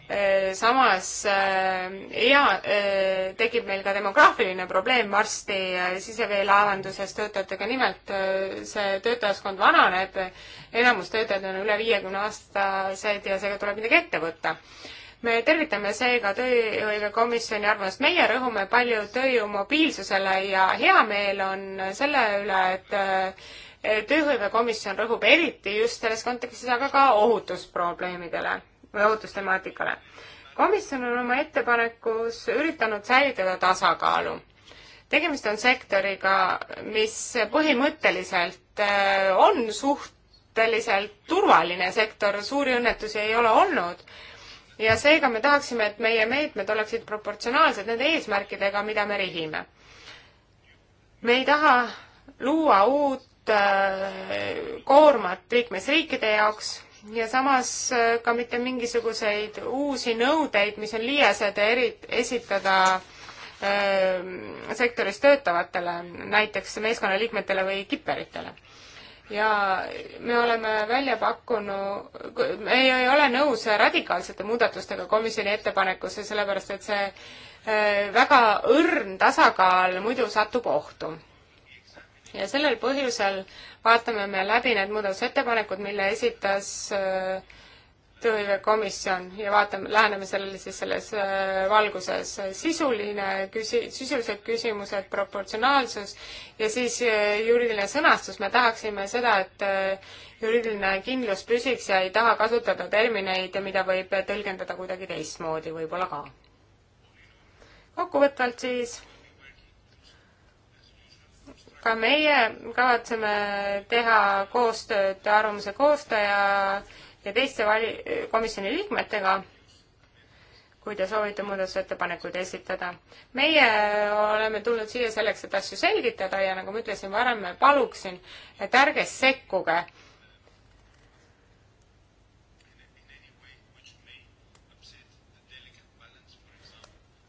B: eh, samas ja eh, eh, tekib meil ka demograafiline probleem varsti siseveelaevanduses töötajatega, nimelt see töötajaskond vananeb, enamus töötajad on üle viiekümne aastased ja seega tuleb midagi ette võtta me tervitame seega tööhõivekomisjoni arvamust, meie rõhume palju tööjõu mobiilsusele ja hea meel on selle üle, et äh, tööhõivekomisjon rõhub eriti just selles kontekstis, aga ka ohutusprobleemidele või ohutustemaatikale. komisjon on oma ettepanekus üritanud säilitada tasakaalu. tegemist on sektoriga, mis põhimõtteliselt äh, on suhteliselt turvaline sektor, suuri õnnetusi ei ole olnud ja seega me tahaksime, et meie meetmed oleksid proportsionaalsed nende eesmärkidega, mida me rihime. me ei taha luua uut äh, koormat liikmesriikide jaoks ja samas äh, ka mitte mingisuguseid uusi nõudeid, mis on liiased eri, esitada öö, äh, sektoris töötavatele, näiteks meeskonnaliikmetele või kipperitele ja me oleme välja pakkunud, me ei, ei ole nõus radikaalsete muudatustega komisjoni ettepanekusse, sellepärast et see äh, väga õrn tasakaal muidu satub ohtu. ja sellel põhjusel vaatame me läbi need muudatusettepanekud, mille esitas äh, tööhõivekomisjon ja vaatame, läheneme sellele siis selles äh, valguses. sisuline küsi-, sisulised küsimused, proportsionaalsus ja siis äh, juriidiline sõnastus, me tahaksime seda, et äh, juriidiline kindlus püsiks ja ei taha kasutada termineid, mida võib tõlgendada kuidagi teistmoodi võib-olla ka. kokkuvõtvalt siis ka meie kavatseme teha koostööd arvamuse koostaja ja teiste vali-, komisjoni liikmetega, kui te soovite muudatusettepanekuid esitada. meie oleme tulnud siia selleks, et asju selgitada ja nagu ma ütlesin varem, paluksin, et ärge sekkuge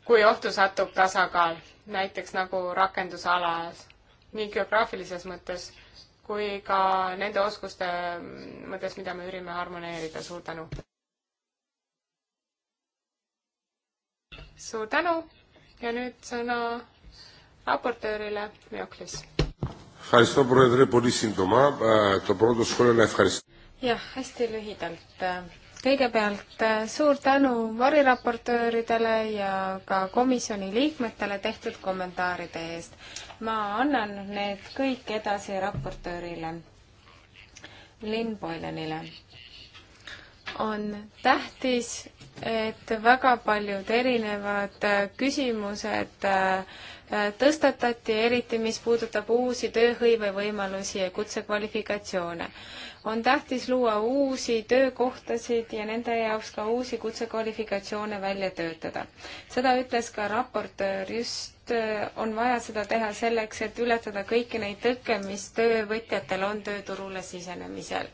B: kui ohtu satub tasakaal, näiteks nagu rakendusalas, nii geograafilises mõttes kui ka nende oskuste mõttes, mida me ürime harmoneerida, suur tänu! suur tänu ja nüüd sõna raportöörile Mioklis. jah, hästi lühidalt. kõigepealt suur tänu variraportööridele ja ka komisjoni liikmetele tehtud kommentaaride eest ma annan need kõik edasi raportöörile Lynn Boylanile. on tähtis, et väga paljud erinevad küsimused äh, tõstatati, eriti mis puudutab uusi tööhõivevõimalusi ja kutsekvalifikatsioone on tähtis luua uusi töökohtasid ja nende jaoks ka uusi kutsekvalifikatsioone välja töötada. seda ütles ka raportöör, just äh, on vaja seda teha selleks, et ületada kõiki neid tõkke, mis töövõtjatel on tööturule sisenemisel.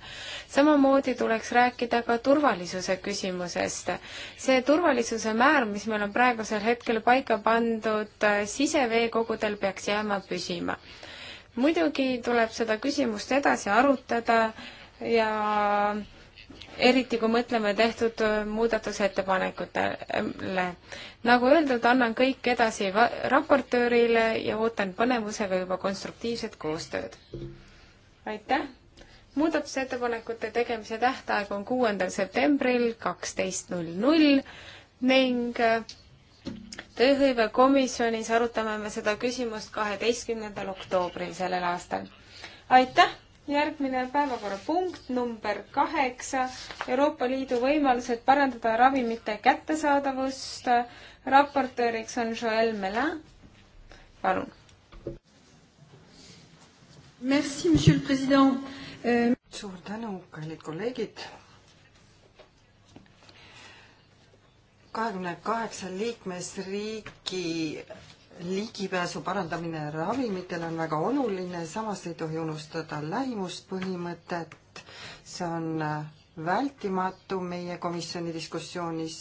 B: samamoodi tuleks rääkida ka turvalisuse küsimusest. see turvalisuse määr, mis meil on praegusel hetkel paika pandud äh, siseveekogudel, peaks jääma püsima muidugi tuleb seda küsimust edasi arutada ja eriti kui mõtleme tehtud muudatusettepanekutele. nagu öeldud, annan kõik edasi raportöörile ja ootan põnevusega juba konstruktiivset koostööd. aitäh! muudatusettepanekute tegemise tähtaeg on kuuendal septembril kaksteist null null ning tööhõivekomisjonis arutame me seda küsimust kaheteistkümnendal oktoobril sellel aastal. aitäh, järgmine päevakorrapunkt number kaheksa, Euroopa Liidu võimalused parandada ravimite kättesaadavust. raportööriks
C: on Joel Melin, palun. Merci, monsieur le president. Euh, suur tänu, kallid kolleegid kahekümne kaheksa liikmesriigi ligipääsu parandamine ravimitele on väga oluline, samas ei tohi unustada lähimuspõhimõtet. see on vältimatu meie komisjoni diskussioonis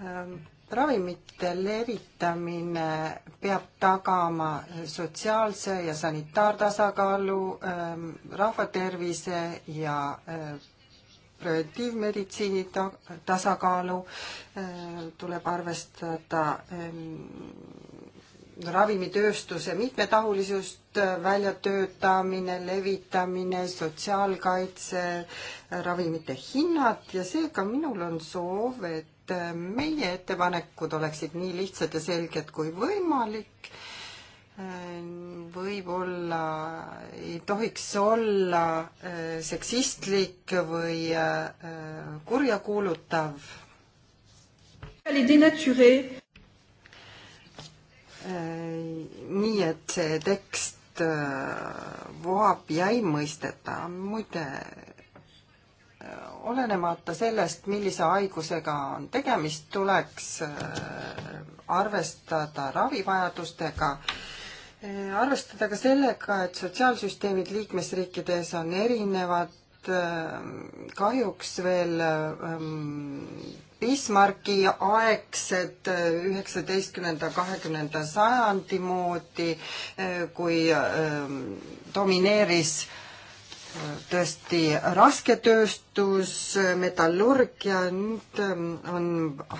C: ähm, ravimite levitamine peab tagama sotsiaalse ja sanitaartasakaalu, ähm, rahvatervise ja äh, preventiivmeditsiini ta-, tasakaalu, äh, tuleb arvestada ähm, ravimitööstuse mitmetahulisust, äh, väljatöötamine, levitamine, sotsiaalkaitse, äh, ravimite hinnad ja seega minul on soov, et meie ettepanekud oleksid nii lihtsad ja selged kui võimalik võib-olla ei tohiks olla äh, seksistlik või äh, kurjakuulutav. Äh, nii et see tekst vohab ja ei mõisteta. muide, olenemata sellest, millise haigusega on tegemist, tuleks arvestada ravivajadustega Eh, arvestada ka sellega, et sotsiaalsüsteemid liikmesriikides on erinevad, eh, kahjuks veel ehm, Bismarcki aegsed eh, üheksateistkümnenda, kahekümnenda sajandi moodi, kui ehm, domineeris tõesti rasketööstus, metallurgia, nüüd ähm, on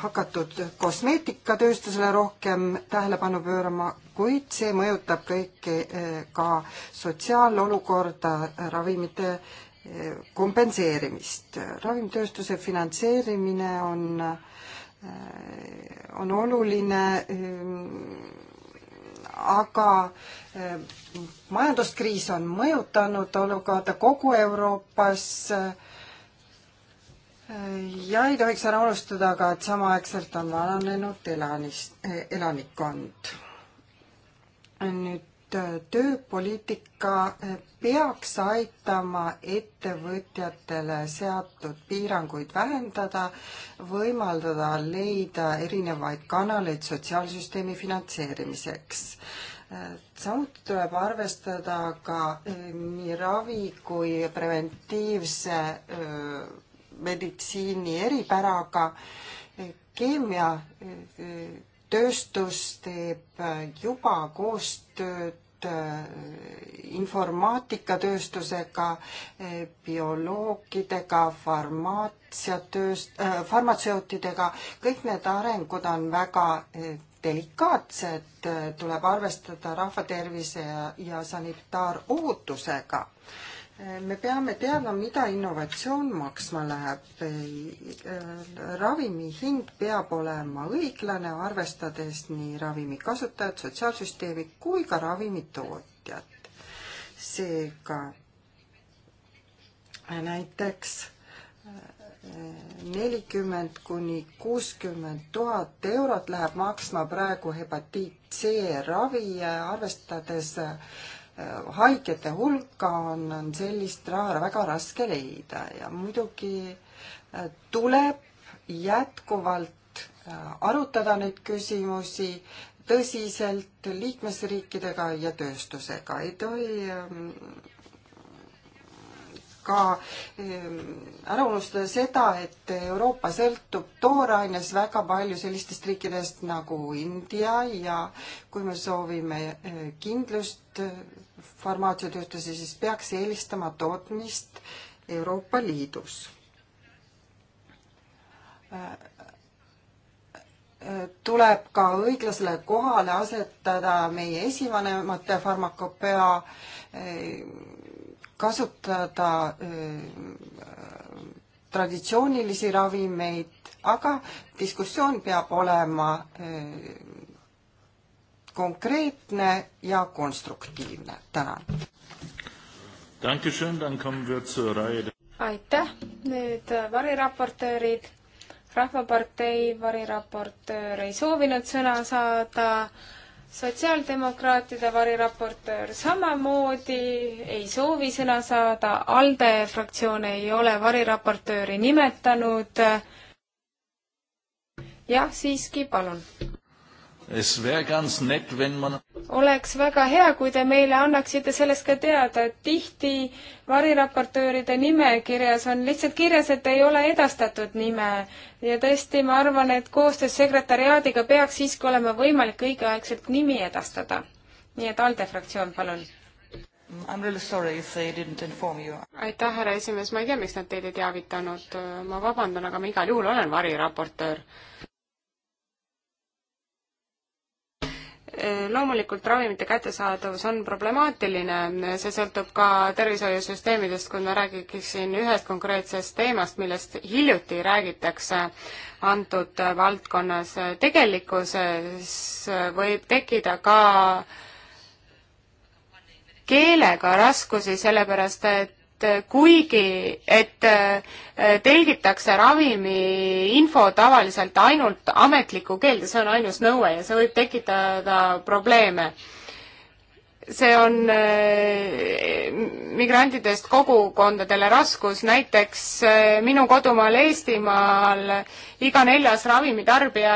C: hakatud kosmeetikatööstusele rohkem tähelepanu pöörama, kuid see mõjutab kõiki äh, ka sotsiaalolukorda, ravimite äh, kompenseerimist. ravimitööstuse finantseerimine on, äh, on oluline ähm, aga eh, majanduskriis on mõjutanud olukorda kogu Euroopas ja ei tohiks ära unustada ka, et samaaegselt on vananenud elanis, eh, elanikkond. nüüd Äh, tööpoliitika äh, peaks aitama ettevõtjatele seatud piiranguid vähendada, võimaldada leida erinevaid kanaleid sotsiaalsüsteemi finantseerimiseks. Äh, samuti tuleb arvestada ka nii ravi kui preventiivse meditsiini eripäraga. keemia tööstus teeb juba koostööd Äh, informaatikatööstusega, äh, bioloogidega, farmaatsiatööst- äh,, farmatseutidega, kõik need arengud on väga äh, delikaatsed, tuleb arvestada rahvatervise ja, ja sanitaarohutusega me peame teadma, mida innovatsioon maksma läheb. ravimi hind peab olema õiglane, arvestades nii ravimi kasutajat, sotsiaalsüsteemi kui ka ravimitootjat. seega näiteks eh, nelikümmend kuni kuuskümmend tuhat eurot läheb maksma praegu hepatiit C ravi, arvestades äh, haigete hulka on, on sellist raha väga raske leida ja muidugi äh, tuleb jätkuvalt äh, arutada neid küsimusi tõsiselt liikmesriikidega ja tööstusega. ei tohi ähm, ka ehm, ära unustada seda, et Euroopa sõltub tooraines väga palju sellistest riikidest nagu India ja kui me soovime eh, kindlust eh, farmaatsiatööstuses, siis peaks eelistama tootmist Euroopa Liidus eh, tuleb ka õiglasele kohale asetada meie esivanemate farmakopea kasutada äh, traditsioonilisi ravimeid, aga diskussioon peab olema äh, konkreetne ja konstruktiivne. tänan. aitäh, nüüd äh,
B: variraportöörid. rahvapartei variraportöör ei soovinud sõna saada sotsiaaldemokraatide variraportöör samamoodi ei soovi sõna saada, ALDE fraktsioon ei ole variraportööri nimetanud. jah, siiski, palun
A: Man...
B: oleks väga hea, kui te meile annaksite sellest ka teada, et tihti variraportööride nimekirjas on lihtsalt kirjas, et ei ole edastatud nime. ja tõesti, ma arvan, et koostöös sekretäriaadiga peaks siiski olema võimalik õigeaegselt nimi edastada. nii et ALDE fraktsioon, palun. I m really
C: sorry if they didn't inform you.
B: aitäh, härra esimees, ma ei tea, miks nad teid ei teavitanud, ma vabandan, aga ma igal juhul
C: olen variraportöör
B: Äh, loomulikult ravimite kättesaadavus on problemaatiline, see sõltub ka tervishoiusüsteemidest, kui ma räägiksin ühest konkreetsest teemast, millest hiljuti räägitakse antud valdkonnas. tegelikkuses võib tekkida ka keelega raskusi, sellepärast et et kuigi, et telgitakse ravimi info tavaliselt ainult ametlikku keelde, see on ainus nõue ja see võib tekitada probleeme see on äh, migrantidest kogukondadele raskus, näiteks äh, minu kodumaal Eestimaal iga neljas ravimitarbija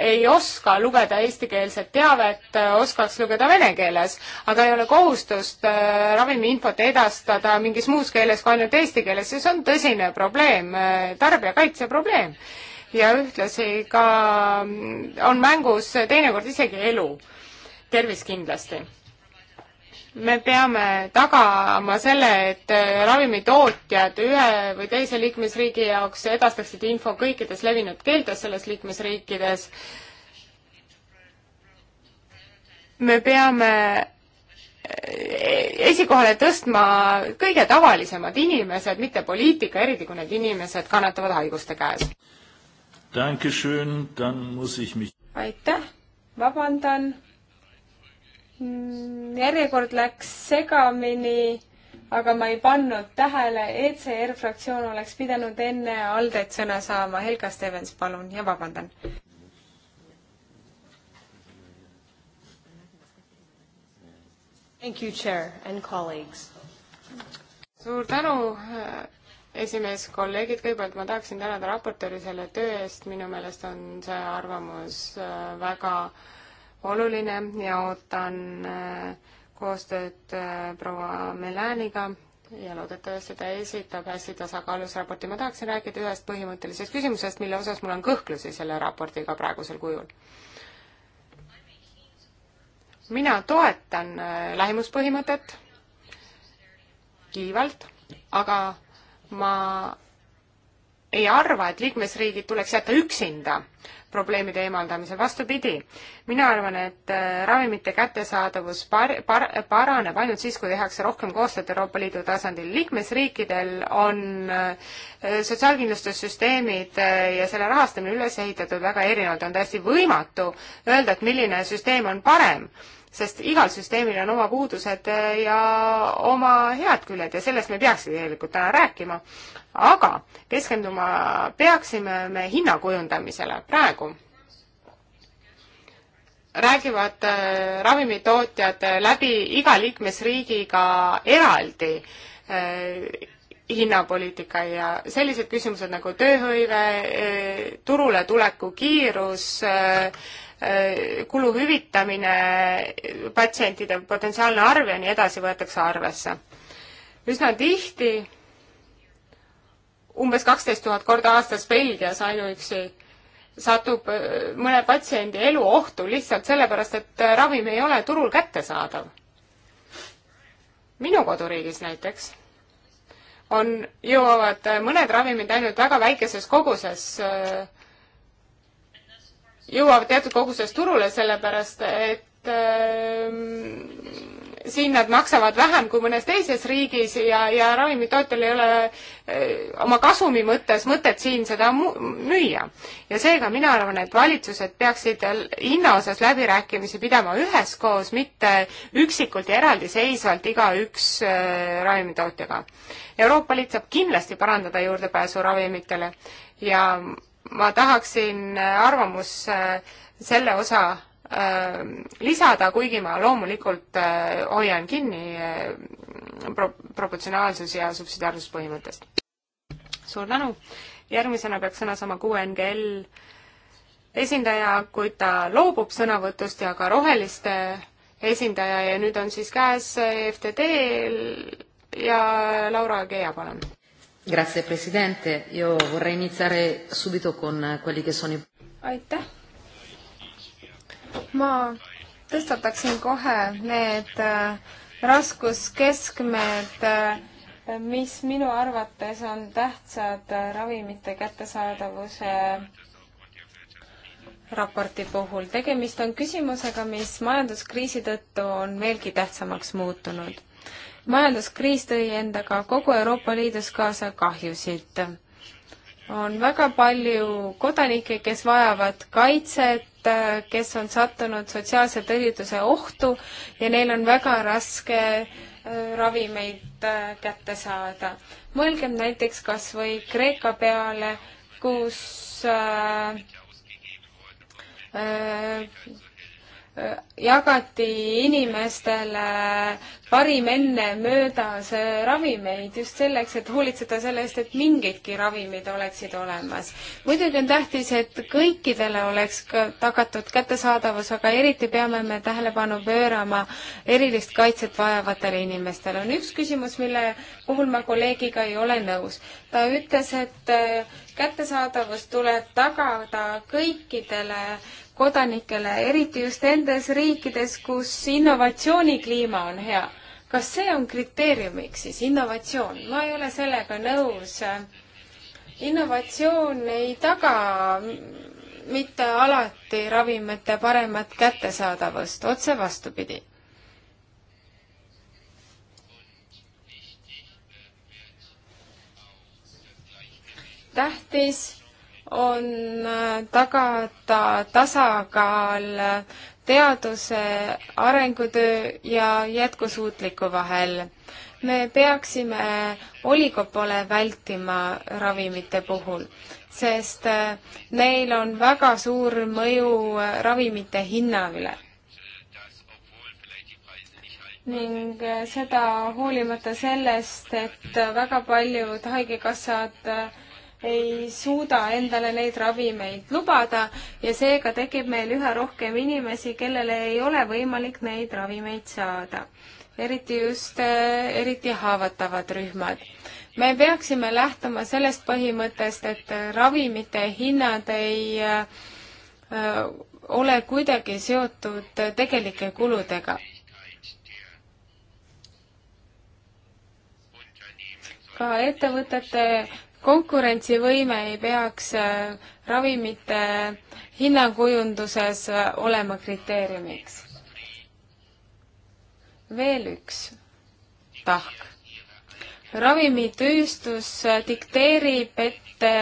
B: ei oska lugeda eestikeelset teavet, oskaks lugeda vene keeles, aga ei ole kohustust äh, ravimiinfot edastada mingis muus keeles kui ainult eesti keeles, siis on tõsine probleem, tarbijakaitse probleem. ja ühtlasi ka mm, on mängus teinekord isegi elu, tervis kindlasti me peame tagama selle, et äh, ravimitootjad ühe või teise liikmesriigi jaoks edastaksid info kõikides levinud keeltes selles liikmesriikides. me peame äh, esikohale tõstma kõige tavalisemad inimesed, mitte poliitika, eriti kui need inimesed kannatavad haiguste käes. aitäh, vabandan Mm, järjekord läks segamini, aga ma ei pannud tähele, ECR fraktsioon oleks pidanud enne Aldet sõna saama. Helga Stevens, palun ja vabandan. Thank you, chair and colleagues. suur tänu, äh, esimees, kolleegid, kõigepealt ma tahaksin tänada raportööri selle töö eest, minu meelest on see arvamus äh, väga äh, oluline ja ootan äh, koostööd äh, proua Melaniga ja loodetavasti ta esitab hästi tasakaalus raporti. ma tahaksin rääkida ühest põhimõttelisest küsimusest, mille osas mul on kõhklusi selle raportiga praegusel kujul. mina toetan äh, lähimuspõhimõtet kiivalt, aga ma ei arva, et liikmesriigid tuleks jätta üksinda probleemide eemaldamisel, vastupidi. mina arvan, et äh, ravimite kättesaadavus par-, par-, paraneb ainult siis, kui tehakse rohkem koostööd Euroopa Liidu tasandil. liikmesriikidel on äh, sotsiaalkindlustussüsteemid äh, ja selle rahastamine üles ehitatud väga erinevalt, on täiesti võimatu öelda, et milline süsteem on parem sest igal süsteemil on oma puudused eh, ja oma head küljed ja sellest me peakski tegelikult täna rääkima. aga keskenduma peaksime me hinna kujundamisele praegu räägivad äh, ravimitootjad äh, läbi iga liikmesriigiga eraldi äh, hinnapoliitika ja sellised küsimused nagu tööhõive, turule tuleku kiirus, Äh, kulu hüvitamine, patsientide potentsiaalne arv ja nii edasi võetakse arvesse. üsna tihti, umbes kaksteist tuhat korda aastas Belgias ainuüksi satub äh, mõne patsiendi elu ohtu lihtsalt sellepärast, et äh, ravim ei ole turul kättesaadav. minu koduriigis näiteks on, jõuavad mõned ravimid ainult väga väikeses koguses äh, jõuavad teatud koguses turule, sellepärast et äh, siin nad maksavad vähem kui mõnes teises riigis ja, ja ravimitootjal ei ole öö, äh, oma kasumi mõttes mõtet siin seda müüa. ja seega mina arvan, et valitsused peaksid hinna osas läbirääkimisi pidama üheskoos, mitte üksikult ja eraldiseisvalt igaüks äh, ravimitootjaga. Euroopa Liit saab kindlasti parandada juurdepääsu ravimitele ja ma tahaksin äh, arvamus äh, selle osa äh, lisada, kuigi ma loomulikult hoian kinni pro-, proportsionaalsus- ja subsidiaarsuspõhimõttest. suur tänu, järgmisena peaks sõna saama QNGL esindaja, kuid ta loobub sõnavõtust ja ka roheliste esindaja ja nüüd on siis käes EFTD-l ja Laura Gea, palun Grazie Presidente, io vorrei iniziare subito con quelli che sono i... aitäh! ma tõstataksin kohe need äh, raskuskeskmed, äh, mis minu arvates on tähtsad äh, ravimite kättesaadavuse raporti puhul. tegemist on küsimusega, mis majanduskriisi tõttu on veelgi tähtsamaks muutunud majanduskriis tõi endaga kogu Euroopa Liidus kaasa kahjusid. on väga palju kodanikke, kes vajavad kaitset, kes on sattunud sotsiaalse tõrjutuse ohtu ja neil on väga raske äh, ravimeid äh, kätte saada. mõelgem näiteks kas või Kreeka peale, kus äh, äh, jagati inimestele parim enne möödas ravimeid just selleks, et hoolitseda selle eest, et mingidki ravimid oleksid olemas. muidugi on tähtis, et kõikidele oleks ka tagatud kättesaadavus, aga eriti peame me tähelepanu pöörama erilist kaitset vajavatele inimestele. on üks küsimus, mille puhul ma kolleegiga ei ole nõus. ta ütles, et äh, kättesaadavus tuleb tagada kõikidele äh, kodanikele, eriti just nendes riikides, kus innovatsioonikliima on hea. kas see on kriteeriumiks siis, innovatsioon? ma ei ole sellega nõus. innovatsioon ei taga mitte alati ravimite paremat kättesaadavust, otse vastupidi tähtis on äh, tagada tasakaal teaduse, arengutöö ja jätkusuutliku vahel. me peaksime oligopole vältima ravimite puhul, sest äh, neil on väga suur mõju äh, ravimite hinna üle. ning seda hoolimata sellest, et väga paljud haigekassad ei suuda endale neid ravimeid lubada ja seega tekib meil üha rohkem inimesi, kellele ei ole võimalik neid ravimeid saada. eriti just, äh, eriti haavatavad rühmad. me peaksime lähtuma sellest põhimõttest, et ravimite hinnad ei äh, ole kuidagi seotud tegelike kuludega ka ettevõtete konkurentsivõime ei peaks äh, ravimite hinnakujunduses äh, olema kriteeriumiks. veel üks tahk. ravimitööstus äh, dikteerib ette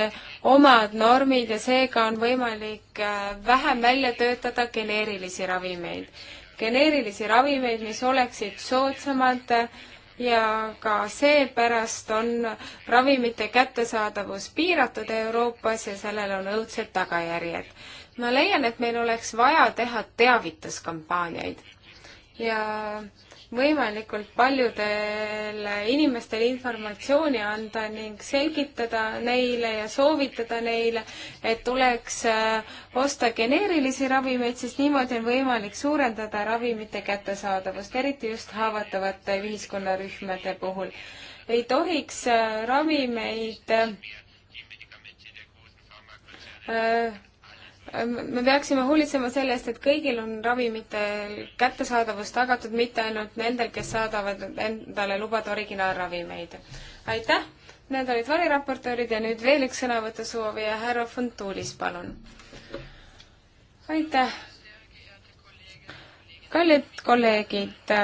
B: omad normid ja seega on võimalik vähem välja töötada geneerilisi ravimeid. geneerilisi ravimeid, mis oleksid soodsamad ja ka seepärast on ravimite kättesaadavus piiratud Euroopas ja sellel on õudsed tagajärjed. ma leian, et meil oleks vaja teha teavituskampaaniaid ja võimalikult paljudele inimestele informatsiooni anda ning selgitada neile ja soovitada neile, et tuleks äh, osta geneerilisi ravimeid, sest niimoodi on võimalik suurendada ravimite kättesaadavust, eriti just haavatavate ühiskonnarühmade puhul. ei tohiks äh, ravimeid äh, Äh, me peaksime hoolitsema selle eest, et kõigil on ravimite kättesaadavus tagatud, mitte ainult nendel, kes saadavad endale lubada originaalravimeid. aitäh, need olid variraportöörid ja nüüd veel üks sõnavõtusoovija, härra Funtulis, palun. aitäh. kallid kolleegid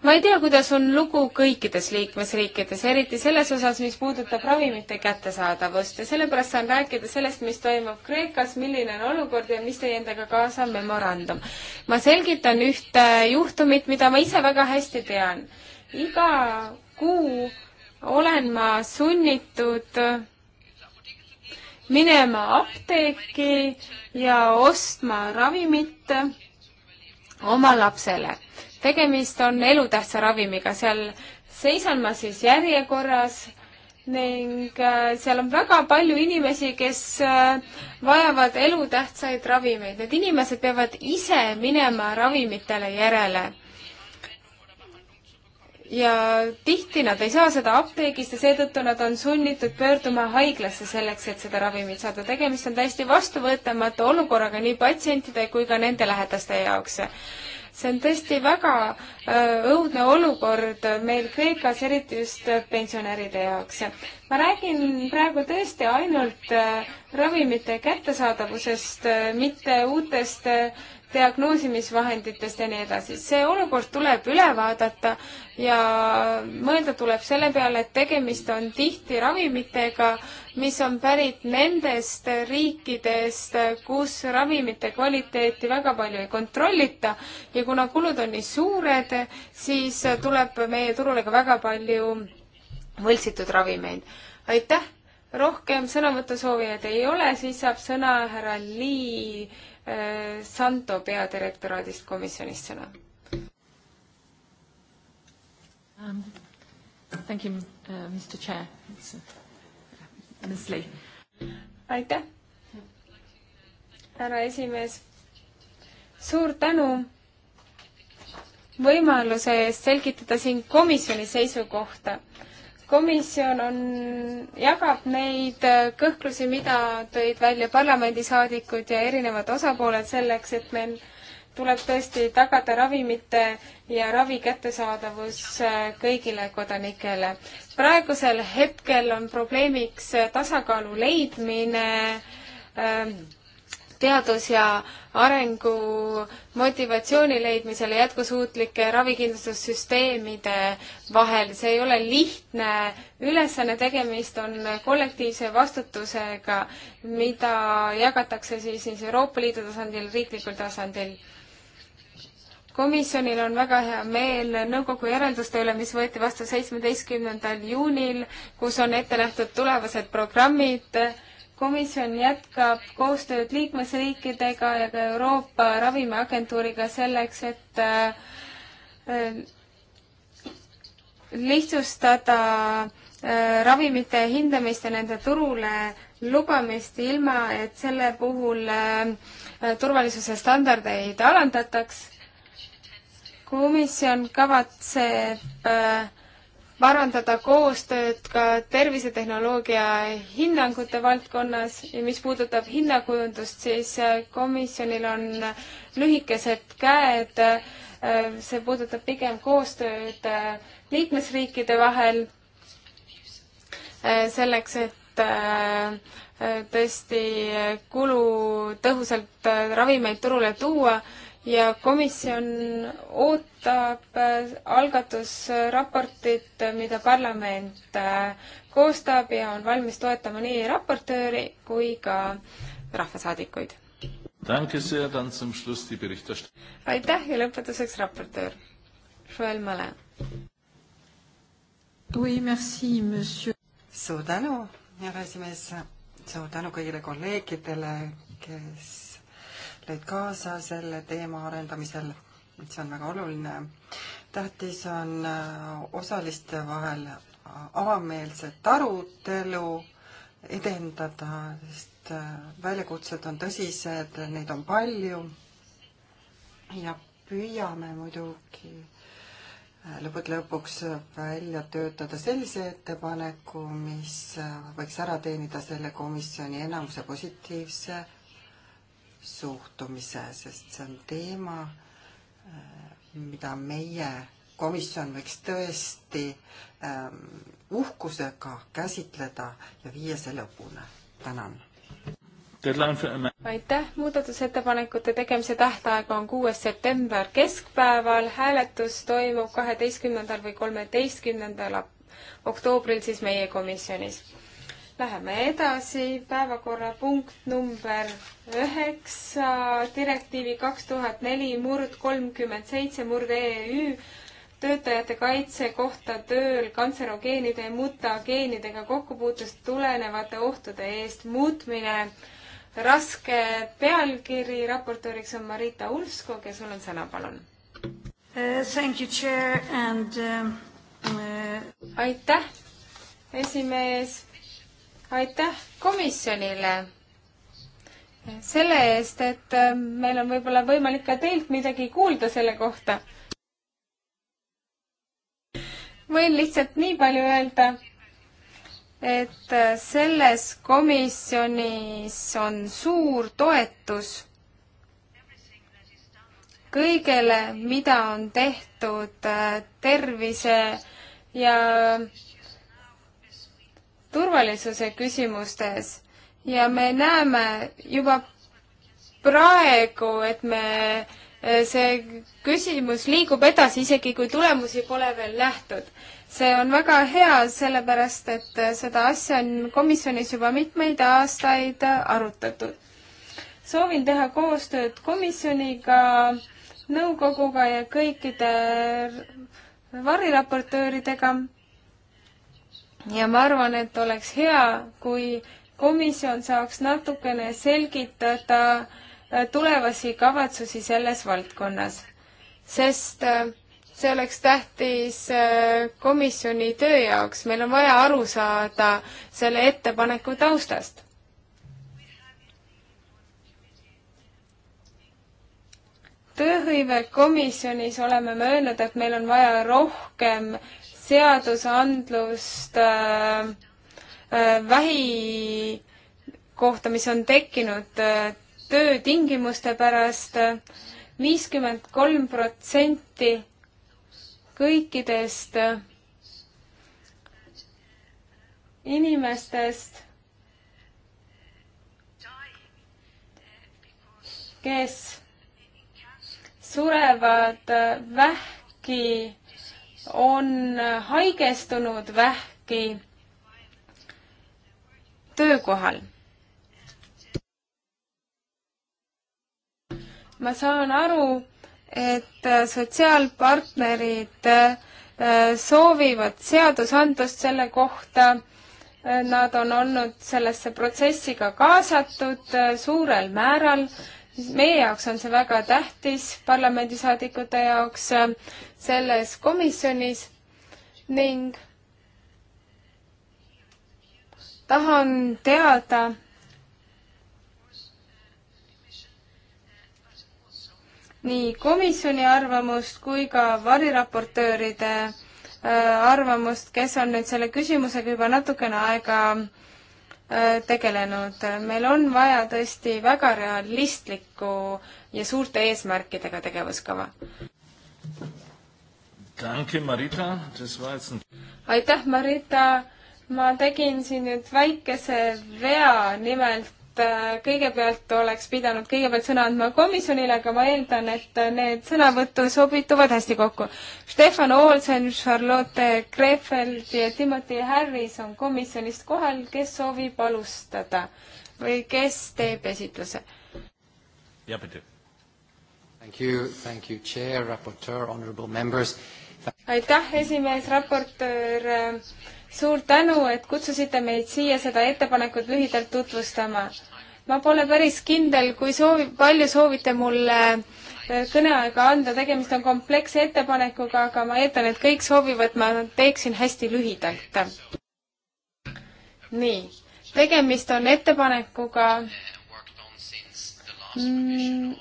B: ma ei tea, kuidas on lugu kõikides liikmesriikides, eriti selles osas, mis puudutab ravimite kättesaadavust ja sellepärast saan rääkida sellest, mis toimub Kreekas, milline on olukord ja mis tõi endaga kaasa memorandum. ma selgitan ühte juhtumit, mida ma ise väga hästi tean. iga kuu olen ma sunnitud minema apteeki ja ostma ravimit oma lapsele tegemist on elutähtsa ravimiga, seal seisan ma siis järjekorras ning äh, seal on väga palju inimesi, kes äh, vajavad elutähtsaid ravimeid. Need inimesed peavad ise minema ravimitele järele. ja tihti nad ei saa seda apteegist ja seetõttu nad on sunnitud pöörduma haiglasse selleks, et seda ravimit saada. tegemist on täiesti vastuvõetamatu olukorraga nii patsientide kui ka nende lähedaste jaoks see on tõesti väga äh, õudne olukord meil Kreekas, eriti just pensionäride jaoks. ma räägin praegu tõesti ainult äh, ravimite kättesaadavusest, äh, mitte uutest diagnoosimisvahenditest ja nii edasi. see olukord tuleb üle vaadata ja mõelda tuleb selle peale, et tegemist on tihti ravimitega, mis on pärit nendest riikidest, kus ravimite kvaliteeti väga palju ei kontrollita ja kuna kulud on nii suured, siis tuleb meie turule ka väga palju võltsitud ravimeid. aitäh! rohkem sõnavõtusoovijaid ei ole, siis saab sõna härra Lii Äh, Santo peadirektoraadist komisjonist sõna um,. Thank you uh,, Mr Chair, Ms uh, Lee. aitäh, härra esimees. suur tänu võimaluse eest selgitada siin komisjoni seisukohta komisjon on, jagab neid äh, kõhklusi, mida tõid välja parlamendisaadikud ja erinevad osapooled selleks, et meil tuleb tõesti tagada ravimite ja ravi kättesaadavus äh, kõigile kodanikele. praegusel hetkel on probleemiks äh, tasakaalu leidmine ähm, teadus- ja arengu motivatsiooni leidmisele jätkusuutlike ravikindlustussüsteemide vahel. see ei ole lihtne ülesanne, tegemist on kollektiivse vastutusega, mida jagatakse siis siis Euroopa Liidu tasandil, riiklikul tasandil komisjonil on väga hea meel nõukogu järelduste üle, mis võeti vastu seitsmeteistkümnendal juunil, kus on ette nähtud tulevased programmid komisjon jätkab koostööd liikmesriikidega ja ka Euroopa Ravimiagentuuriga selleks, et äh, lihtsustada äh, ravimite hindamist ja nende turule lubamist, ilma et selle puhul äh, turvalisuse standardeid alandataks. komisjon kavatseb äh, parandada koostööd ka tervisetehnoloogia hinnangute valdkonnas ja mis puudutab hinnakujundust, siis äh, komisjonil on lühikesed käed, äh, see puudutab pigem koostööd äh, liikmesriikide vahel selleks, et tõesti kulutõhusalt ravimeid turule tuua ja komisjon ootab algatusraportit, mida parlament äh, koostab ja on valmis toetama nii raportööri kui ka rahvasaadikuid. aitäh ja lõpetuseks raportöör Joel Male.
C: suur tänu, härra esimees, suur tänu kõigile kolleegidele, kes teid kaasa selle teema arendamisel, see on väga oluline. tähtis on äh, osaliste vahel äh, avameelset arutelu edendada, sest äh, väljakutsed on tõsised, neid on palju ja püüame muidugi lõppude lõpuks välja töötada sellise ettepaneku, mis võiks ära teenida selle komisjoni enamuse positiivse suhtumise, sest see on teema, äh, mida meie komisjon võiks tõesti ähm, uhkusega käsitleda ja viia see lõpuni. tänan.
B: aitäh, muudatusettepanekute tegemise tähtaeg on kuues september keskpäeval, hääletus toimub kaheteistkümnendal või kolmeteistkümnendal oktoobril siis meie komisjonis Läheme edasi, päevakorrapunkt number üheksa, direktiivi kaks tuhat neli murd kolmkümmend seitse murd EÜ e töötajate kaitse kohta tööl kantserogeenide ja mutageenidega kokkupuutest tulenevate ohtude eest muutmine. raske pealkiri, raportööriks on Marita Ulfskog ja sul on sõna, palun uh,. Thank you, chair and uh, uh.... aitäh, esimees aitäh komisjonile selle eest, et äh, meil on võib-olla võimalik ka teilt midagi kuulda selle kohta. võin lihtsalt nii palju öelda, et äh, selles komisjonis on suur toetus kõigele, mida on tehtud äh, tervise ja turvalisuse küsimustes ja me näeme juba praegu, et me, eh, see küsimus liigub edasi, isegi kui tulemusi pole veel nähtud. see on väga hea, sellepärast et eh, seda asja on komisjonis juba mitmeid aastaid eh, arutatud. soovin teha koostööd komisjoniga, nõukoguga ja kõikide variraportööridega ja ma arvan, et oleks hea, kui komisjon saaks natukene selgitada äh, tulevasi kavatsusi selles valdkonnas, sest äh, see oleks tähtis äh, komisjoni töö jaoks, meil on vaja aru saada selle ettepaneku taustast. tööhõive komisjonis oleme me öelnud, et meil on vaja rohkem äh, seadusandlust äh, äh, vähi kohta, mis on tekkinud äh, töötingimuste pärast. viiskümmend kolm protsenti kõikidest äh, inimestest, kes surevad äh, vähki on haigestunud vähki töökohal. ma saan aru, et sotsiaalpartnerid äh, soovivad seadusandlust selle kohta Nad on olnud sellesse protsessiga kaasatud äh, suurel määral. meie jaoks on see väga tähtis, parlamendisaadikute jaoks selles komisjonis ning tahan teada, nii komisjoni arvamust kui ka variraportööride äh, arvamust, kes on nüüd selle küsimusega juba natukene aega äh, tegelenud. meil on vaja tõesti väga realistlikku ja suurte eesmärkidega tegevuskava aitäh, Marita, ma tegin siin nüüd väikese vea, nimelt äh, kõigepealt oleks pidanud kõigepealt sõna andma komisjonile, aga ma eeldan, et äh, need sõnavõttu sobituvad hästi kokku. Stefan Olsen, Charlotte Krefeld ja Timothy Harris on komisjonist kohal, kes soovib alustada või kes teeb esitluse? jah, Peeter. Thank you, thank you, chair, raportöör, honorable members aitäh, esimees, raportöör, suur tänu, et kutsusite meid siia seda ettepanekut lühidalt tutvustama. ma pole päris kindel, kui soovi, palju soovite mulle eh, kõneaega anda, tegemist on kompleksse ettepanekuga, aga ma eeldan, et kõik soovivad, ma teeksin hästi lühidalt. nii, tegemist on ettepanekuga mm,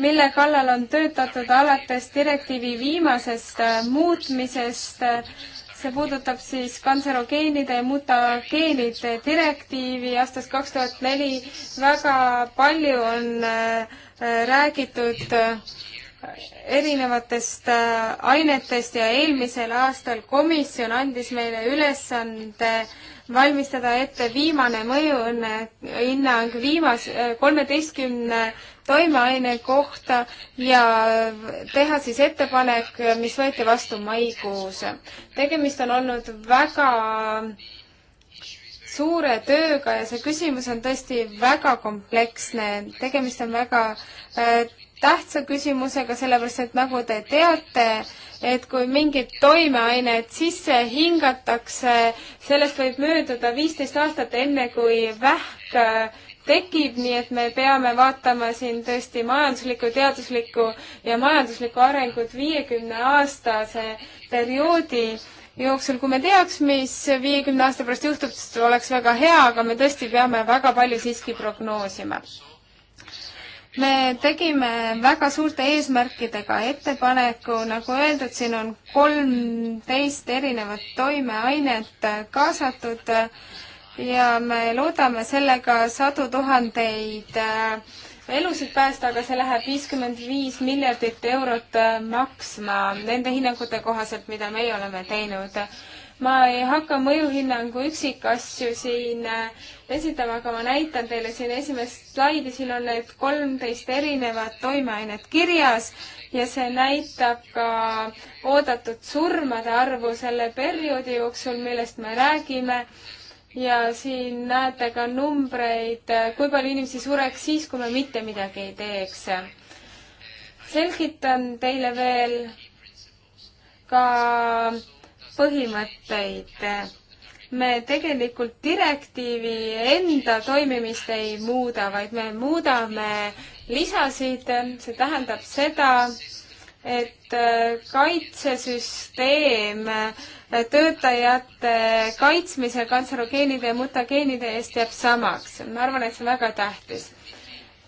B: mille kallal on töötatud alates direktiivi viimasest äh, muutmisest. see puudutab siis kantserogeenide ja mutageenide direktiivi aastast kaks tuhat neli. väga palju on äh, äh, räägitud erinevatest ainetest ja eelmisel aastal komisjon andis meile ülesande valmistada ette viimane mõjuõnne hinnang viimase, kolmeteistkümne toimeaine kohta ja teha siis ettepanek, mis võeti vastu maikuus. tegemist on olnud väga suure tööga ja see küsimus on tõesti väga kompleksne, tegemist on väga äh, tähtsa küsimusega, sellepärast et nagu te teate, et kui mingit toimeainet sisse hingatakse, sellest võib mööduda viisteist aastat, enne kui vähk äh, tekib, nii et me peame vaatama siin tõesti majanduslikku, teaduslikku ja majanduslikku arengut viiekümne aastase perioodi jooksul, kui me teaks, mis viiekümne aasta pärast juhtub, siis oleks väga hea, aga me tõesti peame väga palju siiski prognoosima. me tegime väga suurte eesmärkidega ettepaneku, nagu öeldud, siin on kolmteist erinevat toimeainet kaasatud ja me loodame sellega sadu tuhandeid äh, elusid päästa, aga see läheb viiskümmend viis miljardit eurot äh, maksma nende hinnangute kohaselt, mida meie oleme teinud. ma ei hakka mõjuhinnangu üksikasju siin äh, esitama, aga ma näitan teile siin esimest slaidi, siin on need kolmteist erinevat toimeainet kirjas ja see näitab ka oodatud surmade arvu selle perioodi jooksul, millest me räägime ja siin näete ka numbreid, kui palju inimesi sureks siis, kui me mitte midagi ei teeks. selgitan teile veel ka põhimõtteid. me tegelikult direktiivi enda toimimist ei muuda, vaid me muudame lisasid, see tähendab seda, et kaitsesüsteem äh, töötajate kaitsmise kantserogeenide ja mutageenide eest jääb samaks. ma arvan, et see on väga tähtis.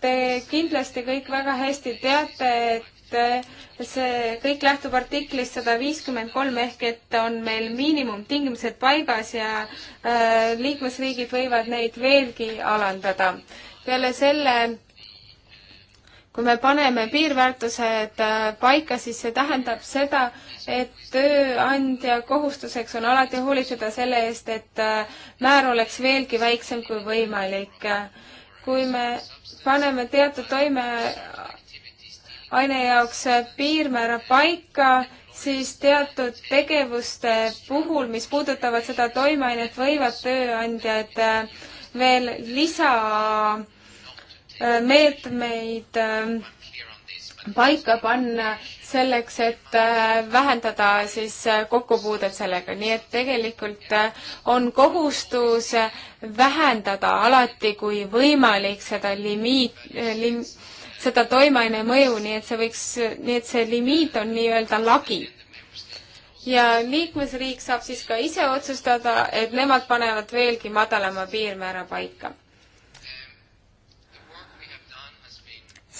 B: Te kindlasti kõik väga hästi teate, et äh, see kõik lähtub artiklist sada viiskümmend kolm ehk et on meil miinimumtingimused paigas ja äh, liikmesriigid võivad neid veelgi alandada. peale selle kui me paneme piirväärtused äh, paika, siis see tähendab seda, et tööandja kohustuseks on alati hoolitseda selle eest, et äh, määr oleks veelgi väiksem kui võimalik. kui me paneme teatud toimeaine jaoks äh, piirmäära paika, siis teatud tegevuste puhul, mis puudutavad seda toimeainet, võivad tööandjad veel lisa meetmeid ähm, paika panna selleks, et äh, vähendada siis äh, kokkupuudet sellega, nii et tegelikult äh, on kohustus vähendada alati, kui võimalik, seda limiit lim,, seda toimeaine mõju, nii et see võiks, nii et see limiit on nii-öelda lagi ja liikmesriik saab siis ka ise otsustada, et nemad panevad veelgi madalama piirmäära paika.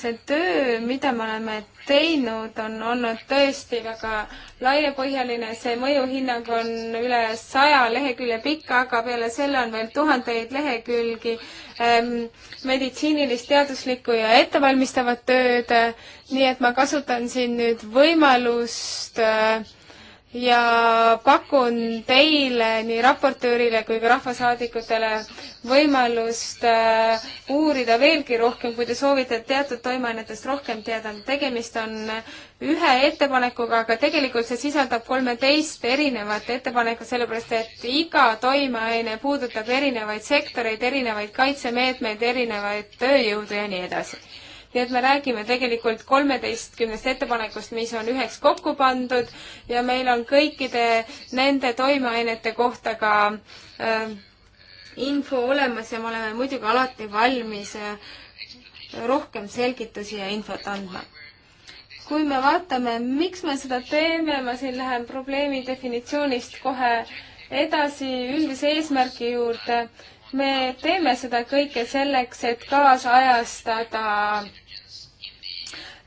B: see töö, mida me oleme teinud, on olnud tõesti väga laiapõhjaline, see mõjuhinnang on üle saja lehekülje pikk, aga peale selle on veel tuhandeid lehekülgi ähm, meditsiinilist, teaduslikku ja ettevalmistavat tööd äh,, nii et ma kasutan siin nüüd võimalust äh, ja pakun teile, nii raportöörile kui ka rahvasaadikutele võimalust äh, uurida veelgi rohkem, kui te soovite teatud toimeainetest rohkem teada. tegemist on ühe ettepanekuga, aga tegelikult see sisaldab kolmeteist erinevat ettepanekut, sellepärast et iga toimeaine puudutab erinevaid sektoreid, erinevaid kaitsemeetmeid, erinevaid tööjõudu ja nii edasi nii et me räägime tegelikult kolmeteistkümnest ettepanekust, mis on üheks kokku pandud ja meil on kõikide nende toimeainete kohta ka äh, info olemas ja me oleme muidugi alati valmis äh, rohkem selgitusi ja infot andma kui me vaatame, miks me seda teeme, ma siin lähen probleemi definitsioonist kohe edasi üldise eesmärgi juurde me teeme seda kõike selleks, et kaasajastada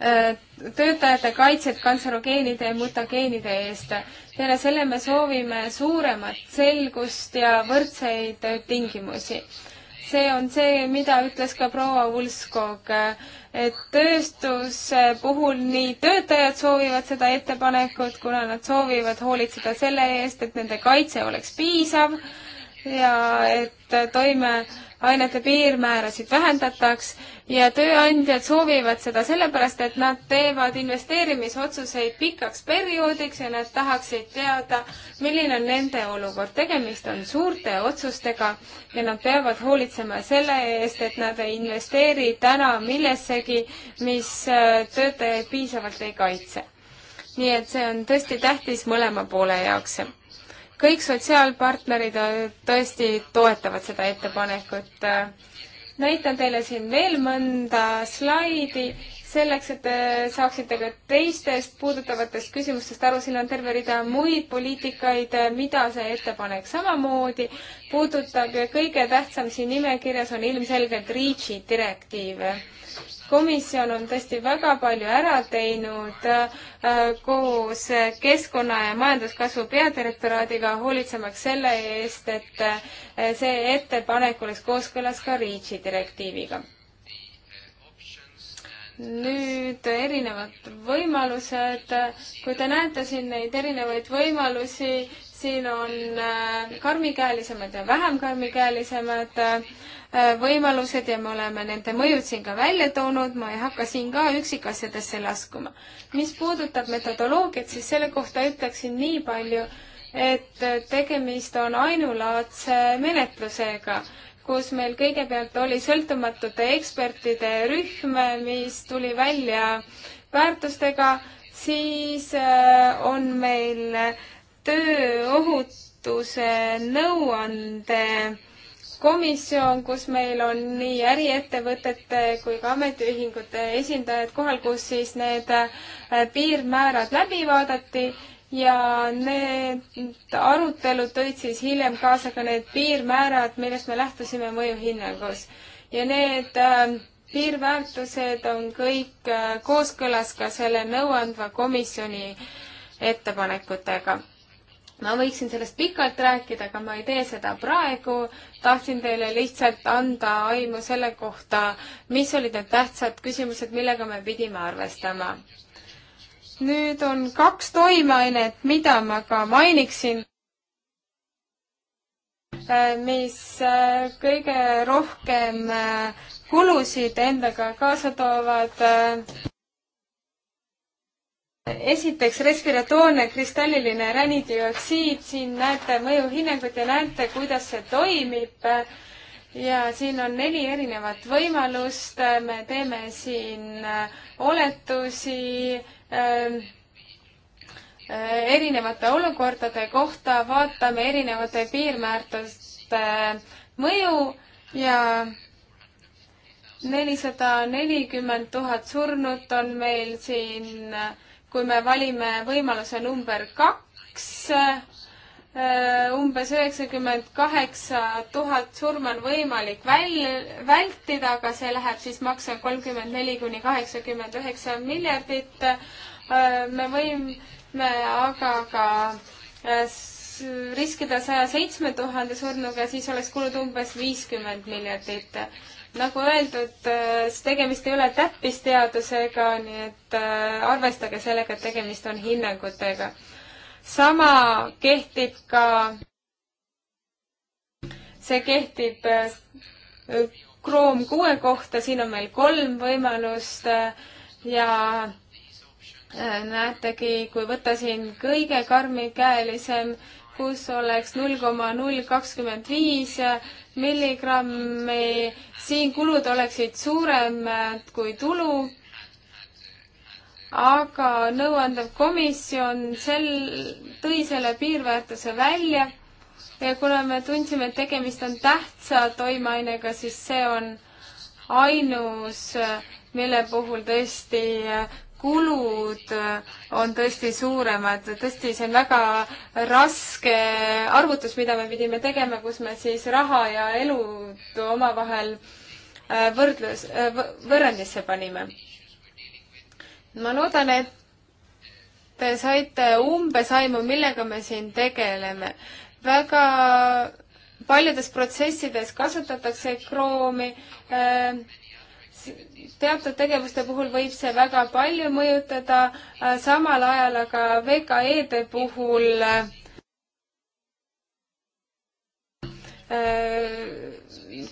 B: äh, töötajate kaitset kantserogeenide ja mutageenide eest. peale selle me soovime suuremat selgust ja võrdseid tingimusi. see on see, mida ütles ka proua Ulskog, et tööstuse puhul nii töötajad soovivad seda ettepanekut, kuna nad soovivad hoolitseda selle eest, et nende kaitse oleks piisav ja et toimeainete piirmäärasid vähendataks ja tööandjad soovivad seda sellepärast, et nad teevad investeerimisotsuseid pikaks perioodiks ja nad tahaksid teada, milline on nende olukord. tegemist on suurte otsustega ja nad peavad hoolitsema selle eest, et nad ei investeeri täna millessegi, mis äh, töötajaid piisavalt ei kaitse. nii et see on tõesti tähtis mõlema poole jaoks kõik sotsiaalpartnerid äh, tõesti toetavad seda ettepanekut. näitan teile siin veel mõnda slaidi selleks, et te saaksite ka teistest puudutavatest küsimustest aru, siin on terve rida muid poliitikaid, äh, mida see ettepanek samamoodi puudutab ja kõige tähtsam siin nimekirjas on ilmselgelt REACH-i direktiiv komisjon on tõesti väga palju ära teinud äh, koos keskkonna ja majanduskasvu peadirektoraadiga, hoolitsemaks selle eest, et äh, see ettepanek oleks kooskõlas ka REACH-i direktiiviga. nüüd erinevad võimalused, kui te näete siin neid erinevaid võimalusi, siin on äh, karmikäelisemad ja vähem karmikäelisemad äh, võimalused ja me oleme nende mõjud siin ka välja toonud, ma ei hakka siin ka üksikasjadesse laskuma. mis puudutab metodoloogiat, siis selle kohta ütleksin nii palju, et äh, tegemist on ainulaadse menetlusega, kus meil kõigepealt oli sõltumatute ekspertide rühm, mis tuli välja väärtustega, siis on meil äh, tööohutuse nõuande komisjon, kus meil on nii äriettevõtete kui ka ametiühingute esindajad kohal, kus siis need äh, piirmäärad läbi vaadati ja need arutelud tõid siis hiljem kaasa ka need piirmäärad, millest me lähtusime mõjuhinnangus. ja need äh, piirväärtused on kõik äh, kooskõlas ka selle nõuandva komisjoni ettepanekutega ma võiksin sellest pikalt rääkida, aga ma ei tee seda praegu. tahtsin teile lihtsalt anda aimu selle kohta, mis olid need tähtsad küsimused, millega me pidime arvestama. nüüd on kaks toimeainet, mida ma ka mainiksin mis äh, kõige rohkem äh, kulusid endaga kaasa toovad. Äh, esiteks respiratoorne kristalliline ränidioksiid, siin näete mõjuhinnangut ja näete, kuidas see toimib. ja siin on neli erinevat võimalust, me teeme siin äh, oletusi äh, äh, erinevate olukordade kohta, vaatame erinevate piirmäärtuste mõju ja nelisada nelikümmend tuhat surnut on meil siin äh, kui me valime võimaluse number kaks, äh, umbes üheksakümmend kaheksa tuhat surma on võimalik väl-, vältida, aga see läheb siis maksma kolmkümmend neli kuni kaheksakümmend üheksa miljardit. Äh, me võime aga ka äh, riskida saja seitsme tuhande surnuga, siis oleks kulud umbes viiskümmend miljardit nagu öeldud, äh, tegemist ei ole täppisteadusega, nii et äh, arvestage sellega, et tegemist on hinnangutega. sama kehtib ka, see kehtib äh, Chrome kuue kohta, siin on meil kolm võimalust ja näetegi, kui võtta siin kõige karmikäelisem, kus oleks null koma null kakskümmend viis milligrammi, siin kulud oleksid suuremad kui tulu, aga nõuandev komisjon sel, tõi selle piirväärtuse välja ja kuna me tundsime, et tegemist on tähtsa toimeainega, siis see on ainus, mille puhul tõesti kulud äh, on tõesti suuremad, tõesti, see on väga raske arvutus, mida me pidime tegema, kus me siis raha ja elud omavahel äh, võrdlus, äh, võrrandisse panime. ma loodan, et te saite umbes aimu, millega me siin tegeleme. väga paljudes protsessides kasutatakse kroomi äh, teatud tegevuste puhul võib see väga palju mõjutada, äh, samal ajal aga VKE-de puhul äh,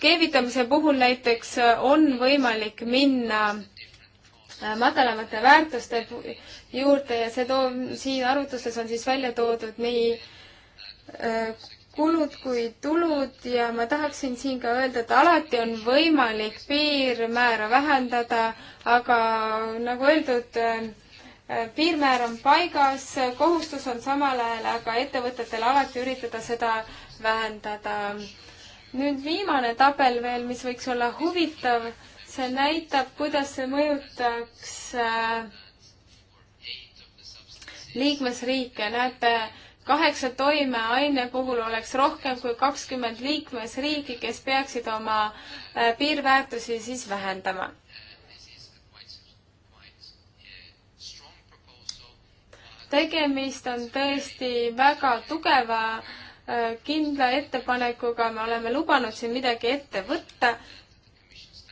B: keevitamise puhul näiteks on võimalik minna äh, madalamate väärtuste juurde ja see too, siin arvutustes on siis välja toodud nii kulud kui tulud ja ma tahaksin siin ka öelda, et alati on võimalik piirmäära vähendada, aga nagu öeldud, äh, piirmäär on paigas, kohustus on samal ajal, aga ettevõtetel alati üritada seda vähendada. nüüd viimane tabel veel, mis võiks olla huvitav, see näitab, kuidas see mõjutaks äh, liikmesriike, näete, kaheksa toimeaine puhul oleks rohkem kui kakskümmend liikmesriiki, kes peaksid oma äh, piirväärtusi siis vähendama. tegemist on tõesti väga tugeva äh, kindla ettepanekuga, me oleme lubanud siin midagi ette võtta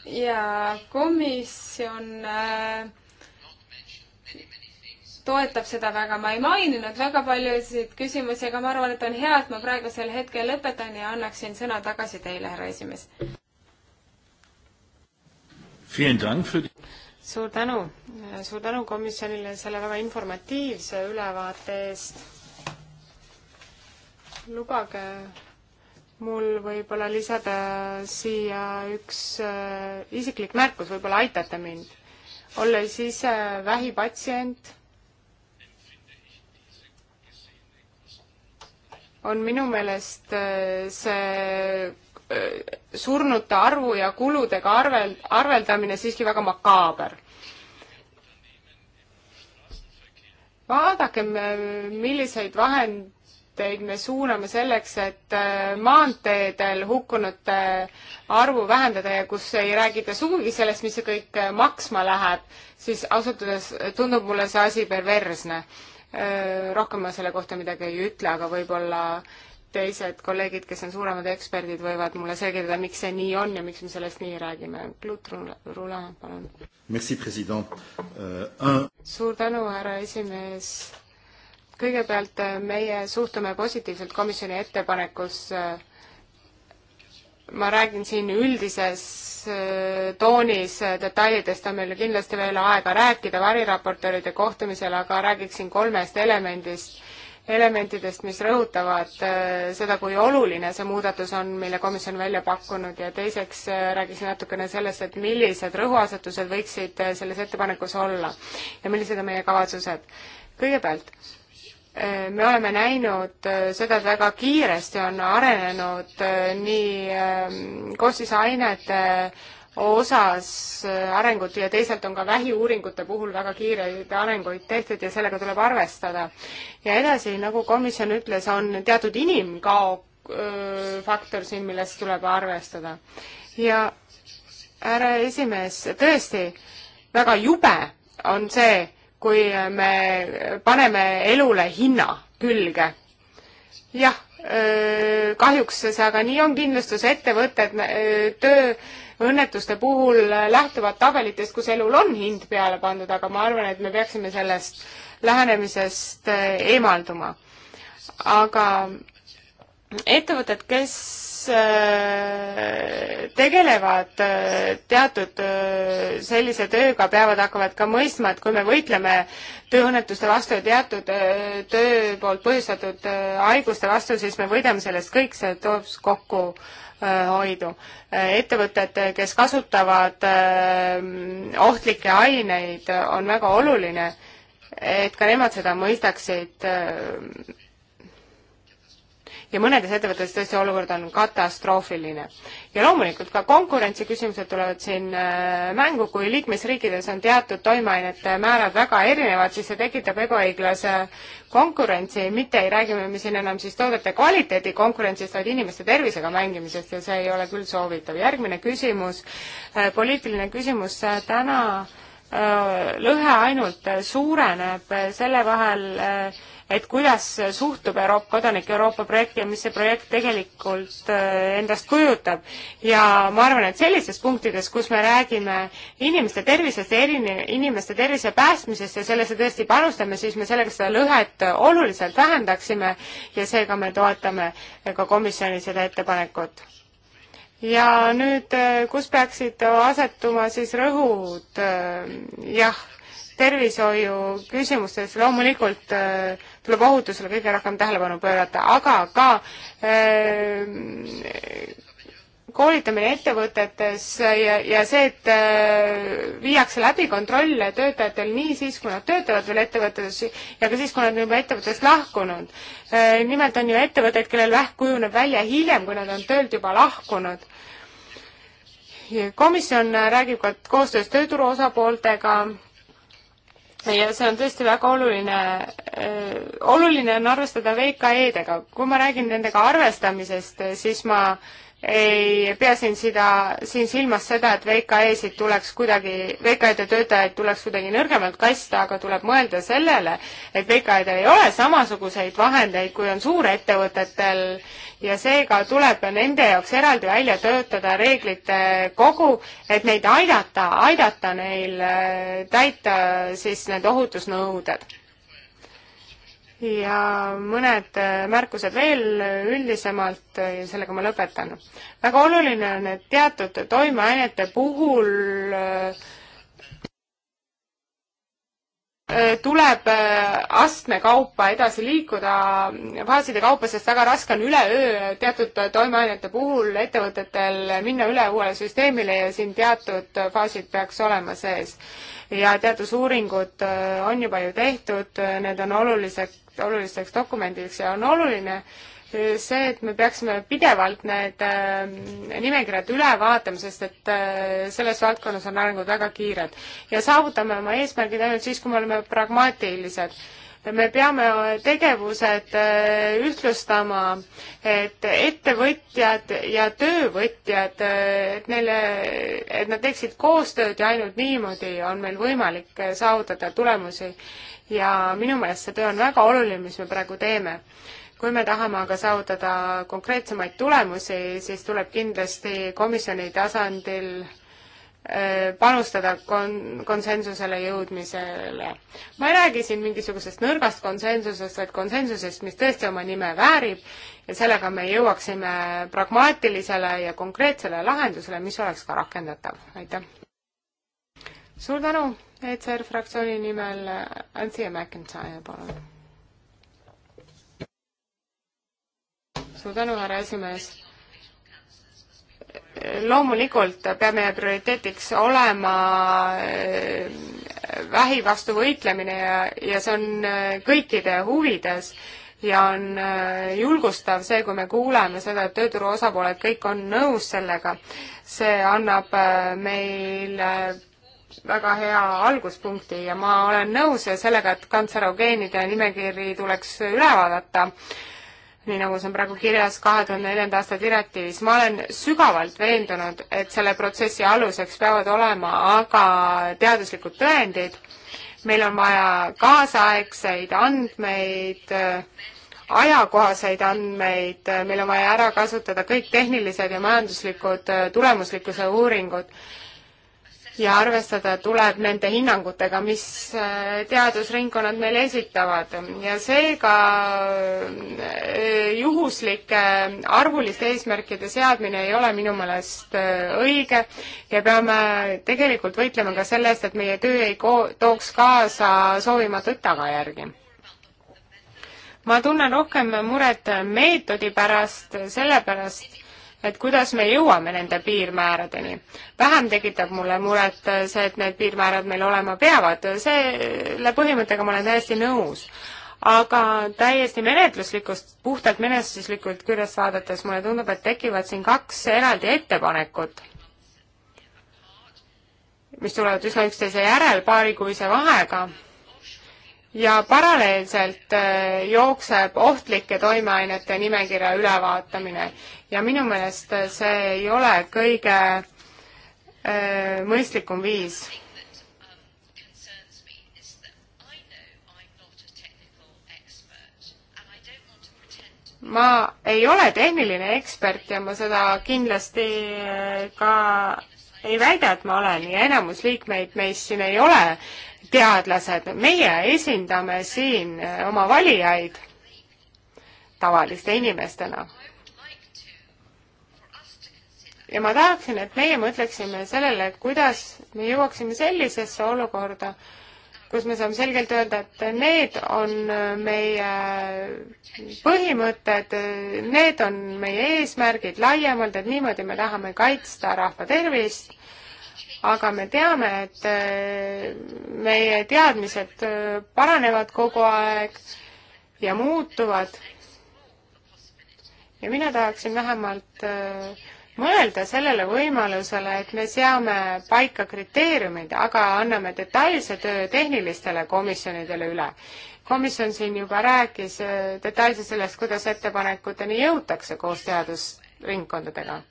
B: ja komisjon äh, toetab seda väga. ma ei maininud väga paljusid küsimusi, aga ma arvan, et on hea, et ma praegusel hetkel lõpetan ja annaksin sõna tagasi teile, härra esimees. suur tänu, suur tänu komisjonile selle väga informatiivse ülevaate eest. lubage mul võib-olla lisada siia üks äh, isiklik märkus, võib-olla aitate mind. olles ise vähipatsient on minu meelest äh, see äh, surnute arvu ja kuludega arvel, arveldamine siiski väga makaaber. vaadakem, äh, milliseid vahendeid me suuname selleks, et maanteedel hukkunute arvu vähendada ja kus ei räägita sugugi sellest, mis see kõik maksma läheb, siis ausalt öeldes tundub mulle see asi perversne Äh, rohkem ma selle kohta midagi ei ütle, aga võib-olla teised kolleegid, kes on suuremad eksperdid, võivad mulle selgitada, miks see nii on ja miks me sellest nii räägime. Claude Roulin, palun.
C: Euh,
B: suur tänu, härra esimees. kõigepealt äh, meie suhtume positiivselt komisjoni ettepanekus äh, ma räägin siin üldises äh, toonis, äh, detailidest on meil kindlasti veel aega rääkida variraportööride kohtumisel, aga räägiksin kolmest elemendist, elementidest, mis rõhutavad äh, seda, kui oluline see muudatus on, mille komisjon välja pakkunud ja teiseks räägiksin natukene sellest, et millised rõhuasetused võiksid selles ettepanekus olla ja millised on meie kavatsused. kõigepealt Äh, me oleme näinud äh, seda, et väga kiiresti on arenenud äh, nii ähm, koostisainete osas arengut ja teisalt on ka vähiuuringute puhul väga kiireid arenguid tehtud ja sellega tuleb arvestada. ja edasi, nagu komisjon ütles, on teatud inimkao faktor siin, millest tuleb arvestada. ja härra esimees, tõesti, väga jube on see, kui me paneme elule hinna külge. jah, kahjuks see aga nii on, kindlustusettevõtted tööõnnetuste puhul lähtuvad tabelitest, kus elul on hind peale pandud, aga ma arvan, et me peaksime sellest lähenemisest eemalduma. aga ettevõtted, kes Äh, tegelevad äh, teatud äh, sellise tööga, peavad, hakkavad ka mõistma, et kui me võitleme tööõnnetuste vastu ja teatud töö poolt põhjustatud haiguste vastu, siis me võidame sellest kõik, see toob kokku hoidu. ettevõtted, kes kasutavad ohtlikke aineid, on väga oluline, et ka nemad seda mõistaksid ja mõnedes ettevõtetes tõesti olukord on katastroofiline. ja loomulikult ka konkurentsi küsimused tulevad siin äh, mängu, kui liikmesriikides on teatud toimeainete määrad väga erinevad, siis see tekitab ebaõiglase konkurentsi, mitte ei räägi me siin enam siis toodete kvaliteedi konkurentsist, vaid inimeste tervisega mängimisest ja see ei ole küll soovitav. järgmine küsimus, äh, poliitiline küsimus täna äh, lõhe ainult suureneb selle vahel äh, et kuidas suhtub Euroopa kodanik Euroopa projekti ja mis see projekt tegelikult äh, endast kujutab. ja ma arvan, et sellistes punktides, kus me räägime inimeste tervisest ja erine-, inimeste tervise päästmisest ja sellesse tõesti panustame, siis me sellega seda lõhet oluliselt vähendaksime ja seega me toetame ka komisjoni seda ettepanekut ja nüüd, äh, kus peaksid asetuma siis rõhud, äh, jah, tervishoiu küsimustes loomulikult äh, tuleb ohutusele kõige rohkem tähelepanu pöörata, aga ka äh, koolitamine ettevõtetes ja, ja see, et äh, viiakse läbi kontrolle töötajatel nii siis, kui nad töötavad veel ettevõttes ja ka siis, kui nad on juba ettevõttest lahkunud äh,. nimelt on ju ettevõtteid, kellel vähk kujuneb välja hiljem, kui nad on töölt juba lahkunud. komisjon räägib ka koostöös tööturu osapooltega ja see on tõesti väga oluline, äh, oluline on arvestada VKE-dega. kui ma räägin nendega arvestamisest, siis ma ei pea siin seda, siin silmas seda, et VKE-sid tuleks kuidagi, VKE-de töötajaid tuleks kuidagi nõrgemalt kaitsta, aga tuleb mõelda sellele, et VKE-del ei ole samasuguseid vahendeid, kui on suurettevõtetel ja seega tuleb nende jaoks eraldi välja töötada reeglite kogu, et neid aidata, aidata neil äh, täita siis need ohutusnõuded ja mõned äh, märkused veel üldisemalt äh, ja sellega ma lõpetan. väga oluline on, et teatud toimeainete puhul äh, tuleb astme kaupa edasi liikuda, faaside kaupa, sest väga raske on üleöö teatud toimeainete puhul ettevõtetel minna üle uuele süsteemile ja siin teatud faasid peaks olema sees ja teadusuuringud on juba ju tehtud, need on olulised olulisteks dokumendiks ja on oluline eh, see, et me peaksime pidevalt need eh, nimekirjad üle vaatama, sest et eh, selles valdkonnas on arengud väga kiired. ja saavutame oma eesmärgid ainult siis, kui me oleme pragmaatilised me peame tegevused ühtlustama, et ettevõtjad ja töövõtjad, et neile, et nad teeksid koostööd ja ainult niimoodi on meil võimalik saavutada tulemusi ja minu meelest see töö on väga oluline, mis me praegu teeme. kui me tahame aga saavutada konkreetsemaid tulemusi, siis tuleb kindlasti komisjoni tasandil äh, panustada kon-, konsensusele jõudmisele. ma ei räägi siin mingisugusest nõrgast konsensusest, vaid konsensusest, mis tõesti oma nime väärib ja sellega me jõuaksime pragmaatilisele ja konkreetsele lahendusele, mis oleks ka rakendatav. aitäh! suur tänu! ECR fraktsiooni nimel äh, Anthea McIntyre, palun. suur tänu, härra esimees. loomulikult peab meie prioriteetiks olema äh, vähi vastu võitlemine ja, ja see on äh, kõikide huvides ja on julgustav see, kui me kuuleme seda, et tööturu osapooled kõik on nõus sellega. see annab meile väga hea alguspunkti ja ma olen nõus sellega, et kantserogeenide nimekiri tuleks üle vaadata, nii nagu see on praegu kirjas kahe tuhande neljanda aasta direktiivis. ma olen sügavalt veendunud, et selle protsessi aluseks peavad olema aga teaduslikud tõendid, meil on vaja kaasaegseid andmeid, ajakohaseid andmeid, meil on vaja ära kasutada kõik tehnilised ja majanduslikud tulemuslikkuse uuringud ja arvestada tuleb nende hinnangutega, mis äh, teadusringkonnad meile esitavad ja seega äh, juhuslike äh, arvuliste eesmärkide seadmine ei ole minu meelest õige ja peame tegelikult võitlema ka selle eest, et meie töö ei ko-, tooks kaasa soovimatuid tagajärgi ma tunnen rohkem muret meetodi pärast, sellepärast, et kuidas me jõuame nende piirmääradeni. vähem tekitab mulle muret see, et need piirmäärad meil olema peavad, selle põhimõttega ma olen täiesti nõus. aga täiesti menetluslikust, puhtalt menetluslikult küljest vaadates mulle tundub, et tekivad siin kaks eraldi ettepanekut, mis tulevad üsna üksteise järel paarikuise vahega ja paralleelselt äh, jookseb ohtlike toimeainete nimekirja ülevaatamine ja minu meelest äh, see ei ole kõige öö, äh, mõistlikum viis. ma ei ole tehniline ekspert ja ma seda kindlasti ka ei väida, et ma olen ja enamus liikmeid meist siin ei ole äh, teadlased, meie esindame siin eh, oma valijaid tavaliste inimestena. ja ma tahaksin, et meie mõtleksime sellele, et kuidas me jõuaksime sellisesse olukorda, kus me saame selgelt öelda, et need on eh, meie põhimõtted, need on meie eesmärgid laiemalt, et niimoodi me tahame kaitsta rahva tervist aga me teame, et äh, meie teadmised äh, paranevad kogu aeg ja muutuvad. ja mina tahaksin vähemalt äh, mõelda sellele võimalusele, et me seame paika kriteeriumid, aga anname detailse töö tehnilistele komisjonidele üle. komisjon siin juba rääkis detailselt sellest, kuidas ettepanekuteni jõutakse koos teadusringkondadega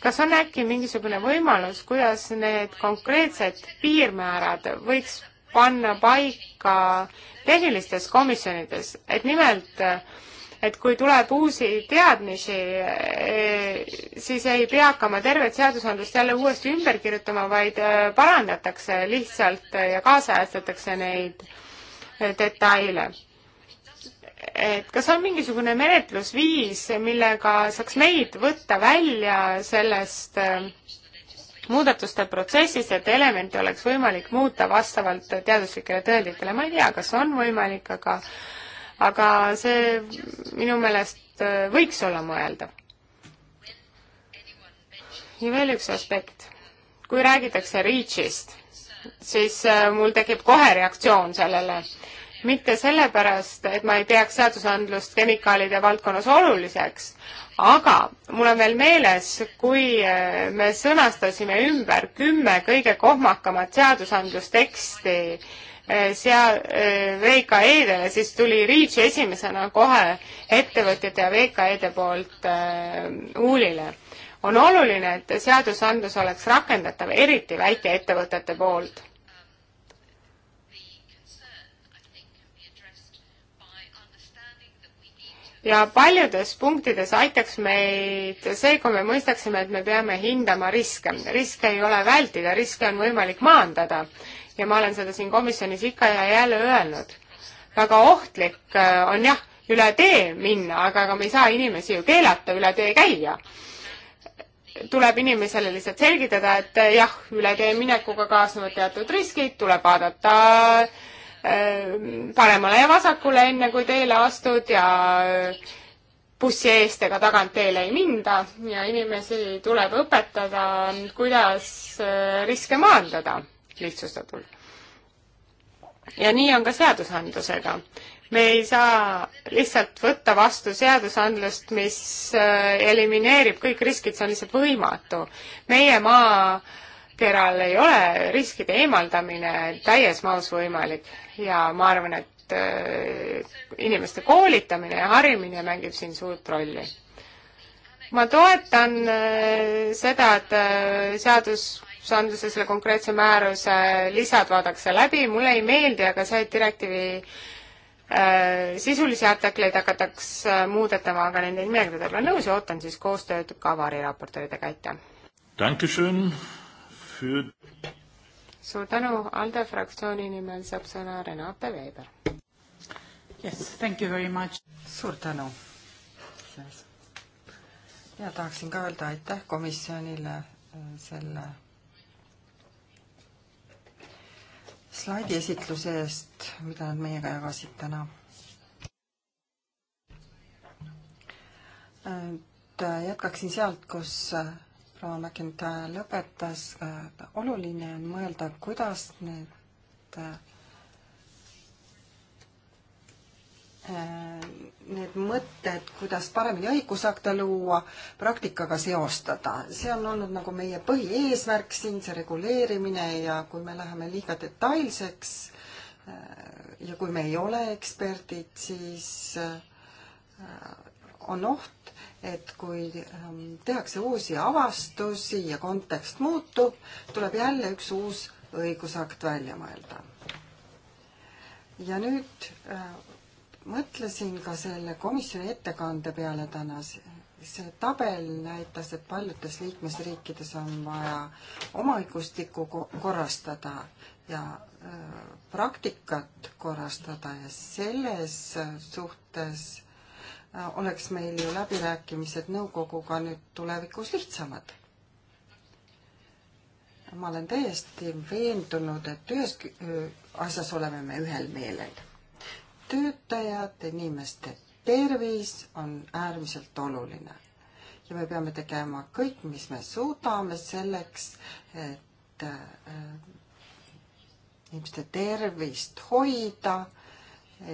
B: kas on äkki mingisugune võimalus, kuidas need konkreetsed piirmäärad võiks panna paika tehnilistes komisjonides, et nimelt et kui tuleb uusi teadmisi, eh, siis ei pea hakkama tervet seadusandlust jälle uuesti ümber kirjutama, vaid eh, parandatakse lihtsalt ja kaasajastatakse neid eh, detaile et kas on mingisugune menetlusviis, millega saaks meid võtta välja sellest äh, muudatuste protsessist, et elemente oleks võimalik muuta vastavalt teaduslikele tõenditele, ma ei tea, kas on võimalik, aga aga see minu meelest äh, võiks olla mõeldav. ja veel üks aspekt. kui räägitakse REACH-ist, siis äh, mul tekib kohe reaktsioon sellele mitte sellepärast, et ma ei peaks seadusandlust kemikaalide valdkonnas oluliseks, aga mul on veel meeles, kui eh, me sõnastasime ümber kümme kõige kohmakamat seadusandlusteksti eh, seal eh, VKE-dele, siis tuli Reach esimesena kohe ettevõtjate ja VKE-de poolt huulile. on oluline, et seadusandlus oleks rakendatav, eriti väikeettevõtete poolt ja paljudes punktides aitaks meid see, kui me mõistaksime, et me peame hindama riske. riske ei ole vältida, riske on võimalik maandada ja ma olen seda siin komisjonis ikka ja jälle öelnud. väga ohtlik äh, on jah, üle tee minna, aga ega me ei saa inimesi ju keelata üle tee käia. tuleb inimesele lihtsalt selgitada, et äh, jah, üle tee minekuga kaasnevad teatud riskid, tuleb vaadata äh, Ehm, paremale ja vasakule, enne kui teele astud ja äh, bussi eest ega tagant teele ei minda ja inimesi tuleb õpetada, kuidas äh, riske maandada lihtsustatult. ja nii on ka seadusandlusega. me ei saa lihtsalt võtta vastu seadusandlust, mis äh, elimineerib kõik riskid, see on lihtsalt võimatu. meie maa teral ei ole riskide eemaldamine täies mahus võimalik ja ma arvan, et äh, inimeste koolitamine ja harimine mängib siin suurt rolli. ma toetan äh, seda, et äh, seadusandluse selle konkreetse määruse lisad vaadatakse läbi, mulle ei meeldi aga see, et direktiivi sisulisi artikleid hakataks muudetama, aga nende nimekirjadega olen nõus ja ootan siis koostööd ka variraportööridega, aitäh! suur tänu, ALDE fraktsiooni nimel saab sõna Renate Veeber.
C: Yes, thank you very much. suur tänu. ja tahaksin ka öelda aitäh komisjonile äh, selle slaidi esitluse eest, mida nad meiega jagasid täna. et äh, jätkaksin sealt, kus äh, proua McIntyre lõpetas, oluline on mõelda, kuidas need äh, need mõtted, kuidas paremini õigusakte luua, praktikaga seostada. see on olnud nagu meie põhieesmärk siin, see reguleerimine ja kui me läheme liiga detailseks äh, ja kui me ei ole eksperdid, siis äh, on oht, et kui ähm, tehakse uusi avastusi ja kontekst muutub, tuleb jälle üks uus õigusakt välja mõelda. ja nüüd äh, mõtlesin ka selle komisjoni ettekande peale täna. see tabel näitas, et paljudes liikmesriikides on vaja oma õigustikku korrastada ja äh, praktikat korrastada ja selles äh, suhtes Äh, oleks meil ju läbirääkimised nõukoguga nüüd tulevikus lihtsamad. ma olen täiesti veendunud, et ühes asjas oleme me ühel meelel. töötajate, inimeste tervis on äärmiselt oluline ja me peame tegema kõik, mis me suudame selleks, et äh, inimeste tervist hoida,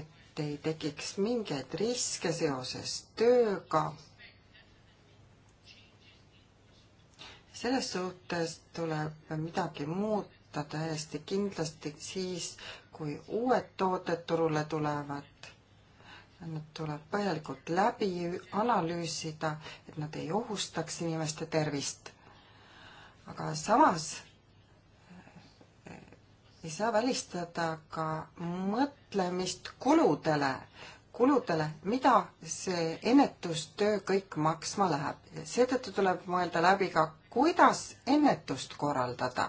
C: et et ei tekiks mingeid riske seoses tööga. selles suhtes tuleb midagi muuta täiesti kindlasti siis, kui uued tooted turule tulevad. Nad tuleb põhjalikult läbi analüüsida, et nad ei ohustaks inimeste tervist. aga samas ei saa välistada ka mõtlemist kuludele, kuludele, mida see ennetustöö kõik maksma läheb. seetõttu tuleb mõelda läbi ka, kuidas ennetust korraldada.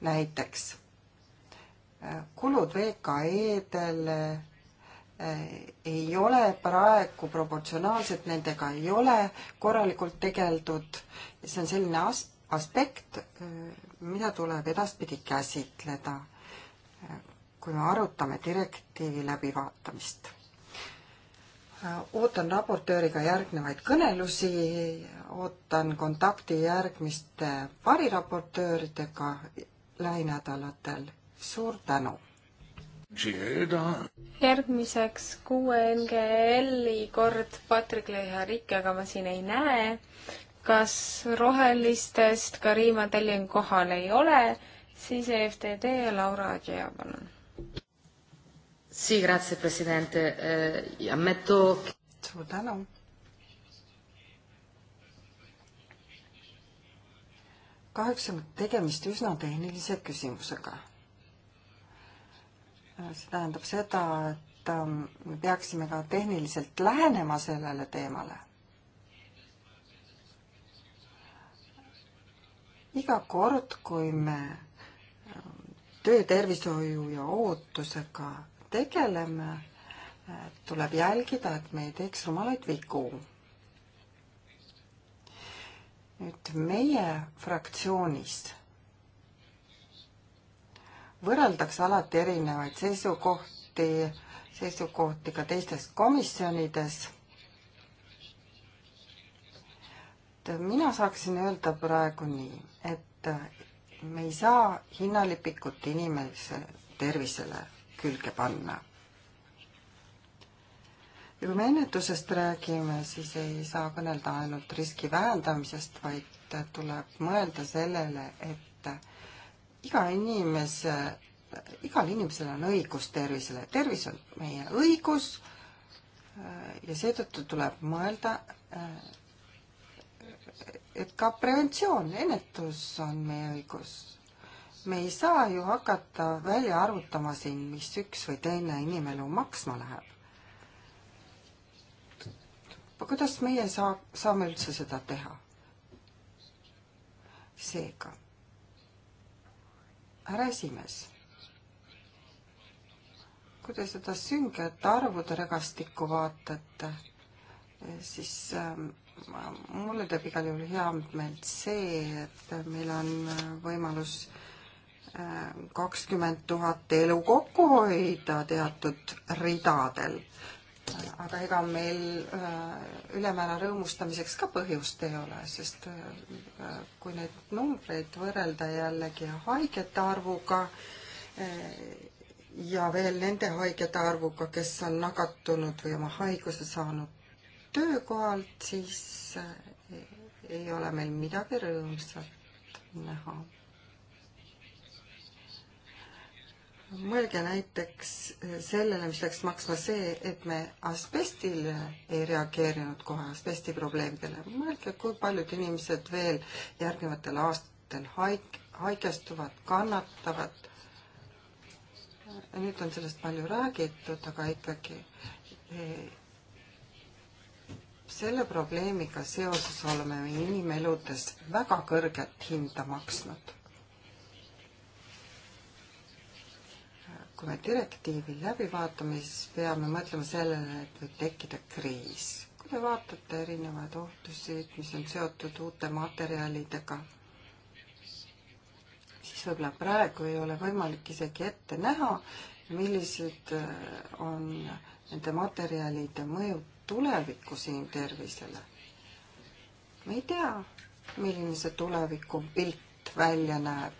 C: näiteks äh, kulud VKE-dele äh, ei ole praegu proportsionaalsed, nendega ei ole korralikult tegeldud. see on selline as-, aspekt, mida tuleb edaspidi käsitleda, kui me arutame direktiivi läbivaatamist. ootan raportööriga järgnevaid kõnelusi, ootan kontakti järgmiste variraportööridega lähinädalatel. suur tänu!
B: järgmiseks QNGL-i kord Patrick Leia Rikke, aga ma siin ei näe kas rohelistest Karima Tallinn kohal ei ole, siis EFTD ja Laura Adjea, palun.
C: Sì, grazie Presidente. Eh, ammetto... Suur tänu. kahjuks on tegemist üsna tehnilise küsimusega. Eh, see tähendab seda, et ehm, me peaksime ka tehniliselt lähenema sellele teemale iga kord, kui me ähm, töötervishoiu ja ootusega tegeleme, äh, tuleb jälgida, et me ei teeks rumalaid vigu. nüüd meie fraktsioonis võrreldakse alati erinevaid seisukohti, seisukohti ka teistes komisjonides mina saaksin öelda praegu nii, et me ei saa hinnalipikut inimese tervisele külge panna. ja kui me ennetusest räägime, siis ei saa kõnelda ainult riski vähendamisest, vaid tuleb mõelda sellele, et iga inimese, igal inimesel on õigus tervisele. tervis on meie õigus ja seetõttu tuleb mõelda et ka preventsioon, ennetus on meie õigus. me ei saa ju hakata välja arvutama siin, mis üks või teine inimelu maksma läheb. aga kuidas meie saa, saame üldse seda teha? seega, härra esimees, kui te seda sünget arvude regastikku vaatate, siis ähm, mulle teeb igal juhul hea meelt see, et meil on äh, võimalus äh, kakskümmend tuhat elu kokku hoida teatud ridadel. Äh, aga ega meil ülemäära rõõmustamiseks ka põhjust ei ole, sest kui neid numbreid võrrelda jällegi haigete arvuga, ja veel nende haigete arvuga, kes on nakatunud või oma haiguse saanud, töökohalt, siis eh, ei ole meil midagi rõõmsat näha. mõelge näiteks eh, sellele, mis läks maksma see, et me asbestile eh, ei reageerinud kohe, asbesti probleemidele. mõelge, kui paljud inimesed veel järgnevatel aastatel haig-, haigestuvad, kannatavad. nüüd on sellest palju räägitud, aga ikkagi selle probleemiga seoses oleme me inimeludes väga kõrget hinda maksnud. kui me direktiivi läbi vaatame, siis peame mõtlema sellele, et võib tekkida kriis. kui te vaatate erinevaid ohtusid, mis on seotud uute materjalidega, siis võib-olla praegu ei ole võimalik isegi ette näha, millised äh, on nende materjalide mõjud tulevikku siintervisele. me ei tea, milline see tulevikupilt välja näeb.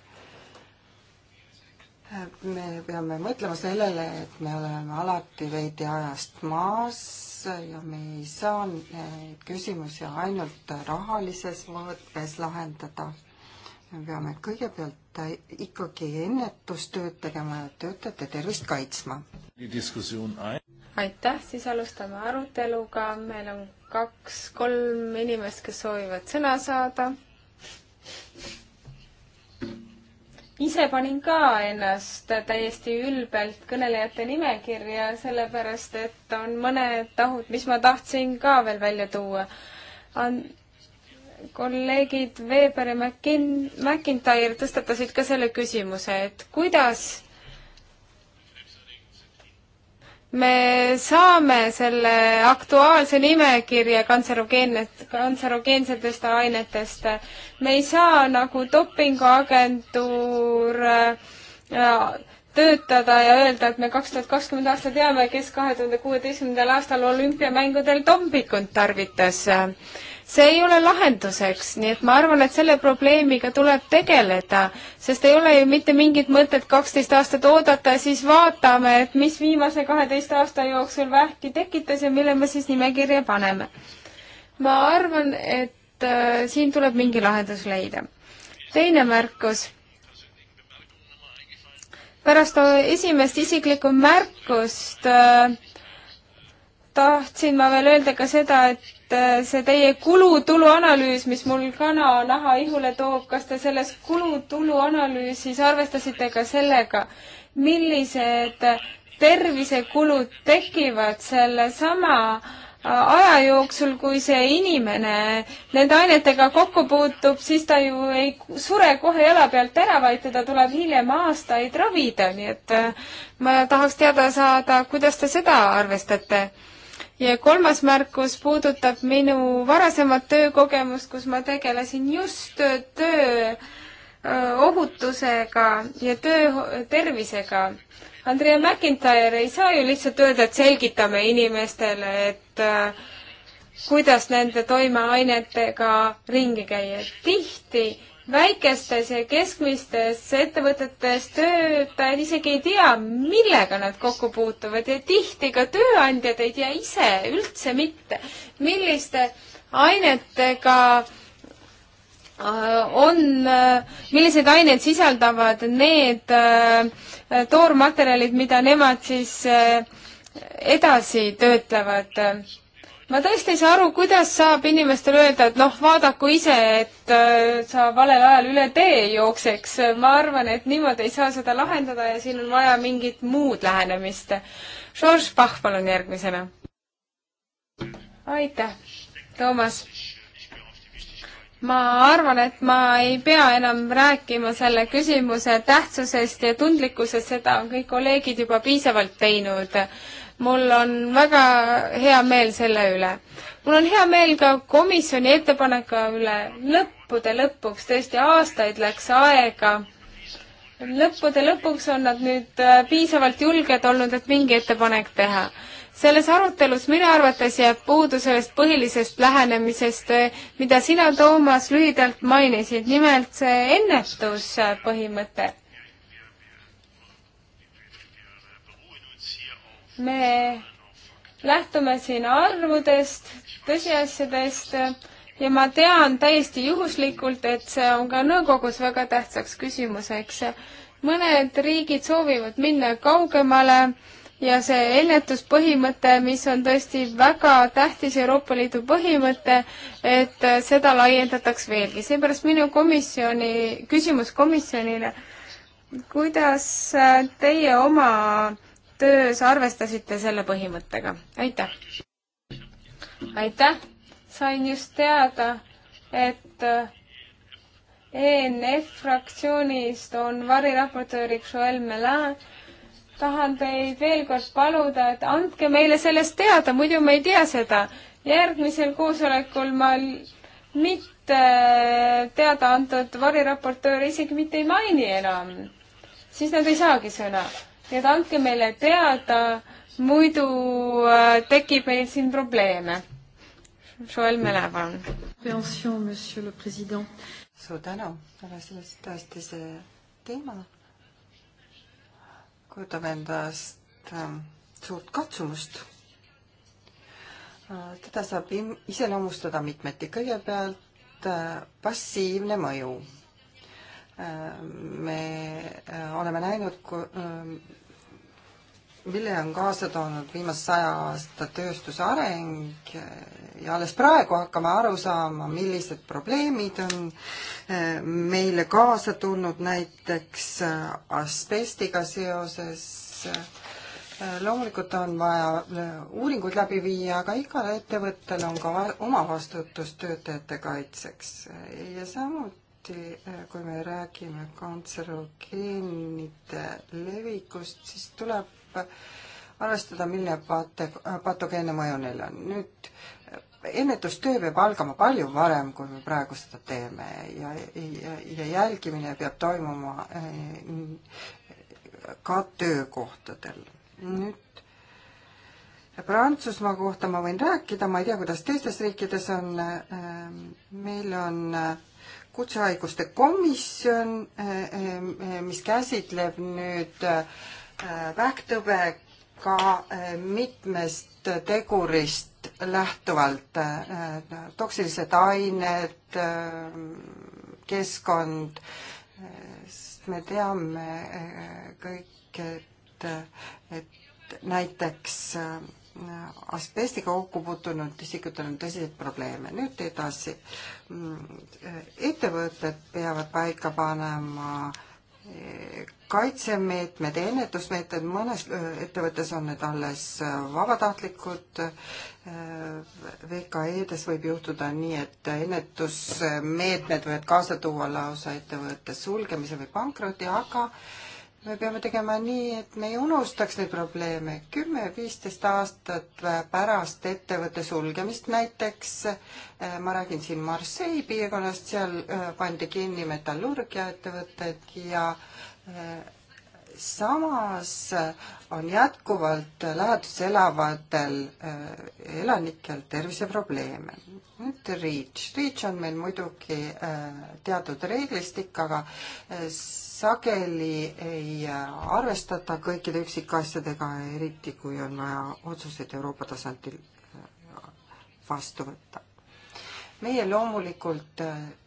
C: me peame mõtlema sellele, et me oleme alati veidi ajast maas ja me ei saa neid küsimusi ainult rahalises mõõtmes lahendada me peame kõigepealt ikkagi ennetustööd tegema ja töötajate tervist kaitsma.
B: aitäh, siis alustame aruteluga, meil on kaks-kolm inimest, kes soovivad sõna saada. ise panin ka ennast täiesti ülbelt kõnelejate nimekirja, sellepärast et on mõned tahud, mis ma tahtsin ka veel välja tuua An kolleegid Weber ja McIn-, McIntyre tõstatasid ka selle küsimuse, et kuidas me saame selle aktuaalse nimekirja kantserogeenet, kantserogeensetest ainetest. me ei saa nagu dopinguagentuur äh, töötada ja öelda, et me kaks tuhat kakskümmend aasta teame, kes kahe tuhande kuueteistkümnendal aastal olümpiamängudel dompingut tarvitas see ei ole lahenduseks, nii et ma arvan, et selle probleemiga tuleb tegeleda, sest ei ole ju mitte mingit mõtet kaksteist aastat oodata ja siis vaatame, et mis viimase kaheteist aasta jooksul vähki tekitas ja mille me siis nimekirja paneme. ma arvan, et äh, siin tuleb mingi lahendus leida. teine märkus. pärast esimest isiklikku märkust äh, tahtsin ma veel öelda ka seda, et Äh, see teie kulutulu analüüs, mis mul kana naha ihule toob, kas te selles kulutulu analüüsis arvestasite ka sellega, millised tervisekulud tekivad sellesama äh, aja jooksul, kui see inimene nende ainetega kokku puutub, siis ta ju ei sure kohe jala pealt ära, vaid teda tuleb hiljem aastaid ravida, nii et äh, ma tahaks teada saada, kuidas te seda arvestate ja kolmas märkus puudutab minu varasemat töökogemust, kus ma tegelesin just töö ohutusega ja töö tervisega. Andrea McIntyre ei saa ju lihtsalt öelda, et selgitame inimestele, et äh, kuidas nende toimeainetega ringi käia. tihti väikestes ja keskmistes ettevõtetes töötajad isegi ei tea, millega nad kokku puutuvad ja tihti ka tööandjad ei tea ise üldse mitte, milliste ainetega äh, on, äh, milliseid aineid sisaldavad need äh, toormaterjalid, mida nemad siis edasi töötlevad ma tõesti ei saa aru, kuidas saab inimestele öelda, et noh, vaadaku ise, et äh, sa valel ajal üle tee jookseks. ma arvan, et niimoodi ei saa seda lahendada ja siin on vaja mingit muud lähenemist. Georges Bach, palun järgmisena. aitäh, Toomas ma arvan, et ma ei pea enam rääkima selle küsimuse tähtsusest ja tundlikkusest, seda on kõik kolleegid juba piisavalt teinud mul on väga hea meel selle üle. mul on hea meel ka komisjoni ettepaneku üle, lõppude lõpuks, tõesti aastaid läks aega lõppude lõpuks on nad nüüd äh, piisavalt julged olnud, et mingi ettepanek teha. selles arutelus minu arvates jääb puudu sellest põhilisest lähenemisest, äh, mida sina, Toomas, lühidalt mainisid, nimelt see ennetuspõhimõte. me lähtume siin arvudest, tõsiasjadest ja ma tean täiesti juhuslikult, et see on ka nõukogus väga tähtsaks küsimuseks. mõned riigid soovivad minna kaugemale ja see ennetuspõhimõte, mis on tõesti väga tähtis Euroopa Liidu põhimõte, et seda laiendataks veelgi. seepärast minu komisjoni, küsimus komisjonile, kuidas teie oma töös arvestasite selle põhimõttega, aitäh! aitäh! sain just teada, et äh, ENF fraktsioonist on variraportööriks Joel Melin. tahan teid veel kord paluda, et andke meile sellest teada, muidu me ei tea seda. järgmisel koosolekul ma mitte äh, teada antud variraportööri isegi mitte ei maini enam. siis nad ei saagi sõna nii et andke meile teada, muidu äh, tekib meil siin probleeme. Joel Mele, palun.
C: suur tänu, härra Silas, tõesti see teema kujutab endast ähm, suurt katsumust äh,. teda saab iseloomustada mitmeti. kõigepealt äh, passiivne mõju äh,. me äh, oleme näinud, äh, mille on kaasa toonud viimase saja aasta tööstuse areng ja alles praegu hakkame aru saama, millised probleemid on eh, meile kaasa tulnud näiteks eh, asbestiga seoses. Eh, loomulikult on vaja uuringuid läbi viia, aga igal ettevõttel on ka oma vastutus töötajate kaitseks ja samuti samuti, kui me räägime kantserogeenide levikust, siis tuleb arvestada, mille pate-, patogeenne mõju neil on. nüüd ennetustöö peab algama palju varem, kui me praegu seda teeme ja, ja, ja jälgimine peab toimuma eh, ka töökohtadel. nüüd Prantsusmaa kohta ma võin rääkida, ma ei tea, kuidas teistes riikides on, eh, meil on eh, kutsehaiguste komisjon, mis käsitleb nüüd äh, vähktõvega äh, mitmest tegurist lähtuvalt, äh, toksilised ained, äh, keskkond, sest me teame kõik, et, et näiteks asbestiga kokku puutunud isikutel on tõsiseid probleeme. nüüd edasi. Mm, ettevõtted peavad paika panema kaitsemeetmed ja ennetusmeetmed, mõnes ettevõttes on need alles vabatahtlikud. VKE-des võib juhtuda nii, et ennetusmeetmed võivad kaasa tuua lausa ettevõtte sulgemise või pankroti, aga me peame tegema nii, et me ei unustaks neid probleeme. kümme, viisteist aastat pärast ettevõtte sulgemist näiteks, ma räägin siin Marseille piirkonnast, seal pandi kinni metallurgiaettevõtted ja äh, samas on jätkuvalt läheduses elavatel eh, elanikel terviseprobleeme. nüüd REACH. REACH on meil muidugi eh, teatud reeglistik, aga eh, sageli ei arvestata kõikide üksikasjadega, eriti kui on vaja otsuseid Euroopa tasandil vastu võtta. meie loomulikult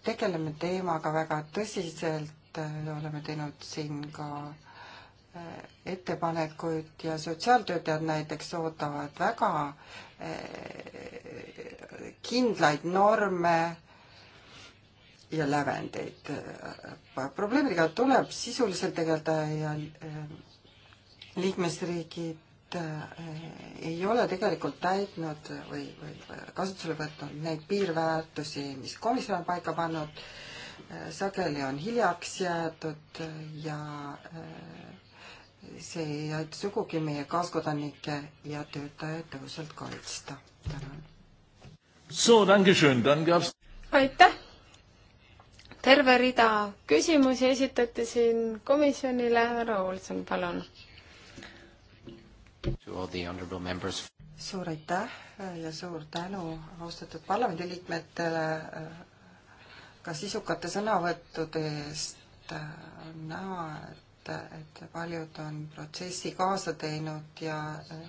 C: tegeleme teemaga väga tõsiselt, et oleme teinud siin ka äh, ettepanekuid ja sotsiaaltöötajad näiteks ootavad väga äh, kindlaid norme ja lävendeid. Äh, probleemidega tuleb sisuliselt tegeleda ja liikmesriigid ei ole tegelikult täitnud või, või kasutusele võtnud neid piirväärtusi, mis komisjon on paika pannud sageli on hiljaks jäädud ja äh, see ei aita sugugi meie kaaskodanikke ja töötajaid tõhusalt kaitsta. tänan.
B: aitäh! terve rida küsimusi esitati siin
C: komisjonile, härra Olson, palun. suur aitäh ja suur tänu austatud parlamendiliikmetele ka sisukate sõnavõttude eest. on äh, näha, et, et paljud on protsessi kaasa teinud ja äh,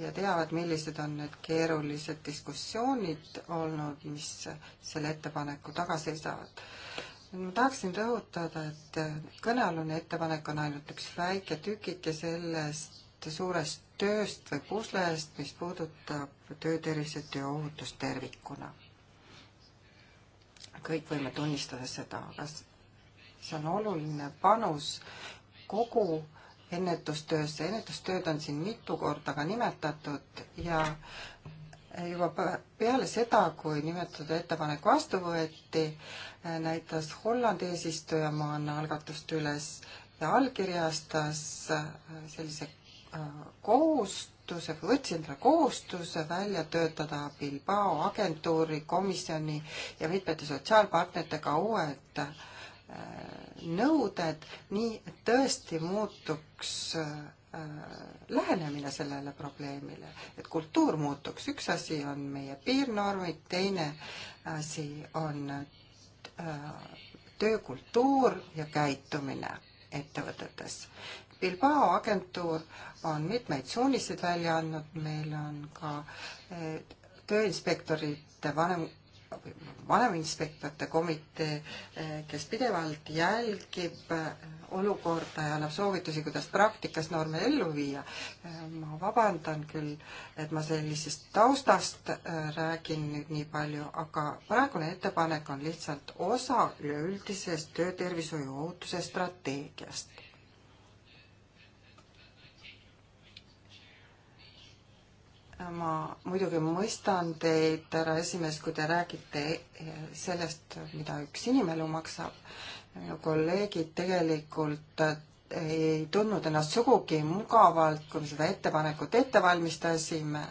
C: ja teavad, millised on need keerulised diskussioonid olnud, mis selle ettepaneku taga seisavad. ma tahaksin rõhutada, et äh, kõnealune ettepanek on ainult üks väike tükike sellest suurest tööst või puslest, mis puudutab töötervishoiu ja ohutust tervikuna kõik võime tunnistada seda, aga see on oluline panus kogu ennetustöösse, ennetustööd on siin mitu korda ka nimetatud ja juba peale seda, kui nimetatud ettepanek vastu võeti, näitas Holland eesistujamaana algatust üles ja allkirjastas äh, sellise äh, kohust, kohustuse või võtsin selle kohustuse välja töötada Bilbao agentuuri, komisjoni ja mitmete sotsiaalpartneritega uued äh, nõuded, nii et tõesti muutuks äh, lähenemine sellele probleemile, et kultuur muutuks, üks asi on meie piirnormid, teine asi on äh, töökultuur ja käitumine ettevõtetes. Bilbao agentuur on mitmeid suuniseid välja andnud, meil on ka eh, tööinspektorite vanem, vaneminspektorite komitee, eh, kes pidevalt jälgib eh, olukorda ja annab soovitusi, kuidas praktikas norme ellu viia. ma vabandan küll, et ma sellisest taustast räägin nüüd nii palju, aga praegune ettepanek on lihtsalt osa üleüldisest töötervishoiu ohutuse strateegiast ma muidugi mõistan teid, härra esimees, kui te räägite eh, sellest, mida üks inimelu maksab. minu kolleegid tegelikult eh, ei tundnud ennast sugugi mugavalt, kui me seda ettepanekut ette valmistasime.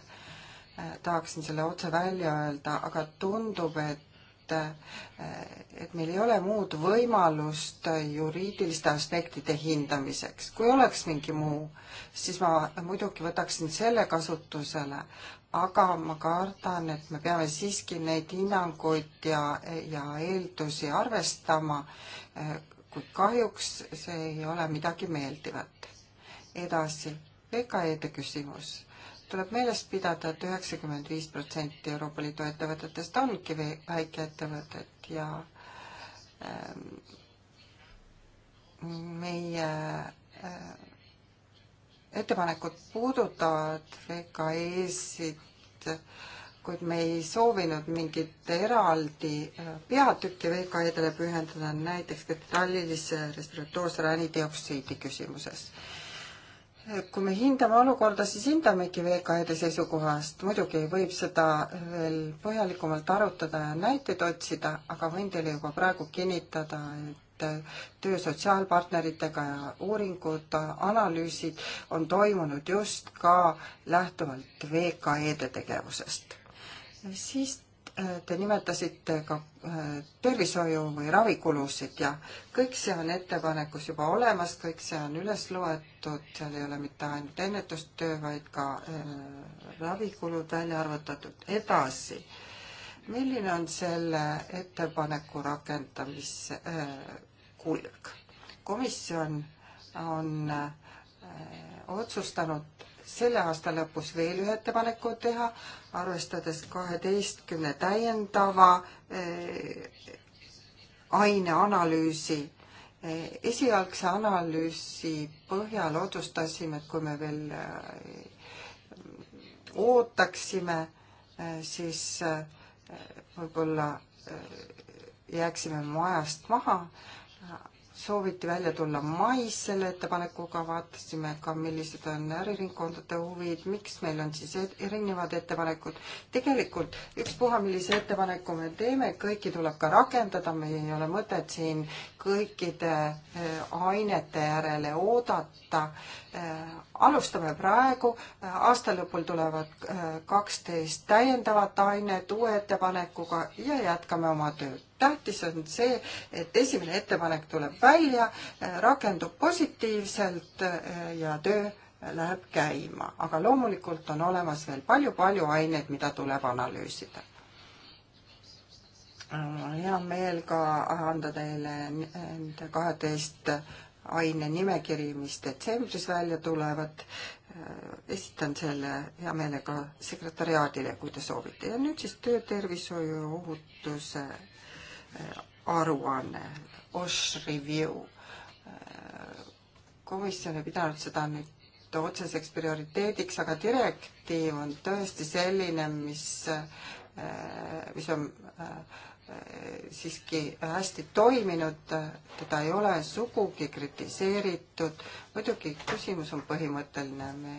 C: Eh, tahaksin selle otse välja öelda, aga tundub, et et, äh, et meil ei ole muud võimalust juriidiliste aspektide hindamiseks. kui oleks mingi muu, siis ma muidugi võtaksin selle kasutusele, aga ma kardan, et me peame siiski neid hinnanguid ja, ja eeldusi arvestama, äh, kuid kahjuks see ei ole midagi meeldivat. edasi, VKE-de küsimus tuleb meeles pidada et, et üheksakümmend viis protsenti Euroopa Liidu ettevõtetest ongi väikeettevõtted ja ähm, meie äh, ettepanekud puudutavad VKE-sid, kuid me ei soovinud mingit eraldi äh, peatükki VKE-dele pühendada, näiteks detaililise respiratoorse ränidioksiidi küsimuses kui me hindame olukorda, siis hindamegi VKE-de seisukohast. muidugi võib seda veel põhjalikumalt arutada ja näiteid otsida, aga võin teile juba praegu kinnitada, et töö sotsiaalpartneritega ja uuringud, analüüsid on toimunud just ka lähtuvalt VKE-de tegevusest. siis te nimetasite ka äh, tervishoiu või ravikulusid ja kõik see on ettepanekus juba olemas, kõik see on üles loetud, seal ei ole mitte ainult ennetustöö, vaid ka äh, ravikulud välja arvutatud. edasi, milline on selle ettepaneku rakendamise äh, kulg? komisjon on otsustanud selle aasta lõpus veel ühe ettepaneku teha, arvestades kaheteistkümne täiendava eh, aine analüüsi. Eh, esialgse analüüsi põhjal otsustasime, et kui me veel eh, ootaksime, siis võib-olla jääksime majast maha sooviti välja tulla mais selle ettepanekuga, vaatasime ka, millised on äriringkondade huvid, miks meil on siis erinevad ettepanekud. tegelikult ükspuha, millise ettepaneku me teeme, kõiki tuleb ka rakendada, meil ei ole mõtet siin kõikide eh, ainete järele oodata eh, alustame praegu, aasta lõpul tulevad äh, kaksteist täiendavat ainet uue ettepanekuga ja jätkame oma tööd. tähtis on see, et esimene ettepanek tuleb välja, äh, rakendub positiivselt äh, ja töö läheb käima, aga loomulikult on olemas veel palju-palju aineid, mida tuleb analüüsida mul on hea meel ka anda teile nende kaheteist aine nimekiri, mis detsembris välja tulevad. Äh, esitan selle hea meelega sekretäriaadile, kui te soovite. ja nüüd siis töötervishoiu ohutuse äh, aruanne, OSH review. Äh, komisjon ei pidanud seda nüüd otseseks prioriteediks, aga direktiiv on tõesti selline, mis, mis on äh, siiski hästi toiminud, teda ei ole sugugi kritiseeritud. muidugi küsimus on põhimõtteline, me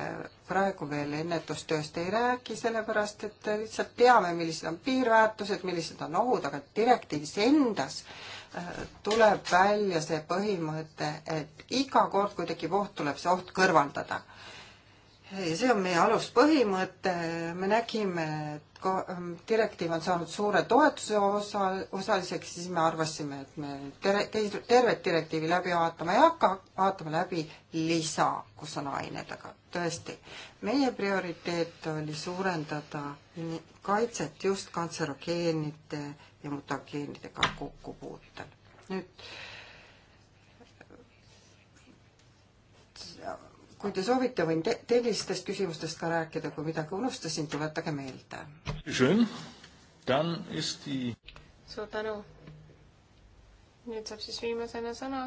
C: äh, praegu veel ennetustööst ei räägi, sellepärast et lihtsalt teame, millised on piirväärtused, millised on ohud, aga direktiivis endas äh, tuleb välja see põhimõte, et iga kord, kui tekib oht, tuleb see oht kõrvaldada see on meie aluspõhimõte, me nägime, et ähm, direktiiv on saanud suure toetuse osa, osaliseks, siis me arvasime, et me tervet direktiivi läbi vaatama ei hakka, vaatame läbi lisa, kus on ainedega. tõesti, meie prioriteet oli suurendada kaitset just kantserogeenide ja mutageenidega kokkupuutel. nüüd äh, kui te soovite, võin te tellistest küsimustest ka rääkida, kui midagi unustasin, tuletage meelde.
A: Die...
B: suur tänu. nüüd saab siis viimasena sõna.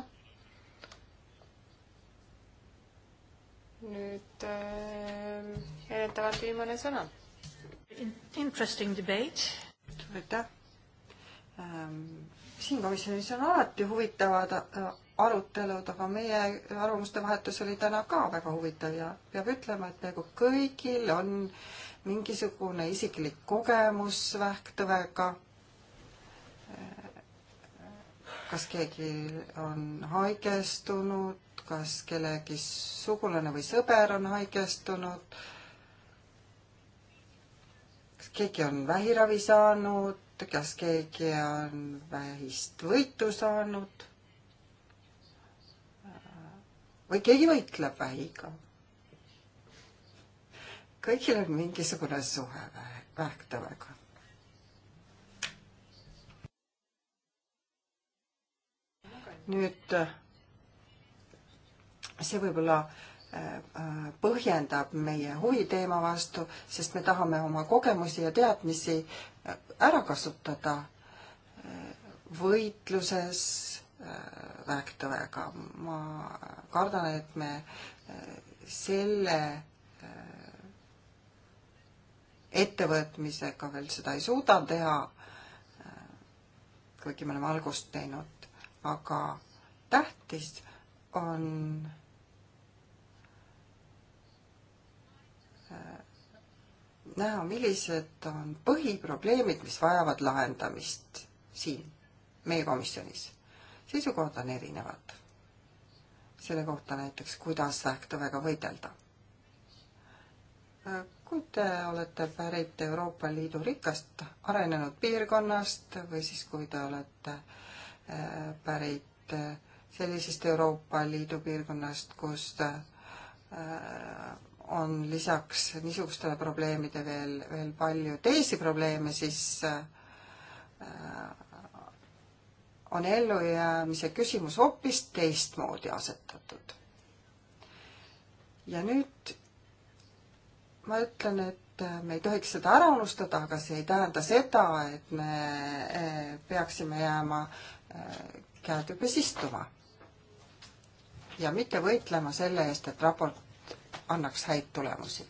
B: nüüd äh, ennetavalt viimane sõna.
C: Interesting debate. aitäh ähm,. siin komisjonis on alati huvitavad äh, arutelud, aga meie arvamuste vahetus oli täna ka väga huvitav ja peab ütlema, et peaaegu kõigil on mingisugune isiklik kogemus vähktõvega. kas keegi on haigestunud, kas kellegi sugulane või sõber on haigestunud, kas keegi on vähiravi saanud, kas keegi on vähist võitu saanud või keegi võitleb vähiga. kõigil on mingisugune suhe vähktõvega. nüüd see võib-olla äh, äh, põhjendab meie huvi teema vastu, sest me tahame oma kogemusi ja teadmisi äh, ära kasutada võitluses
D: Äh,
C: rääkida väga. ma kardan, et me äh, selle äh, ettevõtmisega veel seda ei suuda teha, kuigi me oleme algust teinud, aga tähtis on näha, millised on põhiprobleemid, mis vajavad lahendamist siin, meie komisjonis seisukohad on erinevad. selle kohta näiteks, kuidas vähktõvega võidelda. kui te olete pärit Euroopa Liidu rikast arenenud piirkonnast või siis, kui te olete eh, pärit eh, sellisest Euroopa Liidu piirkonnast, kus eh, on lisaks niisugustele probleemide veel, veel palju teisi probleeme, siis äh, on ellujäämise küsimus hoopis teistmoodi asetatud. ja nüüd ma ütlen, et me ei tohiks seda ära unustada, aga see ei tähenda seda, et me e, peaksime jääma e, käed hüppes istuma. ja mitte võitlema selle eest, et raport annaks häid tulemusi.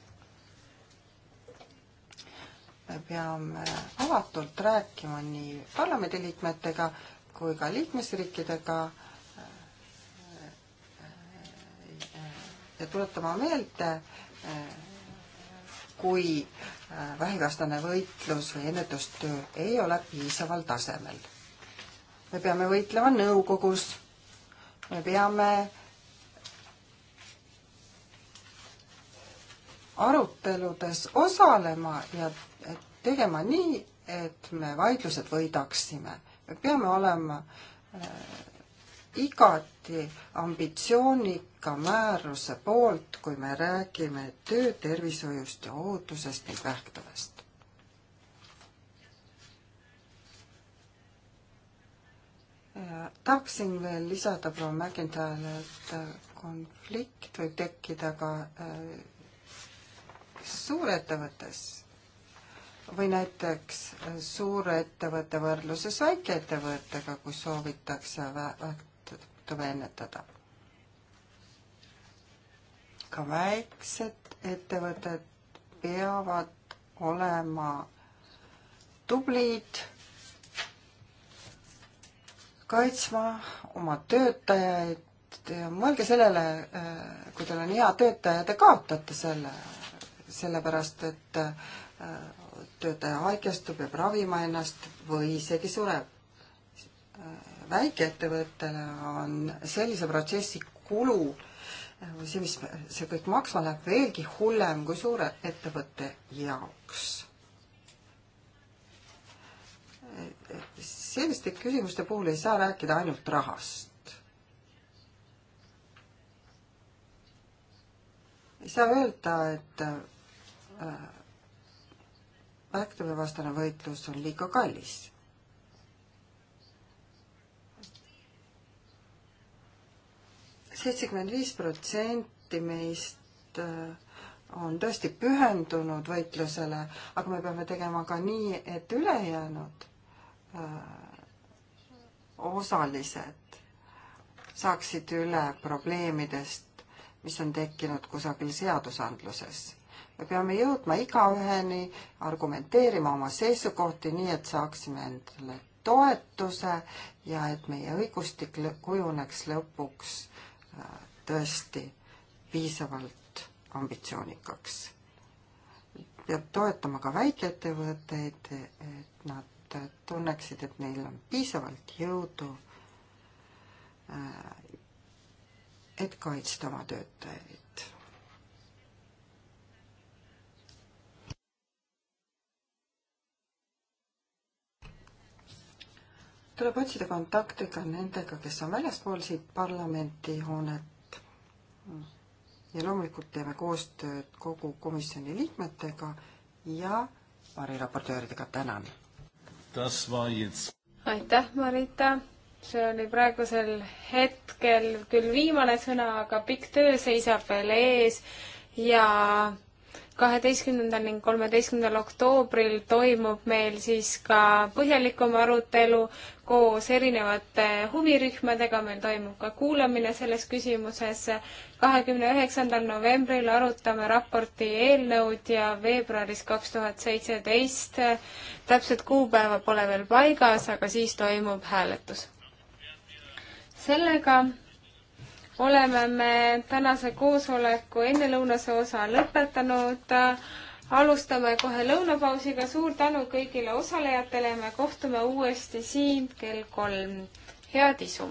C: me peame avatult rääkima nii parlamendiliikmetega kui ka liikmesriikidega ja tuletama meelde, kui vähivastane võitlus või ennetustöö ei ole piisaval tasemel. me peame võitlema nõukogus, me peame aruteludes osalema ja tegema nii, et me vaidlused võidaksime me peame olema äh, igati ambitsioonika määruse poolt, kui me räägime töötervishoiust ja ohutusest ning vähktavast. tahaksin veel lisada proua McIntyre'le, et äh, konflikt võib tekkida ka äh, suurettevõttes või näiteks suurettevõtte võrdluses väikeettevõttega, kui soovitakse vähtu ennetada. ka väiksed ettevõtted peavad olema tublid, kaitsma oma töötajaid ja mõelge sellele, kui teil on hea töötaja, te kaotate selle, sellepärast et äh, töötaja haigestub, peab ravima ennast või isegi sureb. väikeettevõttele on sellise protsessi kulu või see, mis see kõik maksma läheb, veelgi hullem kui suure ettevõtte jaoks. selliste küsimuste puhul ei saa rääkida ainult rahast. ei saa öelda, et äh, vähktulevastane võitlus on liiga kallis seitsekümmend viis protsenti meist äh, on tõesti pühendunud võitlusele, aga me peame tegema ka nii, et ülejäänud äh, osalised saaksid üle probleemidest, mis on tekkinud kusagil seadusandluses me peame jõudma igaüheni, argumenteerima oma seisukohti nii, et saaksime endale toetuse ja et meie õigustik kujuneks lõpuks äh, tõesti piisavalt ambitsioonikaks. peab toetama ka väikeettevõtteid, et nad tunneksid, et neil on piisavalt jõudu, äh, et kaitsta oma töötajaid tuleb otsida kontakte ka nendega, kes on väljaspool siit parlamendihoonet. ja loomulikult teeme koostööd kogu komisjoni liikmetega ja variraportööridega, tänan.
B: aitäh, Marita. see oli praegusel hetkel küll viimane sõna, aga pikk töö seisab veel ees ja kaheteistkümnendal ning kolmeteistkümnendal oktoobril toimub meil siis ka põhjalikum arutelu koos erinevate huvirühmadega, meil toimub ka kuulamine selles küsimuses. kahekümne üheksandal novembril arutame raporti eelnõud ja veebruaris kaks tuhat seitseteist, täpset kuupäeva pole veel paigas, aga siis toimub hääletus. sellega oleme me tänase koosoleku ennelõunase osa lõpetanud. alustame kohe lõunapausiga. suur tänu kõigile osalejatele ja me kohtume uuesti siin kell kolm. head isu!